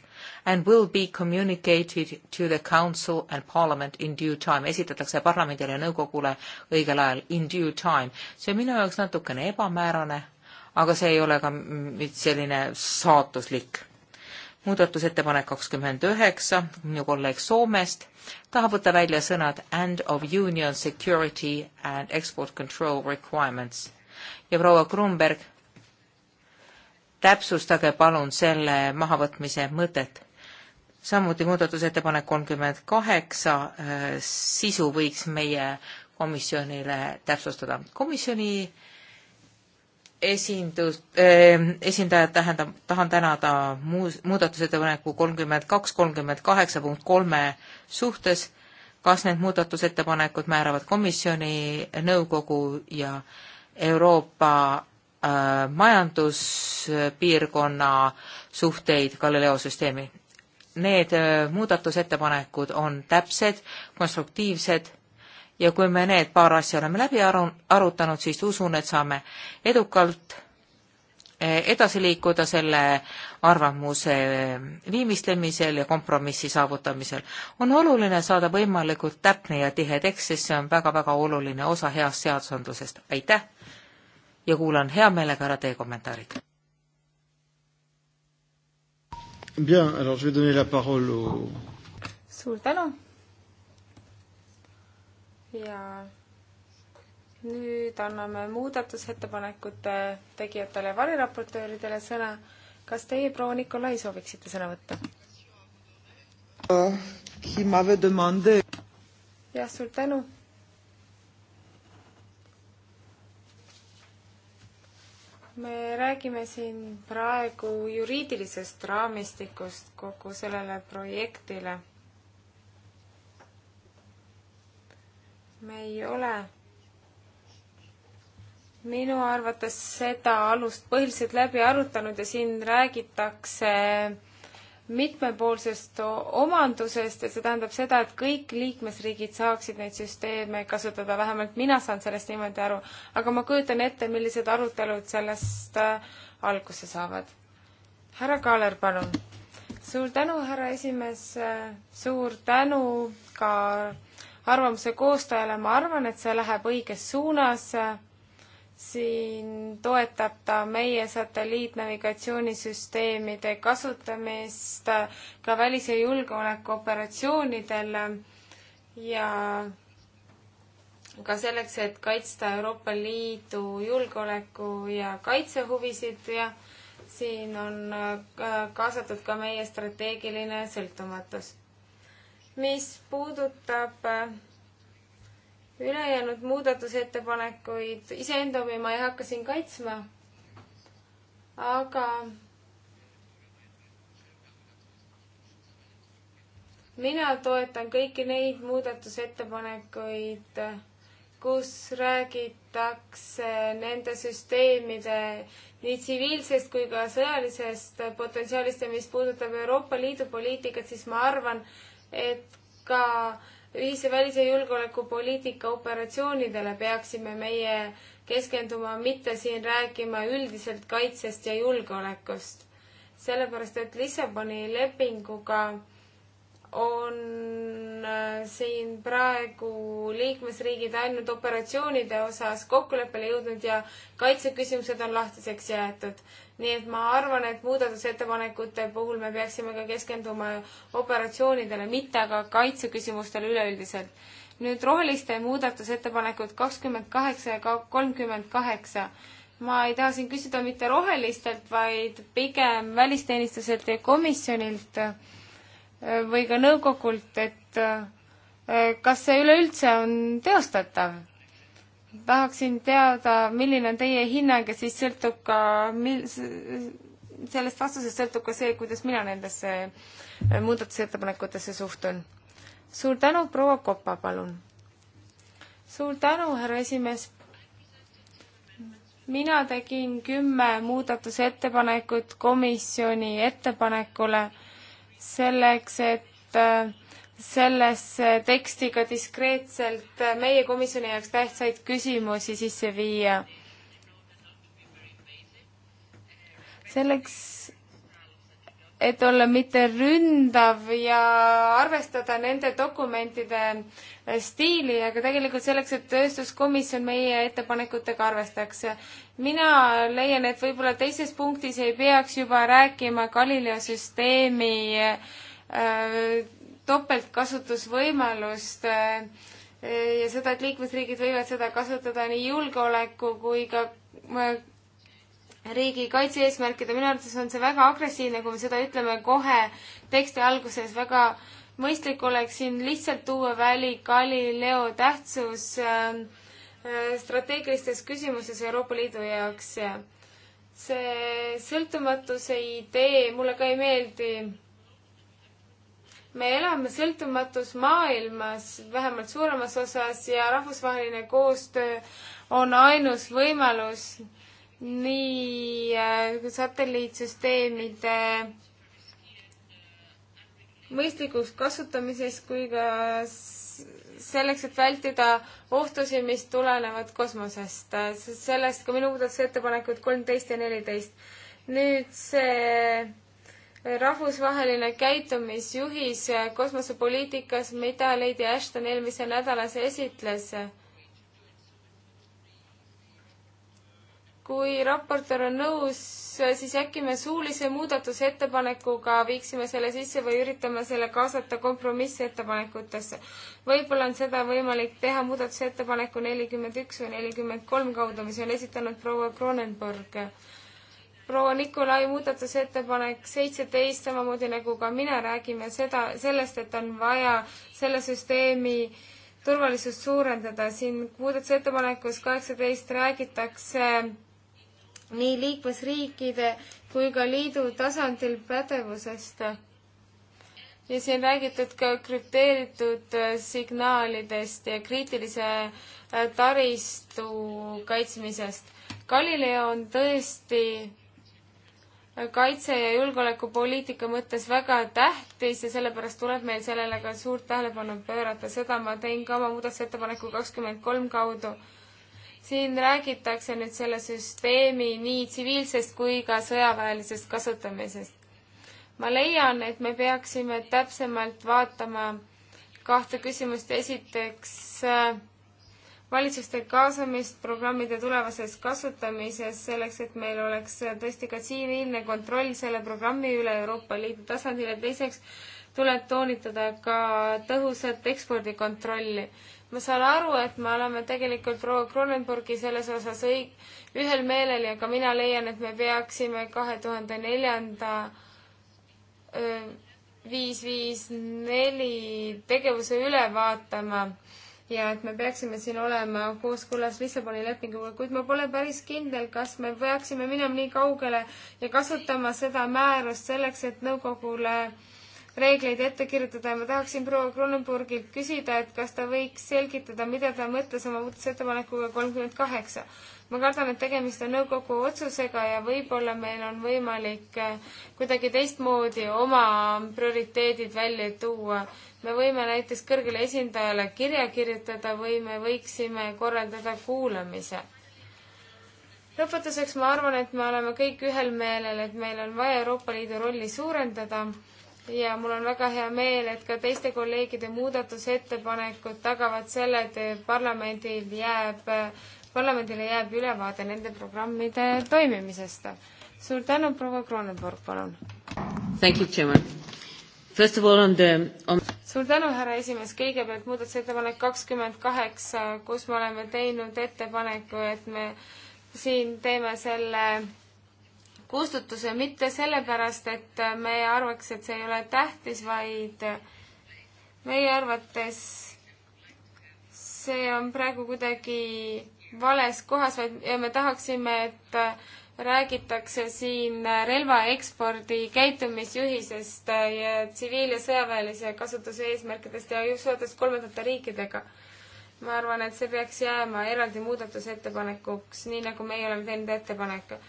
and will be communicated to the council and parliament in due time, esitatakse parlamendile ja nõukogule õigel ajal in due time. see on minu jaoks natukene ebamäärane, aga see ei ole ka selline saatuslik muudatusettepanek kakskümmend üheksa, minu kolleeg Soomest, tahab võtta välja sõnad and of union security and export control requirements. ja proua Krumberg, täpsustage palun selle mahavõtmise mõtet. samuti muudatusettepanek kolmkümmend kaheksa, äh, sisu võiks meie komisjonile täpsustada. komisjoni äh, esindus eh,, esindajad tähendab, tahan tänada muus, muudatusettepaneku kolmkümmend kaks, kolmkümmend kaheksa punkt kolme suhtes, kas need muudatusettepanekud määravad komisjoni, nõukogu ja Euroopa eh, majanduspiirkonna suhteid Galileo süsteemi. Need eh, muudatusettepanekud on täpsed, konstruktiivsed ja kui me need paar asja oleme läbi aru, arutanud, siis usun, et saame edukalt eh, edasi liikuda selle arvamuse eh, viimistlemisel ja kompromissi saavutamisel. on oluline saada võimalikult täpne ja tihe tekst, sest see on väga-väga oluline osa heast seadusandlusest. aitäh ja kuulan hea meelega ära teie kommentaarid. Bien, alors je vais donner la parole au... Suur tänu ja nüüd anname muudatusettepanekute tegijatele ja variraportööridele sõna. kas teie, proua Nikolai, sooviksite sõna võtta? jah, suur tänu. me räägime siin praegu juriidilisest raamistikust kogu sellele projektile me ei ole minu arvates seda alust põhiliselt läbi arutanud ja siin räägitakse mitmepoolsest omandusest ja see tähendab seda, et kõik liikmesriigid saaksid neid süsteeme kasutada, vähemalt mina saan sellest niimoodi aru. aga ma kujutan ette, millised arutelud sellest äh, alguse saavad. härra Kaaler, palun. suur tänu, härra esimees, suur tänu ka arvamuse koostajale, ma arvan, et see läheb õiges suunas. siin toetab ta meie satelliitnavigatsioonisüsteemide kasutamist ka välis- ja julgeolekuoperatsioonidel ja ka selleks, et kaitsta Euroopa Liidu julgeoleku ja kaitsehuvisid ja siin on kaasatud ka meie strateegiline sõltumatus mis puudutab äh, ülejäänud muudatusettepanekuid, iseenda omi ma ei hakka siin kaitsma, aga mina toetan kõiki neid muudatusettepanekuid, kus räägitakse nende süsteemide nii tsiviilsest kui ka sõjalisest äh, potentsiaalist ja mis puudutab Euroopa Liidu poliitikat, siis ma arvan, et ka ühise välis- ja julgeolekupoliitika operatsioonidele peaksime meie keskenduma, mitte siin rääkima üldiselt kaitsest ja julgeolekust. sellepärast, et Lissaboni lepinguga on äh, siin praegu liikmesriigid ainult operatsioonide osas kokkuleppele jõudnud ja kaitseküsimused on lahtiseks jäetud. nii et ma arvan, et muudatusettepanekute puhul me peaksime ka keskenduma operatsioonidele, mitte aga kaitseküsimustele üleüldiselt. nüüd roheliste muudatusettepanekud kakskümmend kaheksa ja kolmkümmend kaheksa ma ei taha siin küsida mitte rohelistelt, vaid pigem välisteenistuselt ja komisjonilt äh, või ka nõukogult, et äh, kas see üleüldse on teostatav? tahaksin teada, milline on teie hinnang ja siis sõltub ka, mil-, sellest vastusest sõltub ka see, kuidas mina nendesse äh, muudatusettepanekutesse suhtun. suur tänu, proua Kopa, palun! suur tänu, härra esimees! mina tegin kümme muudatusettepanekut komisjoni ettepanekule selleks, et äh, sellesse teksti ka diskreetselt äh, meie komisjoni jaoks tähtsaid küsimusi sisse viia. selleks et olla mitte ründav ja arvestada nende dokumentide stiili, aga tegelikult selleks, et tööstuskomisjon meie ettepanekutega arvestaks. mina leian, et võib-olla teises punktis ei peaks juba rääkima Galileo süsteemi äh, topeltkasutusvõimalust äh, ja seda, et liikmesriigid võivad seda kasutada nii julgeoleku kui ka äh, riigi kaitse-eesmärkide, minu arvates on see väga agressiivne, kui me seda ütleme kohe teksti alguses, väga mõistlik oleks siin lihtsalt tuua väli Galileo tähtsus ähm, äh, strateegilistes küsimuses Euroopa Liidu jaoks ja see sõltumatuse idee mulle ka ei meeldi. me elame sõltumatus maailmas, vähemalt suuremas osas ja rahvusvaheline koostöö on ainus võimalus äh, nii äh, satelliitsüsteemide mõistlikuks kasutamiseks kui ka selleks, et vältida ohtusid, mis tulenevad kosmosest. Äh, sellest ka minu muudatusettepanekud kolmteist ja neliteist. nüüd see rahvusvaheline käitumisjuhis kosmosepoliitikas, mida Lady Ashton eelmisel nädalal esitles kui raportöör on nõus, siis äkki me suulise muudatusettepanekuga viiksime selle sisse või üritame selle kaasata kompromissettepanekutesse. võib-olla on seda võimalik teha muudatusettepaneku nelikümmend üks või nelikümmend kolm kaudu, mis on esitanud proua Kronenberg. proua Nikolai muudatusettepanek seitseteist, samamoodi nagu ka mina, räägime seda, sellest, et on vaja selle süsteemi turvalisust suurendada. siin muudatusettepanekus kaheksateist räägitakse nii liikmesriikide kui ka liidu tasandil pädevusest. ja siin räägitud ka krüpteeritud äh, signaalidest ja kriitilise äh, taristu kaitsmisest. Galileo on tõesti äh, kaitse- ja julgeolekupoliitika mõttes väga tähtis ja sellepärast tuleb meil sellele ka suurt tähelepanu pöörata, seda ma teen ka oma muudatusettepaneku kakskümmend kolm kaudu siin räägitakse nüüd selle süsteemi nii tsiviilsest kui ka sõjaväelisest kasutamisest. ma leian, et me peaksime täpsemalt vaatama kahte küsimust, esiteks äh, valitsuste kaasamist programmide tulevases kasutamises, selleks et meil oleks tõesti ka tsiviilne kontroll selle programmi üle Euroopa Liidu tasandil ja teiseks tuleb toonitada ka tõhusat ekspordikontrolli ma saan aru, et me oleme tegelikult proua Kronenburgi selles osas õig-, ühel meelel ja ka mina leian, et me peaksime kahe tuhande neljanda viis, viis, neli tegevuse üle vaatama ja et me peaksime siin olema kooskõlas Lissaboni lepinguga, kuid ma pole päris kindel, kas me peaksime minema nii kaugele ja kasutama seda määrust selleks, et nõukogule äh, reegleid ette kirjutada ja ma tahaksin proua Kronenburgilt küsida, et kas ta võiks selgitada, mida ta mõtles oma muudatusettepanekuga kolmkümmend kaheksa. ma kardan, et tegemist on nõukogu otsusega ja võib-olla meil on võimalik äh, kuidagi teistmoodi oma prioriteedid välja tuua. me võime näiteks kõrgele esindajale kirja kirjutada või me võiksime korraldada kuulamise lõpetuseks ma arvan, et me oleme kõik ühel meelel, et meil on vaja Euroopa Liidu rolli suurendada ja mul on väga hea meel, et ka teiste kolleegide muudatusettepanekud tagavad selle, et parlamendil jääb, parlamendile jääb ülevaade nende programmide toimimisest. suur tänu, proua Kronenburg, palun! On... suur tänu, härra esimees, kõigepealt muudatusettepanek kakskümmend kaheksa, kus me oleme teinud ettepaneku, et me siin teeme selle kustutuse mitte sellepärast, et me arvaks, et see ei ole tähtis, vaid meie arvates see on praegu kuidagi vales kohas, vaid ja me tahaksime, et räägitakse siin relvaekspordi käitumisjuhisest ja tsiviil- ja sõjaväelise kasutuse eesmärkidest ja just suhetes kolmandate riikidega ma arvan, et see peaks jääma eraldi muudatusettepanekuks, nii nagu meie oleme teinud ettepaneku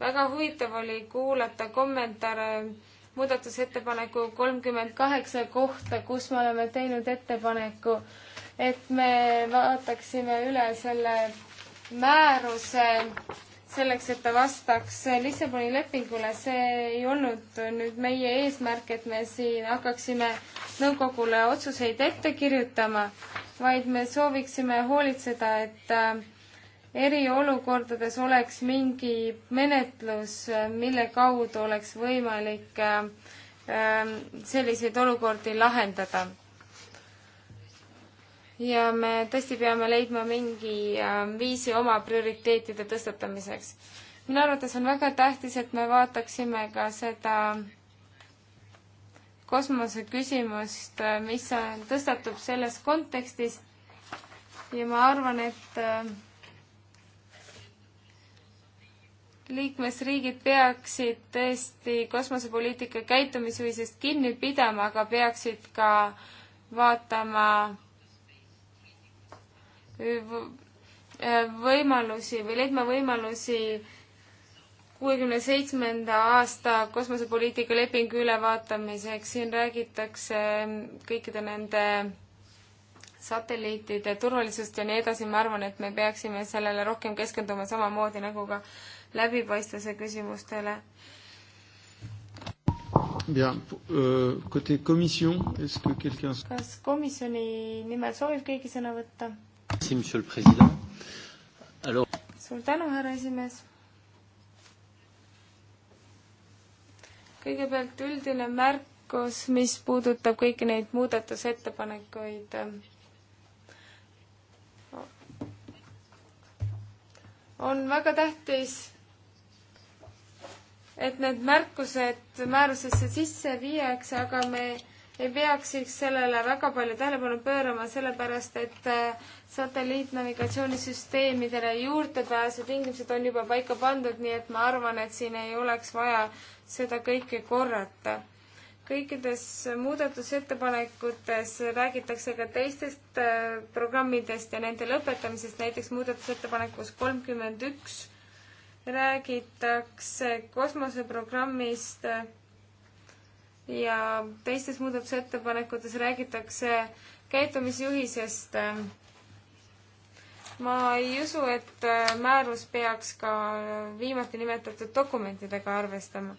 väga huvitav oli kuulata kommentaare muudatusettepaneku kolmkümmend kaheksa kohta, kus me oleme teinud ettepaneku, et me vaataksime üle selle määruse selleks, et ta vastaks Lissaboni lepingule, see ei olnud nüüd meie eesmärk, et me siin hakkaksime nõukogule otsuseid ette kirjutama, vaid me sooviksime hoolitseda, et eriolukordades oleks mingi menetlus, mille kaudu oleks võimalik ähm, selliseid olukordi lahendada. ja me tõesti peame leidma mingi ähm, viisi oma prioriteetide tõstatamiseks. minu arvates on väga tähtis, et me vaataksime ka seda kosmoseküsimust, äh, mis tõstatub selles kontekstis ja ma arvan, et äh, liikmesriigid peaksid tõesti kosmosepoliitika käitumisjuhisest kinni pidama, aga peaksid ka vaatama äh, võimalusi või leidma võimalusi kuuekümne seitsmenda aasta kosmosepoliitika lepingu ülevaatamiseks, siin räägitakse kõikide nende satelliitide turvalisust ja nii edasi, ma arvan, et me peaksime sellele rohkem keskenduma samamoodi nagu ka läbipaistvuse küsimustele. Bien, euh, côté commission, est-ce que quelqu'un... Kas komisjoni nimel soovib keegi sõna võtta? Merci, monsieur le président. Alors... Suur tänu, härra esimees. Kõigepealt üldine märkus, mis puudutab kõiki neid muudatusettepanekuid. On väga tähtis et need märkused määrusesse sisse viiaks, aga me ei peaks siis sellele väga palju tähelepanu pöörama, sellepärast et äh, satelliitnavigatsioonisüsteemidele juurdepääsu tingimused on juba paika pandud, nii et ma arvan, et siin ei oleks vaja seda kõike korrata. kõikides muudatusettepanekutes räägitakse ka teistest äh, programmidest ja nende lõpetamisest, näiteks muudatusettepanekus kolmkümmend üks räägitakse kosmoseprogrammist ja teistes muudatusettepanekutes räägitakse käitumisjuhisest. ma ei usu, et määrus peaks ka viimati nimetatud dokumentidega arvestama.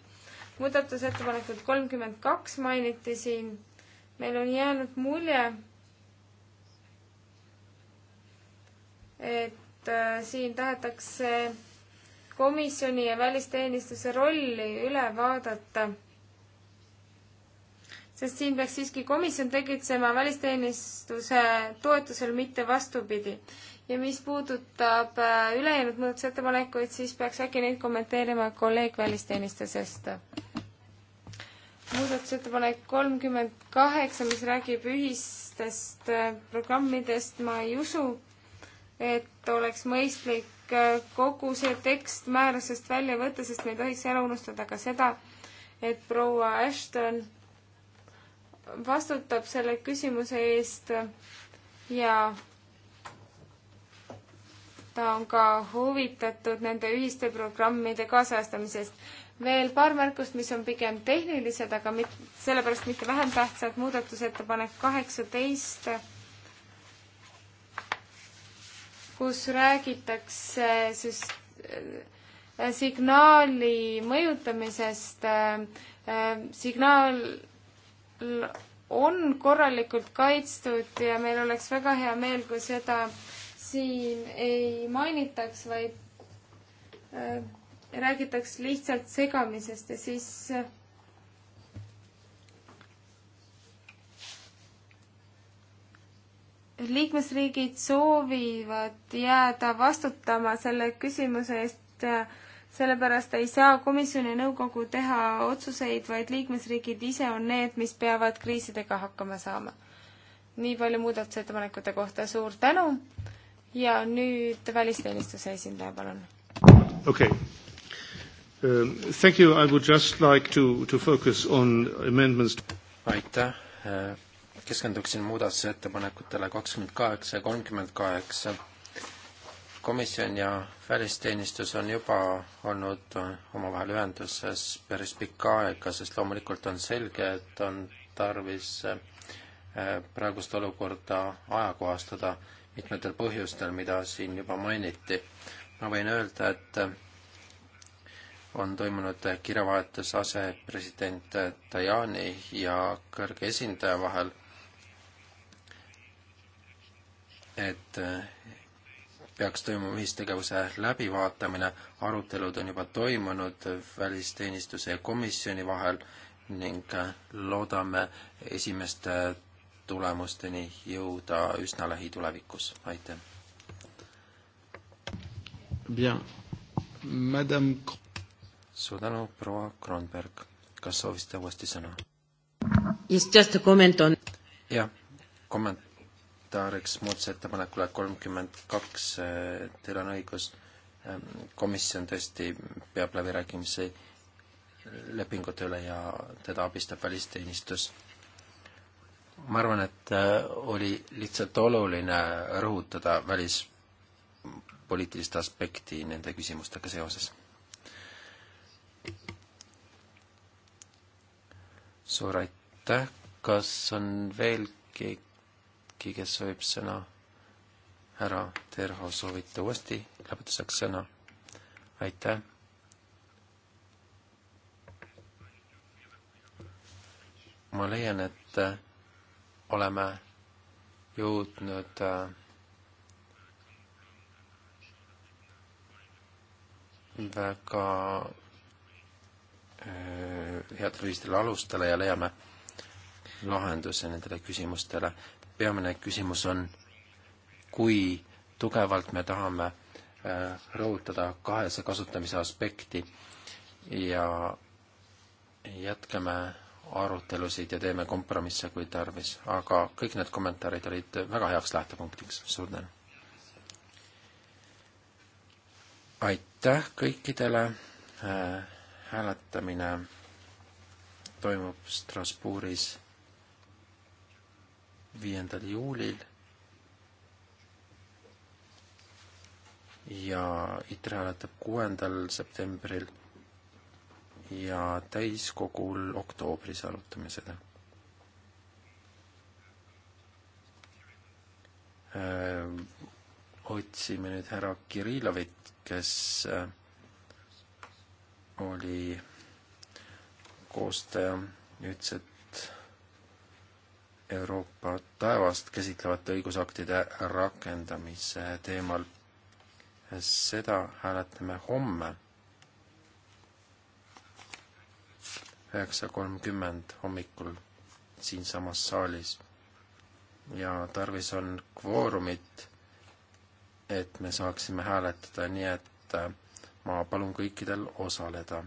muudatusettepanekut kolmkümmend kaks mainiti siin. meil on jäänud mulje, et äh, siin tahetakse komisjoni ja välisteenistuse rolli üle vaadata. sest siin peaks siiski komisjon tegutsema välisteenistuse toetusel, mitte vastupidi. ja mis puudutab äh, ülejäänud muudatusettepanekuid, siis peaks äkki neid kommenteerima kolleeg välisteenistusest. muudatusettepanek kolmkümmend kaheksa, mis räägib ühistest äh, programmidest, ma ei usu, et oleks mõistlik Äh, kogu see tekst määrusest välja võtta, sest me ei tohiks ära unustada ka seda, et proua Ashton vastutab selle küsimuse eest ja ta on ka huvitatud nende ühiste programmide kaasajastamisest. veel paar märkust, mis on pigem tehnilised, aga mit-, sellepärast mitte vähem tähtsad, muudatusettepanek kaheksateist 18 kus räägitakse süst, äh, signaali mõjutamisest, äh, äh, signaal on korralikult kaitstud ja meil oleks väga hea meel, kui seda siin ei mainitaks, vaid räägitaks lihtsalt segamisest ja siis liikmesriigid soovivad jääda vastutama selle küsimuse eest, äh, sellepärast ei saa komisjon ja nõukogu teha otsuseid, vaid liikmesriigid ise on need, mis peavad kriisidega hakkama saama. nii palju muudatusettepanekute kohta, suur tänu ja nüüd välisteenistuse esindaja, palun. okei okay. um,. Thank you, I would just like to, to focus on amendments. aitäh äh, keskenduksin muudatusettepanekutele kakskümmend kaheksa ja kolmkümmend kaheksa. komisjon ja välisteenistus on juba olnud omavahel ühenduses päris pikka aega, sest loomulikult on selge, et on tarvis eh, praegust olukorda ajakohastada mitmetel põhjustel, mida siin juba mainiti. ma võin öelda, et on toimunud kirjavahetus asepresident Tajani ja kõrge esindaja vahel et äh, peaks toimuma ühistegevuse läbivaatamine, arutelud on juba toimunud välisteenistuse ja komisjoni vahel ning äh, loodame esimeste tulemusteni jõuda üsna lähitulevikus, aitäh. Bien, madame. suur tänu, proua Kronberg, kas soovisite uuesti sõna? jah, komment kommentaariks muudatusettepanekule kolmkümmend kaks, eh, teil on õigus, eh, komisjon tõesti peab läbirääkimisi eh, lepingute üle ja teda abistab välisteenistus. ma arvan, et oli lihtsalt oluline rõhutada välispoliitilist aspekti nende küsimustega seoses. suur aitäh, kas on veel keegi? äkki, kes soovib sõna? härra Terho, soovite uuesti lõpetuseks sõna? aitäh. ma leian, et äh, oleme jõudnud äh, väga äh, headele ühistele alustele ja leiame lahenduse nendele küsimustele peamine küsimus on, kui tugevalt me tahame äh, rõhutada kahese kasutamise aspekti ja jätkame arutelusid ja teeme kompromisse, kui tarvis, aga kõik need kommentaarid olid väga heaks lähtepunktiks, suur tänu! aitäh kõikidele, äh, hääletamine toimub Strasbourgis viiendal juulil ja ITRE hääletab kuuendal septembril ja täiskogul oktoobris arutame seda. Äh, otsime nüüd härra Kirillovit, kes äh, oli koostaja üldse Euroopa taevast käsitlevate õigusaktide rakendamise teemal. seda hääletame homme üheksa kolmkümmend hommikul siinsamas saalis ja tarvis on kvoorumit, et me saaksime hääletada, nii et äh, ma palun kõikidel osaleda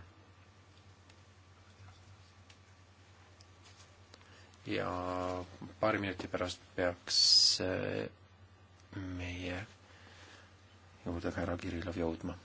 ja paari minuti pärast peaks äh, meie juurde ka härra Kirillov jõudma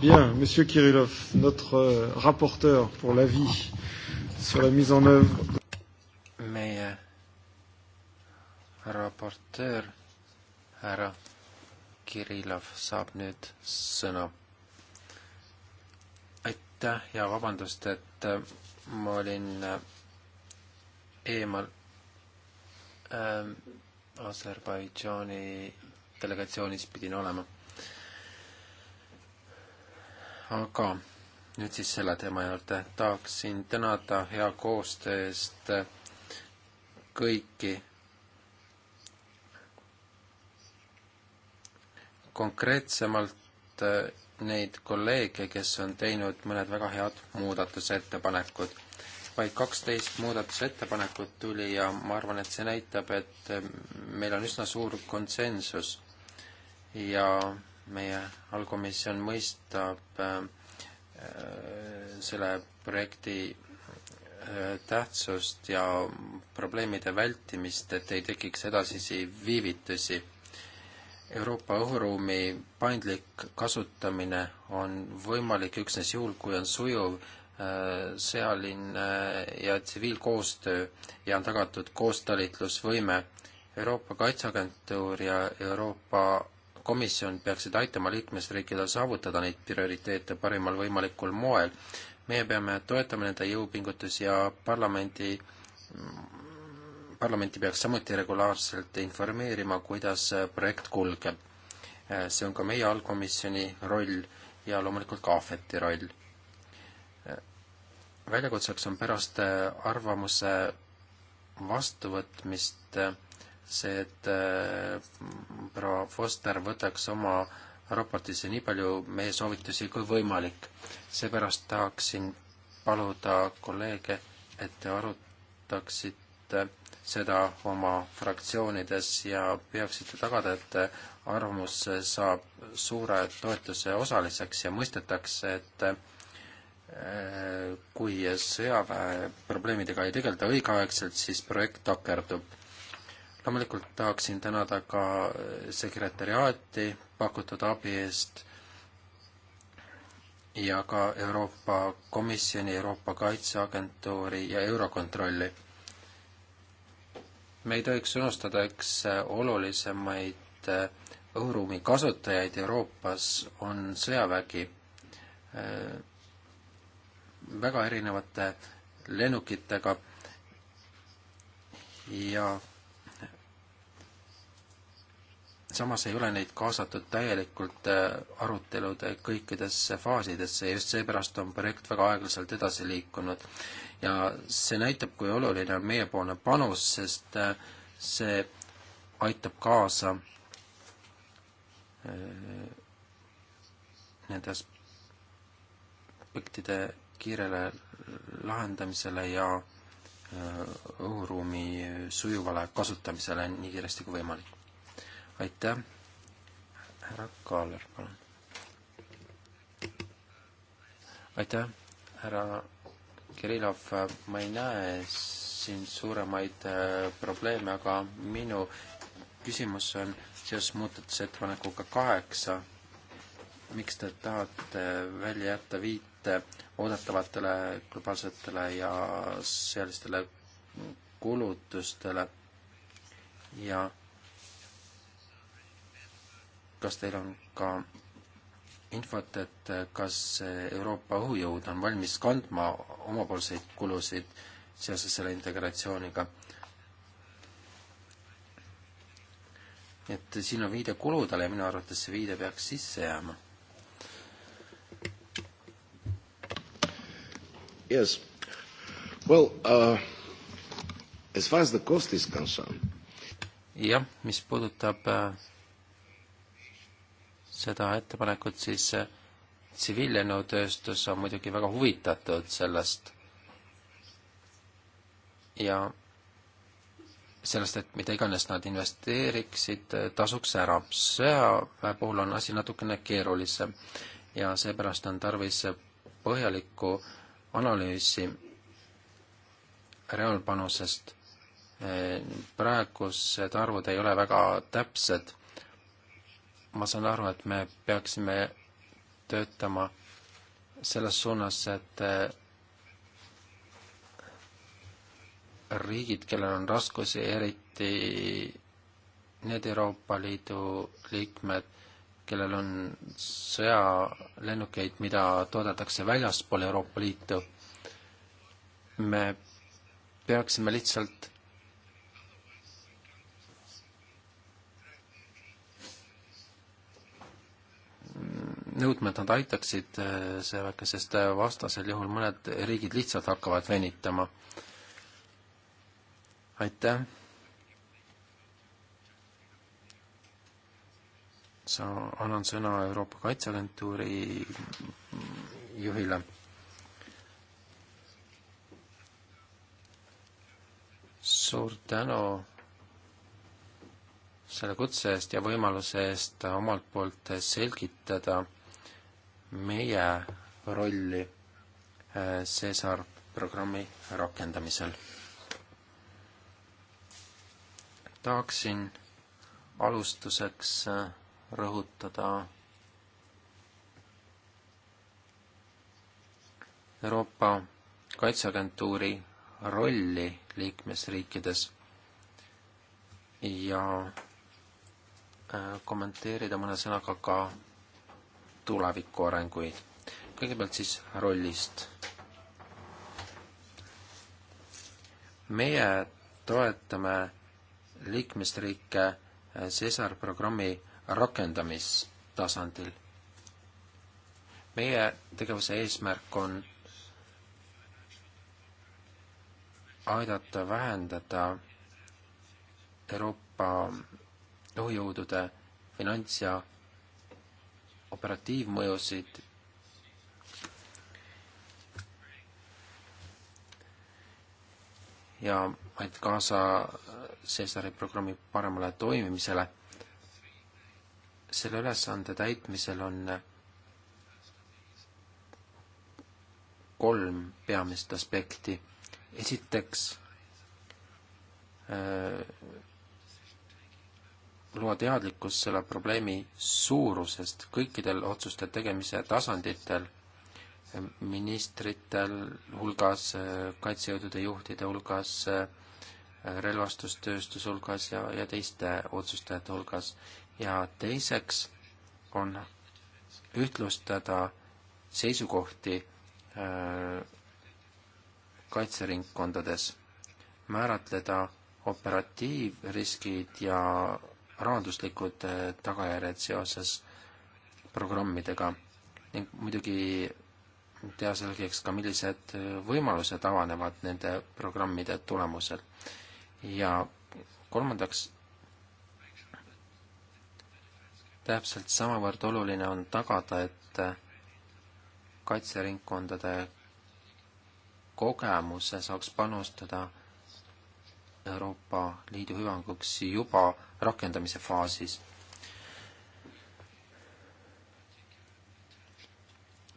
Bien, Monsieur Kirillov, notre euh, rapporteur pour l'avis sur la mise en œuvre. meie raportöör härra Kirillov saab nüüd sõna. aitäh ja vabandust, et äh, ma olin äh, eemal ähm, Aserbaidžaani delegatsioonis pidin olema aga nüüd siis selle teema juurde tahaksin tänada hea koostöö eest kõiki konkreetsemalt eh, neid kolleege, kes on teinud mõned väga head muudatusettepanekud. vaid kaksteist muudatusettepanekut tuli ja ma arvan, et see näitab, et eh, meil on üsna suur konsensus ja meie allkomisjon mõistab äh, selle projekti äh, tähtsust ja probleemide vältimist, et ei tekiks edasisi viivitusi. Euroopa õhuruumi paindlik kasutamine on võimalik üksnes juhul, kui on sujuv äh, sõjaline ja tsiviilkoostöö ja on tagatud koostalitlusvõime. Euroopa Kaitseagentuur ja Euroopa komisjon peaksid aitama liikmesriikidel saavutada neid prioriteete parimal võimalikul moel. meie peame toetama nende jõupingutusi ja parlamendi, parlamenti peaks samuti regulaarselt informeerima, kuidas projekt kulgeb. see on ka meie allkomisjoni roll ja loomulikult ka ahveti roll. väljakutseks on pärast arvamuse vastuvõtmist see, et äh, proua Foster võtaks oma raportisse nii palju meie soovitusi kui võimalik. seepärast tahaksin paluda kolleege, et te arutaksite seda oma fraktsioonides ja peaksite tagada, et arvamus saab suure toetuse osaliseks ja mõistetakse, et äh, kui sõjaväe probleemidega ei tegeleta õigeaegselt, siis projekt takerdub loomulikult tahaksin tänada ka äh, sekretäriaati pakutud abi eest ja ka Euroopa Komisjoni, Euroopa Kaitseagentuuri ja Eurokontrolli. me ei tohiks unustada, eks äh, olulisemaid äh, õhuruumi kasutajaid Euroopas on sõjavägi väga erinevate lennukitega ja samas ei ole neid kaasatud täielikult äh, arutelude kõikidesse faasidesse ja just seepärast on projekt väga aeglaselt edasi liikunud. ja see näitab, kui oluline on meiepoolne panus, sest äh, see aitab kaasa äh, nende aspektide kiirele lahendamisele ja õhuruumi sujuvale kasutamisele nii kiiresti kui võimalik aitäh, härra Kaaler, palun. aitäh, härra Kirillov, ma ei näe siin suuremaid äh, probleeme, aga minu küsimus on seoses muudatusettepanekuga kaheksa. miks te tahate välja jätta viite oodatavatele globaalsetele ja sõjalistele kulutustele ja kas teil on ka infot, et kas Euroopa õhujõud on valmis kandma omapoolseid kulusid seoses selle integratsiooniga? et siin on viide kuludele ja minu arvates see viide peaks sisse jääma. Yes. Well, uh, as far as the cost is concerned. jah, mis puudutab uh, seda ettepanekut, siis äh, tsiviillenõutööstus on muidugi väga huvitatud sellest ja sellest, et mida iganes nad investeeriksid, äh, tasuks ära. sõjaväe äh, puhul on asi natukene keerulisem ja seepärast on tarvis põhjalikku analüüsi reaalpanusest. praegused arvud ei ole väga täpsed ma saan aru, et me peaksime töötama selles suunas, et äh, riigid, kellel on raskusi, eriti need Euroopa Liidu liikmed, kellel on sõjalennukeid, mida toodetakse väljaspool Euroopa Liitu, me peaksime lihtsalt nõudma, et nad aitaksid äh, sellega, sest äh, vastasel juhul mõned riigid lihtsalt hakkavad venitama. aitäh. sa, annan sõna Euroopa Kaitseagentuuri juhile. suur tänu selle kutse eest ja võimaluse eest omalt poolt selgitada meie rolli äh, Cesar programmi rakendamisel. tahaksin alustuseks äh, rõhutada Euroopa Kaitseagentuuri rolli liikmesriikides ja äh, kommenteerida mõne sõnaga ka tuleviku arenguid. kõigepealt siis rollist. meie toetame liikmesriike Cesar programmi rakendamistasandil. meie tegevuse eesmärk on aidata vähendada Euroopa õhujõudude finants- ja operatiivmõjusid ja aitab kaasa Cesari programmi paremale toimimisele. selle ülesande täitmisel on kolm peamist aspekti. esiteks äh, luua teadlikkus selle probleemi suurusest kõikidel otsuste tegemise tasanditel, ministritel hulgas, kaitsejõudude juhtide hulgas, relvastustööstuse hulgas ja, ja teiste otsustajate hulgas. ja teiseks on ühtlustada seisukohti äh, kaitseringkondades, määratleda operatiivriskid ja rahanduslikud äh, tagajärjed seoses programmidega ning muidugi teha selgeks ka, millised äh, võimalused avanevad nende programmide tulemusel. ja kolmandaks, täpselt samavõrd oluline on tagada, et äh, kaitseringkondade kogemuse saaks panustada Euroopa Liidu hüvanguks juba rakendamise faasis.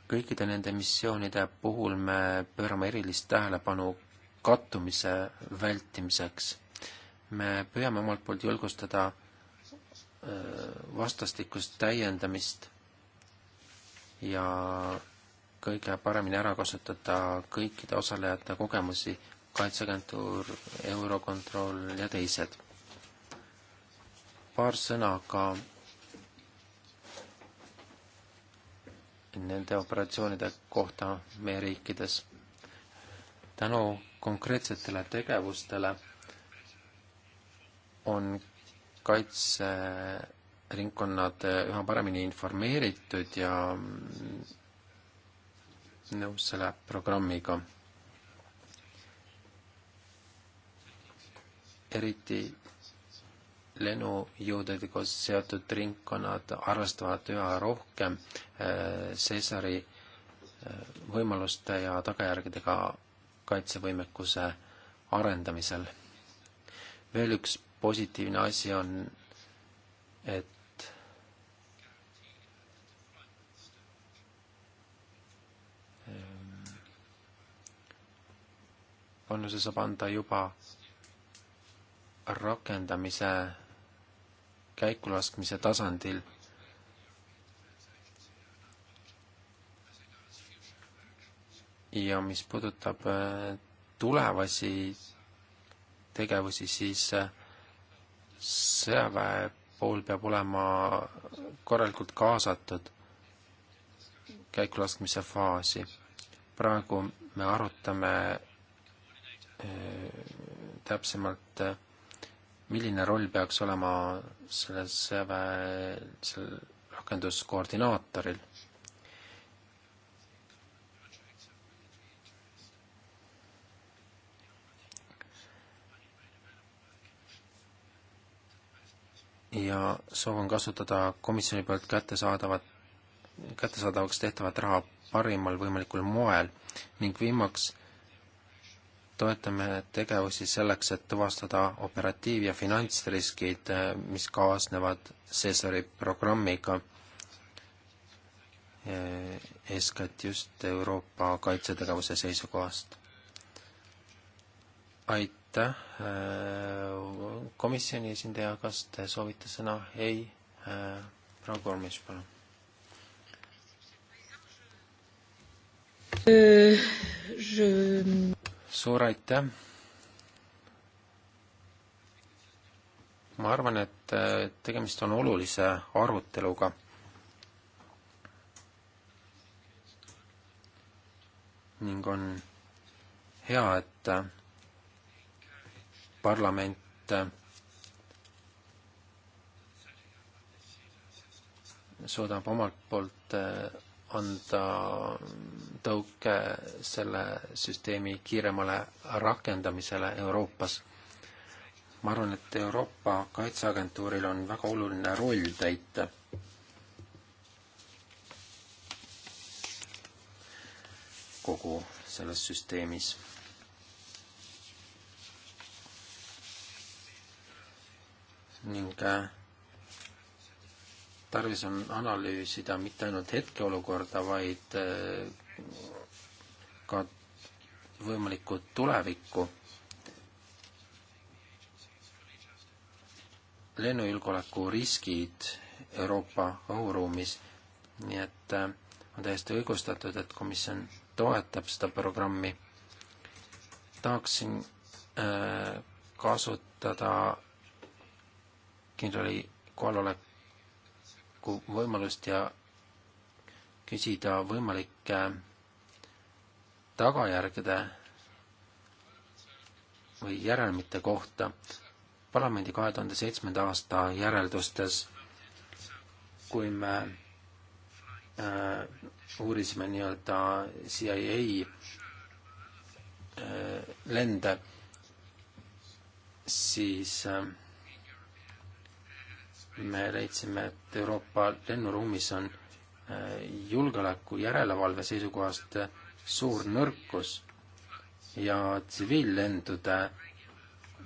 kõikide nende missioonide puhul me pöörame erilist tähelepanu kattumise vältimiseks. me püüame omalt poolt julgustada äh, vastastikust täiendamist ja kõige paremini ära kasutada kõikide osalejate kogemusi Kaitseagentuur, Eurokontroll ja teised. paar sõna ka nende operatsioonide kohta meie riikides. tänu konkreetsetele tegevustele on kaitseringkonnad üha paremini informeeritud ja nõus selle programmiga eriti lennujõududega seotud ringkonnad arvestavad üha rohkem äh, Cäsari äh, võimaluste ja tagajärgedega kaitsevõimekuse arendamisel. veel üks positiivne asi on, et ähm, panuse saab anda juba rakendamise käikulaskmise tasandil ja mis puudutab äh, tulevasi tegevusi, siis äh, sõjaväe pool peab olema korralikult kaasatud käikulaskmise faasi. praegu me arutame äh, täpsemalt milline roll peaks olema selles sõjaväe, sellel rakenduskoordinaatoril? ja soovin kasutada komisjoni poolt kättesaadavat, kättesaadavaks tehtavat raha parimal võimalikul moel ning viimaks toetame tegevusi selleks, et tuvastada operatiiv- ja finantsriskid, eh, mis kaasnevad Cesari programmiga, eh, eeskätt just Euroopa kaitsetegevuse seisukohast. aitäh, eh, komisjoni esindaja, kas te soovite sõna? ei, proua Kormis, palun. Euh, je suur aitäh! ma arvan, et äh, tegemist on olulise aruteluga. ning on hea, et äh, parlament äh, suudab omalt poolt anda tõuke selle süsteemi kiiremale rakendamisele Euroopas. ma arvan, et Euroopa Kaitseagentuuril on väga oluline roll täita. kogu selles süsteemis ning äh, tarvis on analüüsida mitte ainult hetkeolukorda, vaid äh, ka võimalikku tulevikku. lennujulgeoleku riskid Euroopa õhuruumis, nii et äh, on täiesti õigustatud, et komisjon toetab seda programmi. tahaksin äh, kasutada kindral kohalolek kokku võimalust ja küsida võimalike tagajärgede või järelmite kohta. parlamendi kahe tuhande seitsmenda aasta järeldustes, kui me äh, uurisime nii-öelda CIA äh, lende, siis äh, me leidsime, et Euroopa lennuruumis on äh, julgeoleku järelevalve seisukohast äh, suur nõrkus ja tsiviillendude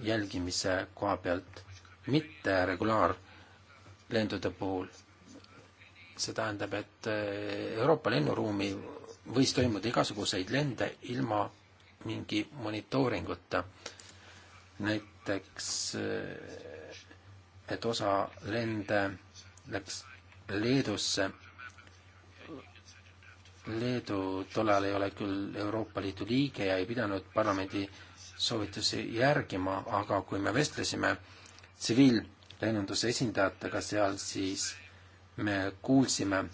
jälgimise koha pealt mitte regulaarlendude puhul. see tähendab, et äh, Euroopa lennuruumi võis toimuda igasuguseid lende ilma mingi monitooringuta. näiteks et osa lende läks Leedusse. Leedu tollal ei ole küll Euroopa Liidu liige ja ei pidanud parlamendi soovitusi järgima, aga kui me vestlesime tsiviillennunduse esindajatega seal, siis me kuulsime,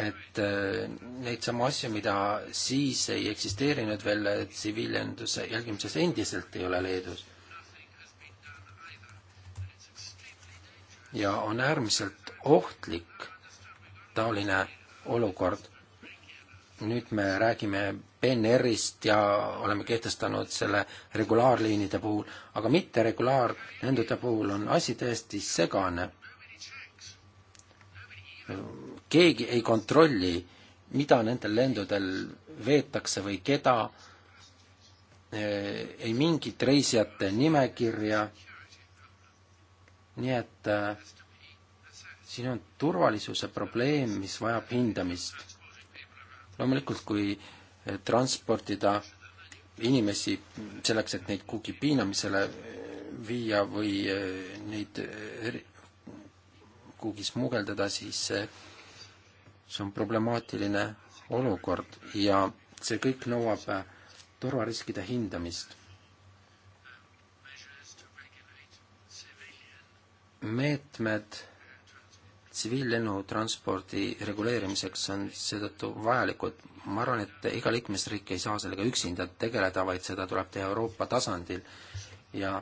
et äh, neid samu asju, mida siis ei eksisteerinud veel tsiviillenduse jälgimises, endiselt ei ole Leedus. ja on äärmiselt ohtlik taoline olukord. nüüd me räägime PNR-ist ja oleme kehtestanud selle regulaarliinide puhul, aga mitte regulaarlendude puhul on asi täiesti segane keegi ei kontrolli, mida nendel lendudel veetakse või keda, eh, ei mingit reisijate nimekirja, nii et eh, siin on turvalisuse probleem, mis vajab hindamist. loomulikult, kui eh, transportida inimesi selleks, et neid kuhugi piinamisele viia või neid kuhugi smugeldada, siis see on problemaatiline olukord ja see kõik nõuab äh, turvariskide hindamist. meetmed tsiviillennutranspordi reguleerimiseks on seetõttu vajalikud. ma arvan, et iga liikmesriik ei saa sellega üksinda tegeleda, vaid seda tuleb teha Euroopa tasandil ja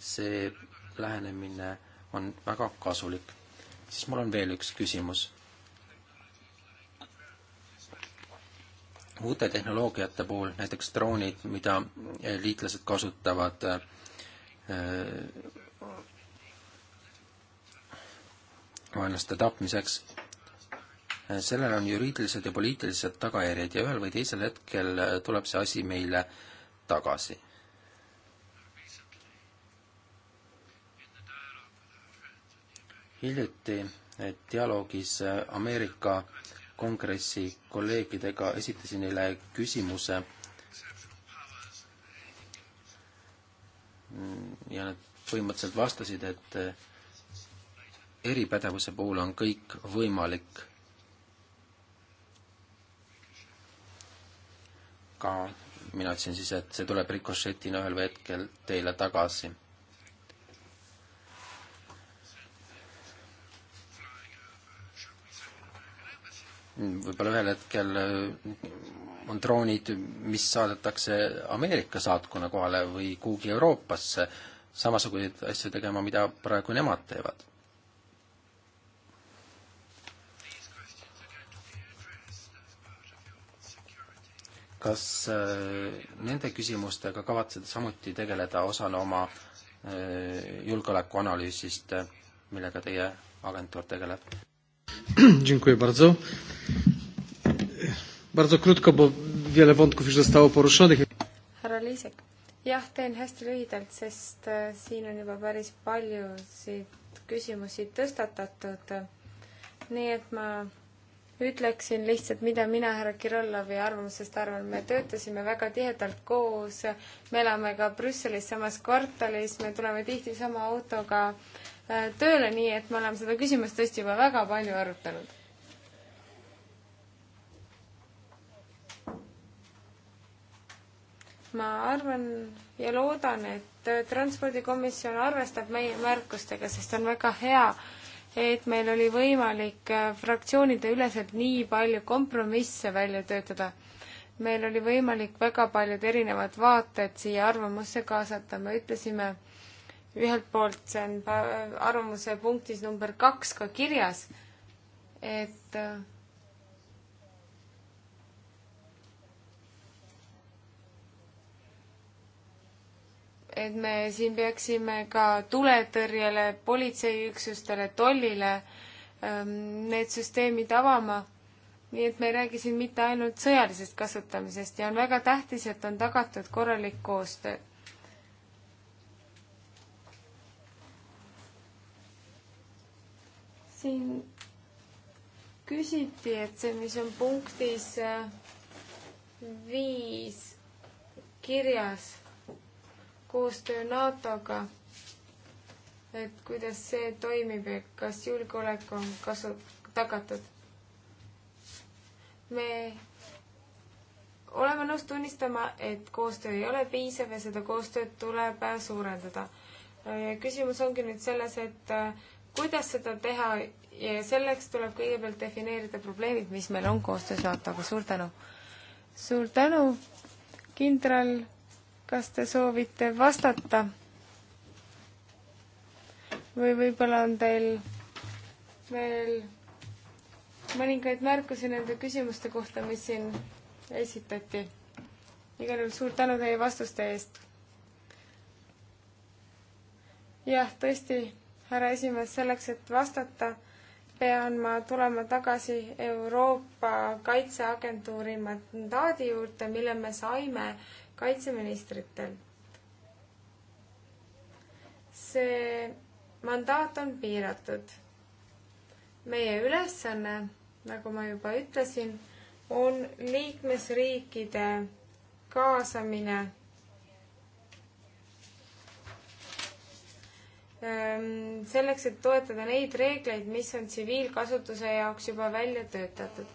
see lähenemine on väga kasulik. siis mul on veel üks küsimus uute tehnoloogiate puhul, näiteks droonid, mida liitlased kasutavad äh, vaenlaste tapmiseks, sellel on juriidilised ja poliitilised tagajärjed ja ühel või teisel hetkel tuleb see asi meile tagasi. hiljuti dialoogis Ameerika kongressi kolleegidega, esitasin neile küsimuse ja nad põhimõtteliselt vastasid, et eh, eripädevuse puhul on kõik võimalik. ka mina ütlesin siis, et see tuleb rikošetina ühel hetkel teile tagasi Mm, võib-olla ühel hetkel äh, on droonid, mis saadetakse Ameerika saatkonna kohale või kuhugi Euroopasse, samasuguseid asju tegema, mida praegu nemad teevad. kas äh, nende küsimustega kavatsed samuti tegeleda osana oma äh, julgeolekuanalüüsist, millega teie agentuur tegeleb? Dziękuję bardzo. Bardzo krótko, bo wiele wątków już zostało poruszonych. härra Liisek, jah, teen hästi lühidalt, sest äh, siin on juba päris paljusid küsimusi tõstatatud. nii et ma ütleksin lihtsalt, mida mina härra Kirollovi arvamusest arvan. me töötasime väga tihedalt koos, me elame ka Brüsselis samas kvartalis, me tuleme tihti sama autoga äh, Äh, tööle, nii et me oleme seda küsimust tõesti juba väga palju arutanud. ma arvan ja loodan, et äh, transpordikomisjon arvestab meie märkustega, sest on väga hea, et meil oli võimalik äh, fraktsioonide üleselt nii palju kompromisse välja töötada. meil oli võimalik väga paljud erinevad vaated siia arvamusse kaasata, me ütlesime, ühelt poolt see on arvamuse punktis number kaks ka kirjas, et et me siin peaksime ka tuletõrjele, politseiüksustele, tollile ähm, need süsteemid avama. nii et me ei räägi siin mitte ainult sõjalisest kasutamisest ja on väga tähtis, et on tagatud korralik koostöö siin küsiti, et see, mis on punktis äh, viis kirjas koostöö NATO-ga, et kuidas see toimib ja kas julgeolek on kasu-, tagatud. me oleme nõus tunnistama, et koostöö ei ole piisav ja seda koostööd tuleb suurendada. Äh, küsimus ongi nüüd selles, et äh, kuidas seda teha ja selleks tuleb kõigepealt defineerida probleemid, mis meil on koostöös NATO-ga, suur tänu! suur tänu, kindral, kas te soovite vastata? või võib-olla on teil veel mõningaid märkusi nende küsimuste kohta, mis siin esitati. igal juhul suur tänu teie vastuste eest. jah, tõesti härra esimees, selleks, et vastata, pean ma tulema tagasi Euroopa Kaitseagentuuri mandaadi juurde, mille me saime kaitseministritelt. see mandaat on piiratud. meie ülesanne, nagu ma juba ütlesin, on liikmesriikide kaasamine Ehm, selleks, et toetada neid reegleid, mis on tsiviilkasutuse jaoks juba välja töötatud.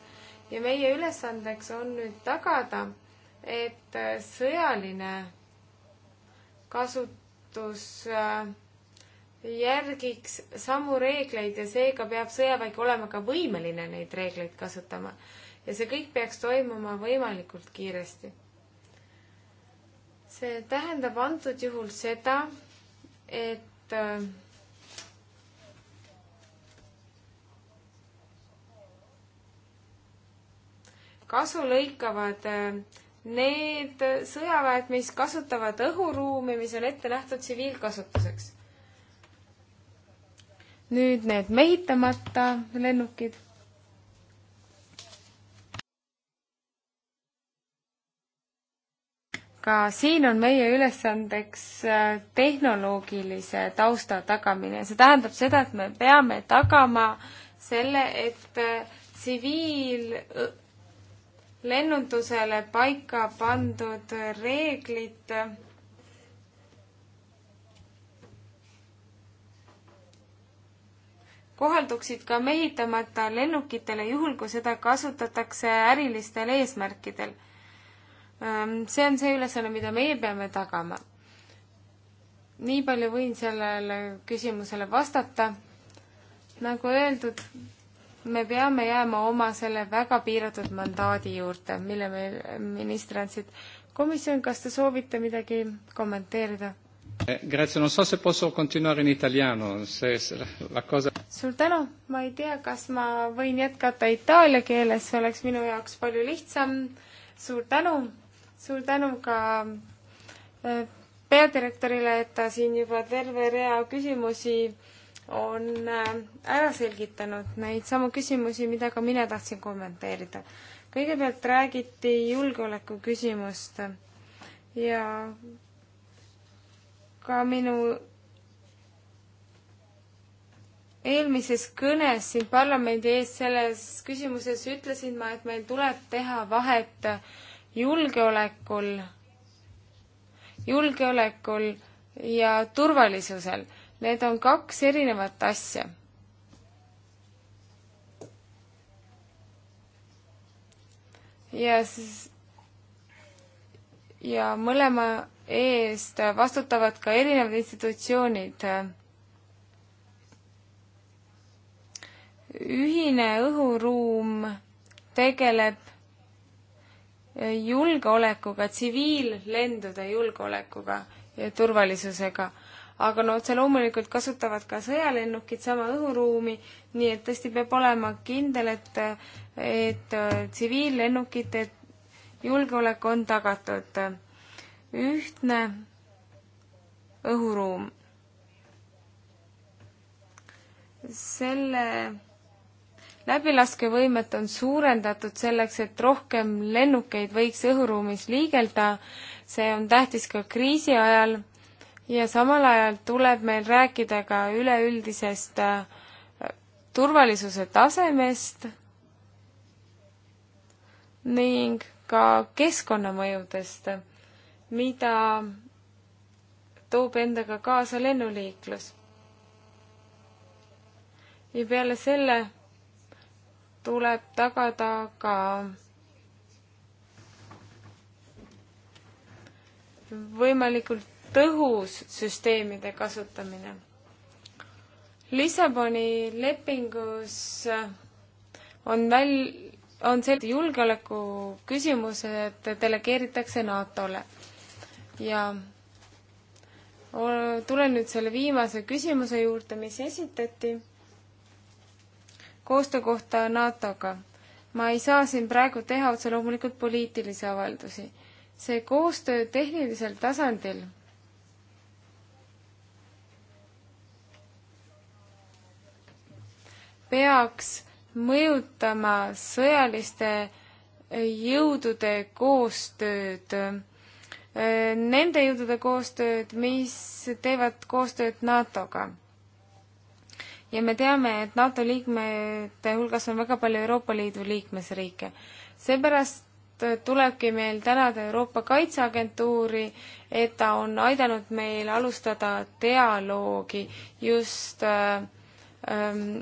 ja meie ülesandeks on nüüd tagada, et äh, sõjaline kasutus äh, järgiks samu reegleid ja seega peab sõjavägi olema ka võimeline neid reegleid kasutama. ja see kõik peaks toimuma võimalikult kiiresti. see tähendab antud juhul seda, et et äh, kasu lõikavad äh, need sõjaväed, mis kasutavad õhuruumi, mis on ette nähtud tsiviilkasutuseks. nüüd need mehitamata lennukid ka siin on meie ülesandeks äh, tehnoloogilise tausta tagamine. see tähendab seda, et me peame tagama selle, et äh, tsiviillennundusele äh, paika pandud reeglid kohalduksid ka mehitamata lennukitele, juhul kui seda kasutatakse ärilistel eesmärkidel Ähm, see on see ülesanne, mida meie peame tagama. nii palju võin sellele küsimusele vastata. nagu öeldud, me peame jääma oma selle väga piiratud mandaadi juurde, mille meil minister andsid. komisjon, kas te soovite midagi kommenteerida? Eh, grazie, non so se posso continuare in italiano, se la cosa... suur tänu, ma ei tea, kas ma võin jätkata itaalia keeles, see oleks minu jaoks palju lihtsam. suur tänu suur tänu ka äh, peadirektorile, et ta siin juba terve rea küsimusi on äh, ära selgitanud, neid samu küsimusi, mida ka mina tahtsin kommenteerida. kõigepealt räägiti julgeoleku küsimust ja ka minu eelmises kõnes siin parlamendi ees selles küsimuses ütlesin ma, et meil tuleb teha vahet äh, julgeolekul, julgeolekul ja turvalisusel. Need on kaks erinevat asja. ja siis ja mõlema eest vastutavad ka erinevad institutsioonid. ühine õhuruum tegeleb julgeolekuga, tsiviillendude julgeolekuga ja turvalisusega. aga no otse loomulikult kasutavad ka sõjalennukid sama õhuruumi, nii et tõesti peab olema kindel, et, et äh, tsiviillennukite julgeolek on tagatud. ühtne õhuruum. selle läbilaskevõimet on suurendatud selleks, et rohkem lennukeid võiks õhuruumis liigelda, see on tähtis ka kriisi ajal ja samal ajal tuleb meil rääkida ka üleüldisest äh, turvalisuse tasemest ning ka keskkonnamõjudest, mida toob endaga kaasa lennuliiklus. ja peale selle tuleb tagada ka võimalikult tõhus süsteemide kasutamine. Lissaboni lepingus on väl-, on selge julgeoleku küsimused delegeeritakse NATO-le ja tulen nüüd selle viimase küsimuse juurde, mis esitati koostöö kohta NATO-ga. ma ei saa siin praegu teha otse loomulikult poliitilisi avaldusi. see koostöö tehnilisel tasandil peaks mõjutama sõjaliste jõudude koostööd, nende jõudude koostööd, mis teevad koostööd NATO-ga ja me teame, et NATO liikmete hulgas on väga palju Euroopa Liidu liikmesriike. seepärast tulebki meil tänada Euroopa Kaitseagentuuri, et ta on aidanud meil alustada dialoogi just ähm,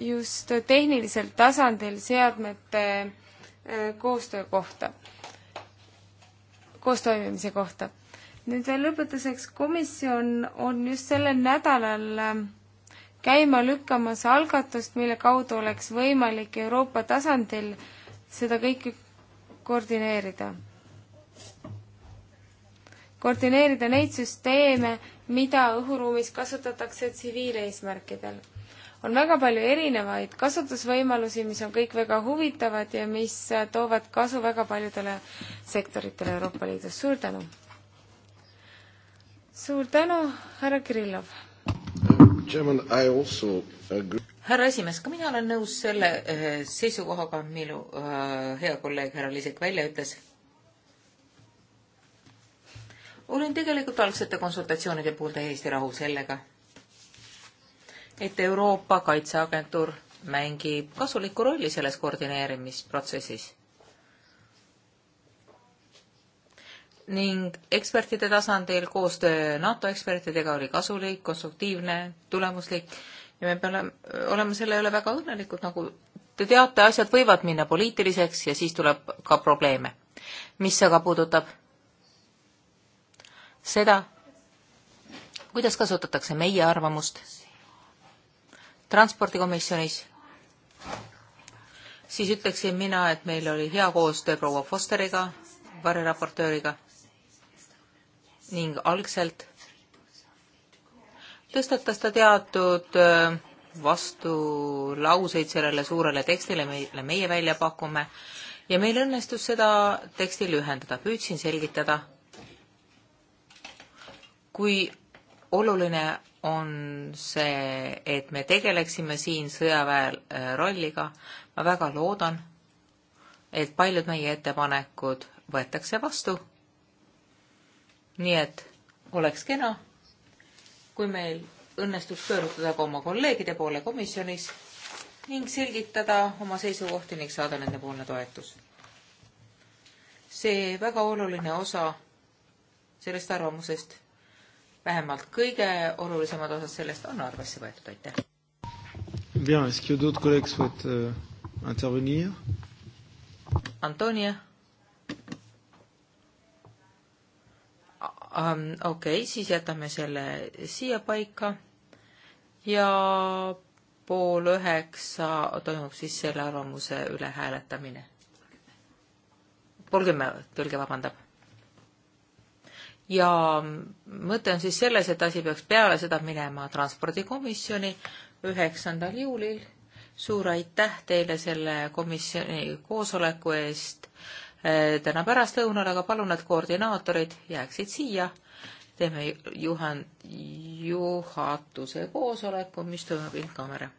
just tehnilisel tasandil seadmete äh, koostöö kohta, koos toimimise kohta nüüd veel lõpetuseks, komisjon on just sellel nädalal ähm, käima lükkamas algatust, mille kaudu oleks võimalik Euroopa tasandil seda kõike koordineerida. koordineerida neid süsteeme, mida õhuruumis kasutatakse tsiviileesmärkidel. on väga palju erinevaid kasutusvõimalusi, mis on kõik väga huvitavad ja mis äh, toovad kasu väga paljudele sektoritele Euroopa Liidus. suur tänu! suur tänu, härra Kirillov. härra esimees, ka mina olen nõus selle eh, seisukohaga, minu eh, hea kolleeg härra Liisek välja ütles. olin tegelikult algsete konsultatsioonide puhul täiesti rahul sellega, et Euroopa Kaitseagentuur mängib kasulikku rolli selles koordineerimisprotsessis ning ekspertide tasandil koostöö NATO ekspertidega oli kasulik, konstruktiivne, tulemuslik ja me peame olema selle üle väga õnnelikud, nagu te teate, asjad võivad minna poliitiliseks ja siis tuleb ka probleeme. mis aga puudutab seda, kuidas kasutatakse meie arvamust transpordikomisjonis, siis ütleksin mina, et meil oli hea koostöö proua Fosteriga, variraportööriga ning algselt tõstatas ta teatud äh, vastulauseid sellele suurele tekstile, mille meie välja pakume ja meil õnnestus seda teksti lühendada, püüdsin selgitada, kui oluline on see, et me tegeleksime siin sõjaväe äh, rolliga. ma väga loodan, et paljud meie ettepanekud võetakse vastu nii et oleks kena, kui meil õnnestus pöörduda ka oma kolleegide poole komisjonis ning selgitada oma seisukohti ning saada nendepoolne toetus. see väga oluline osa sellest arvamusest, vähemalt kõige olulisemad osad sellest on arvesse võetud, aitäh. Bien, est-ce que d'autres collègues souhaitent euh, intervenir Antonia um,. okei okay,, siis jätame selle siia paika ja pool üheksa toimub siis selle arvamuse üle hääletamine. pool kümme, tõlge vabandab. ja mõte on siis selles, et asi peaks peale seda minema transpordikomisjoni üheksandal juulil. suur aitäh teile selle komisjoni koosoleku eest Eh, täna pärastlõunal, aga palun, et koordinaatorid jääksid siia. teeme juhan-, juhatuse koosoleku, mis toimub in camera.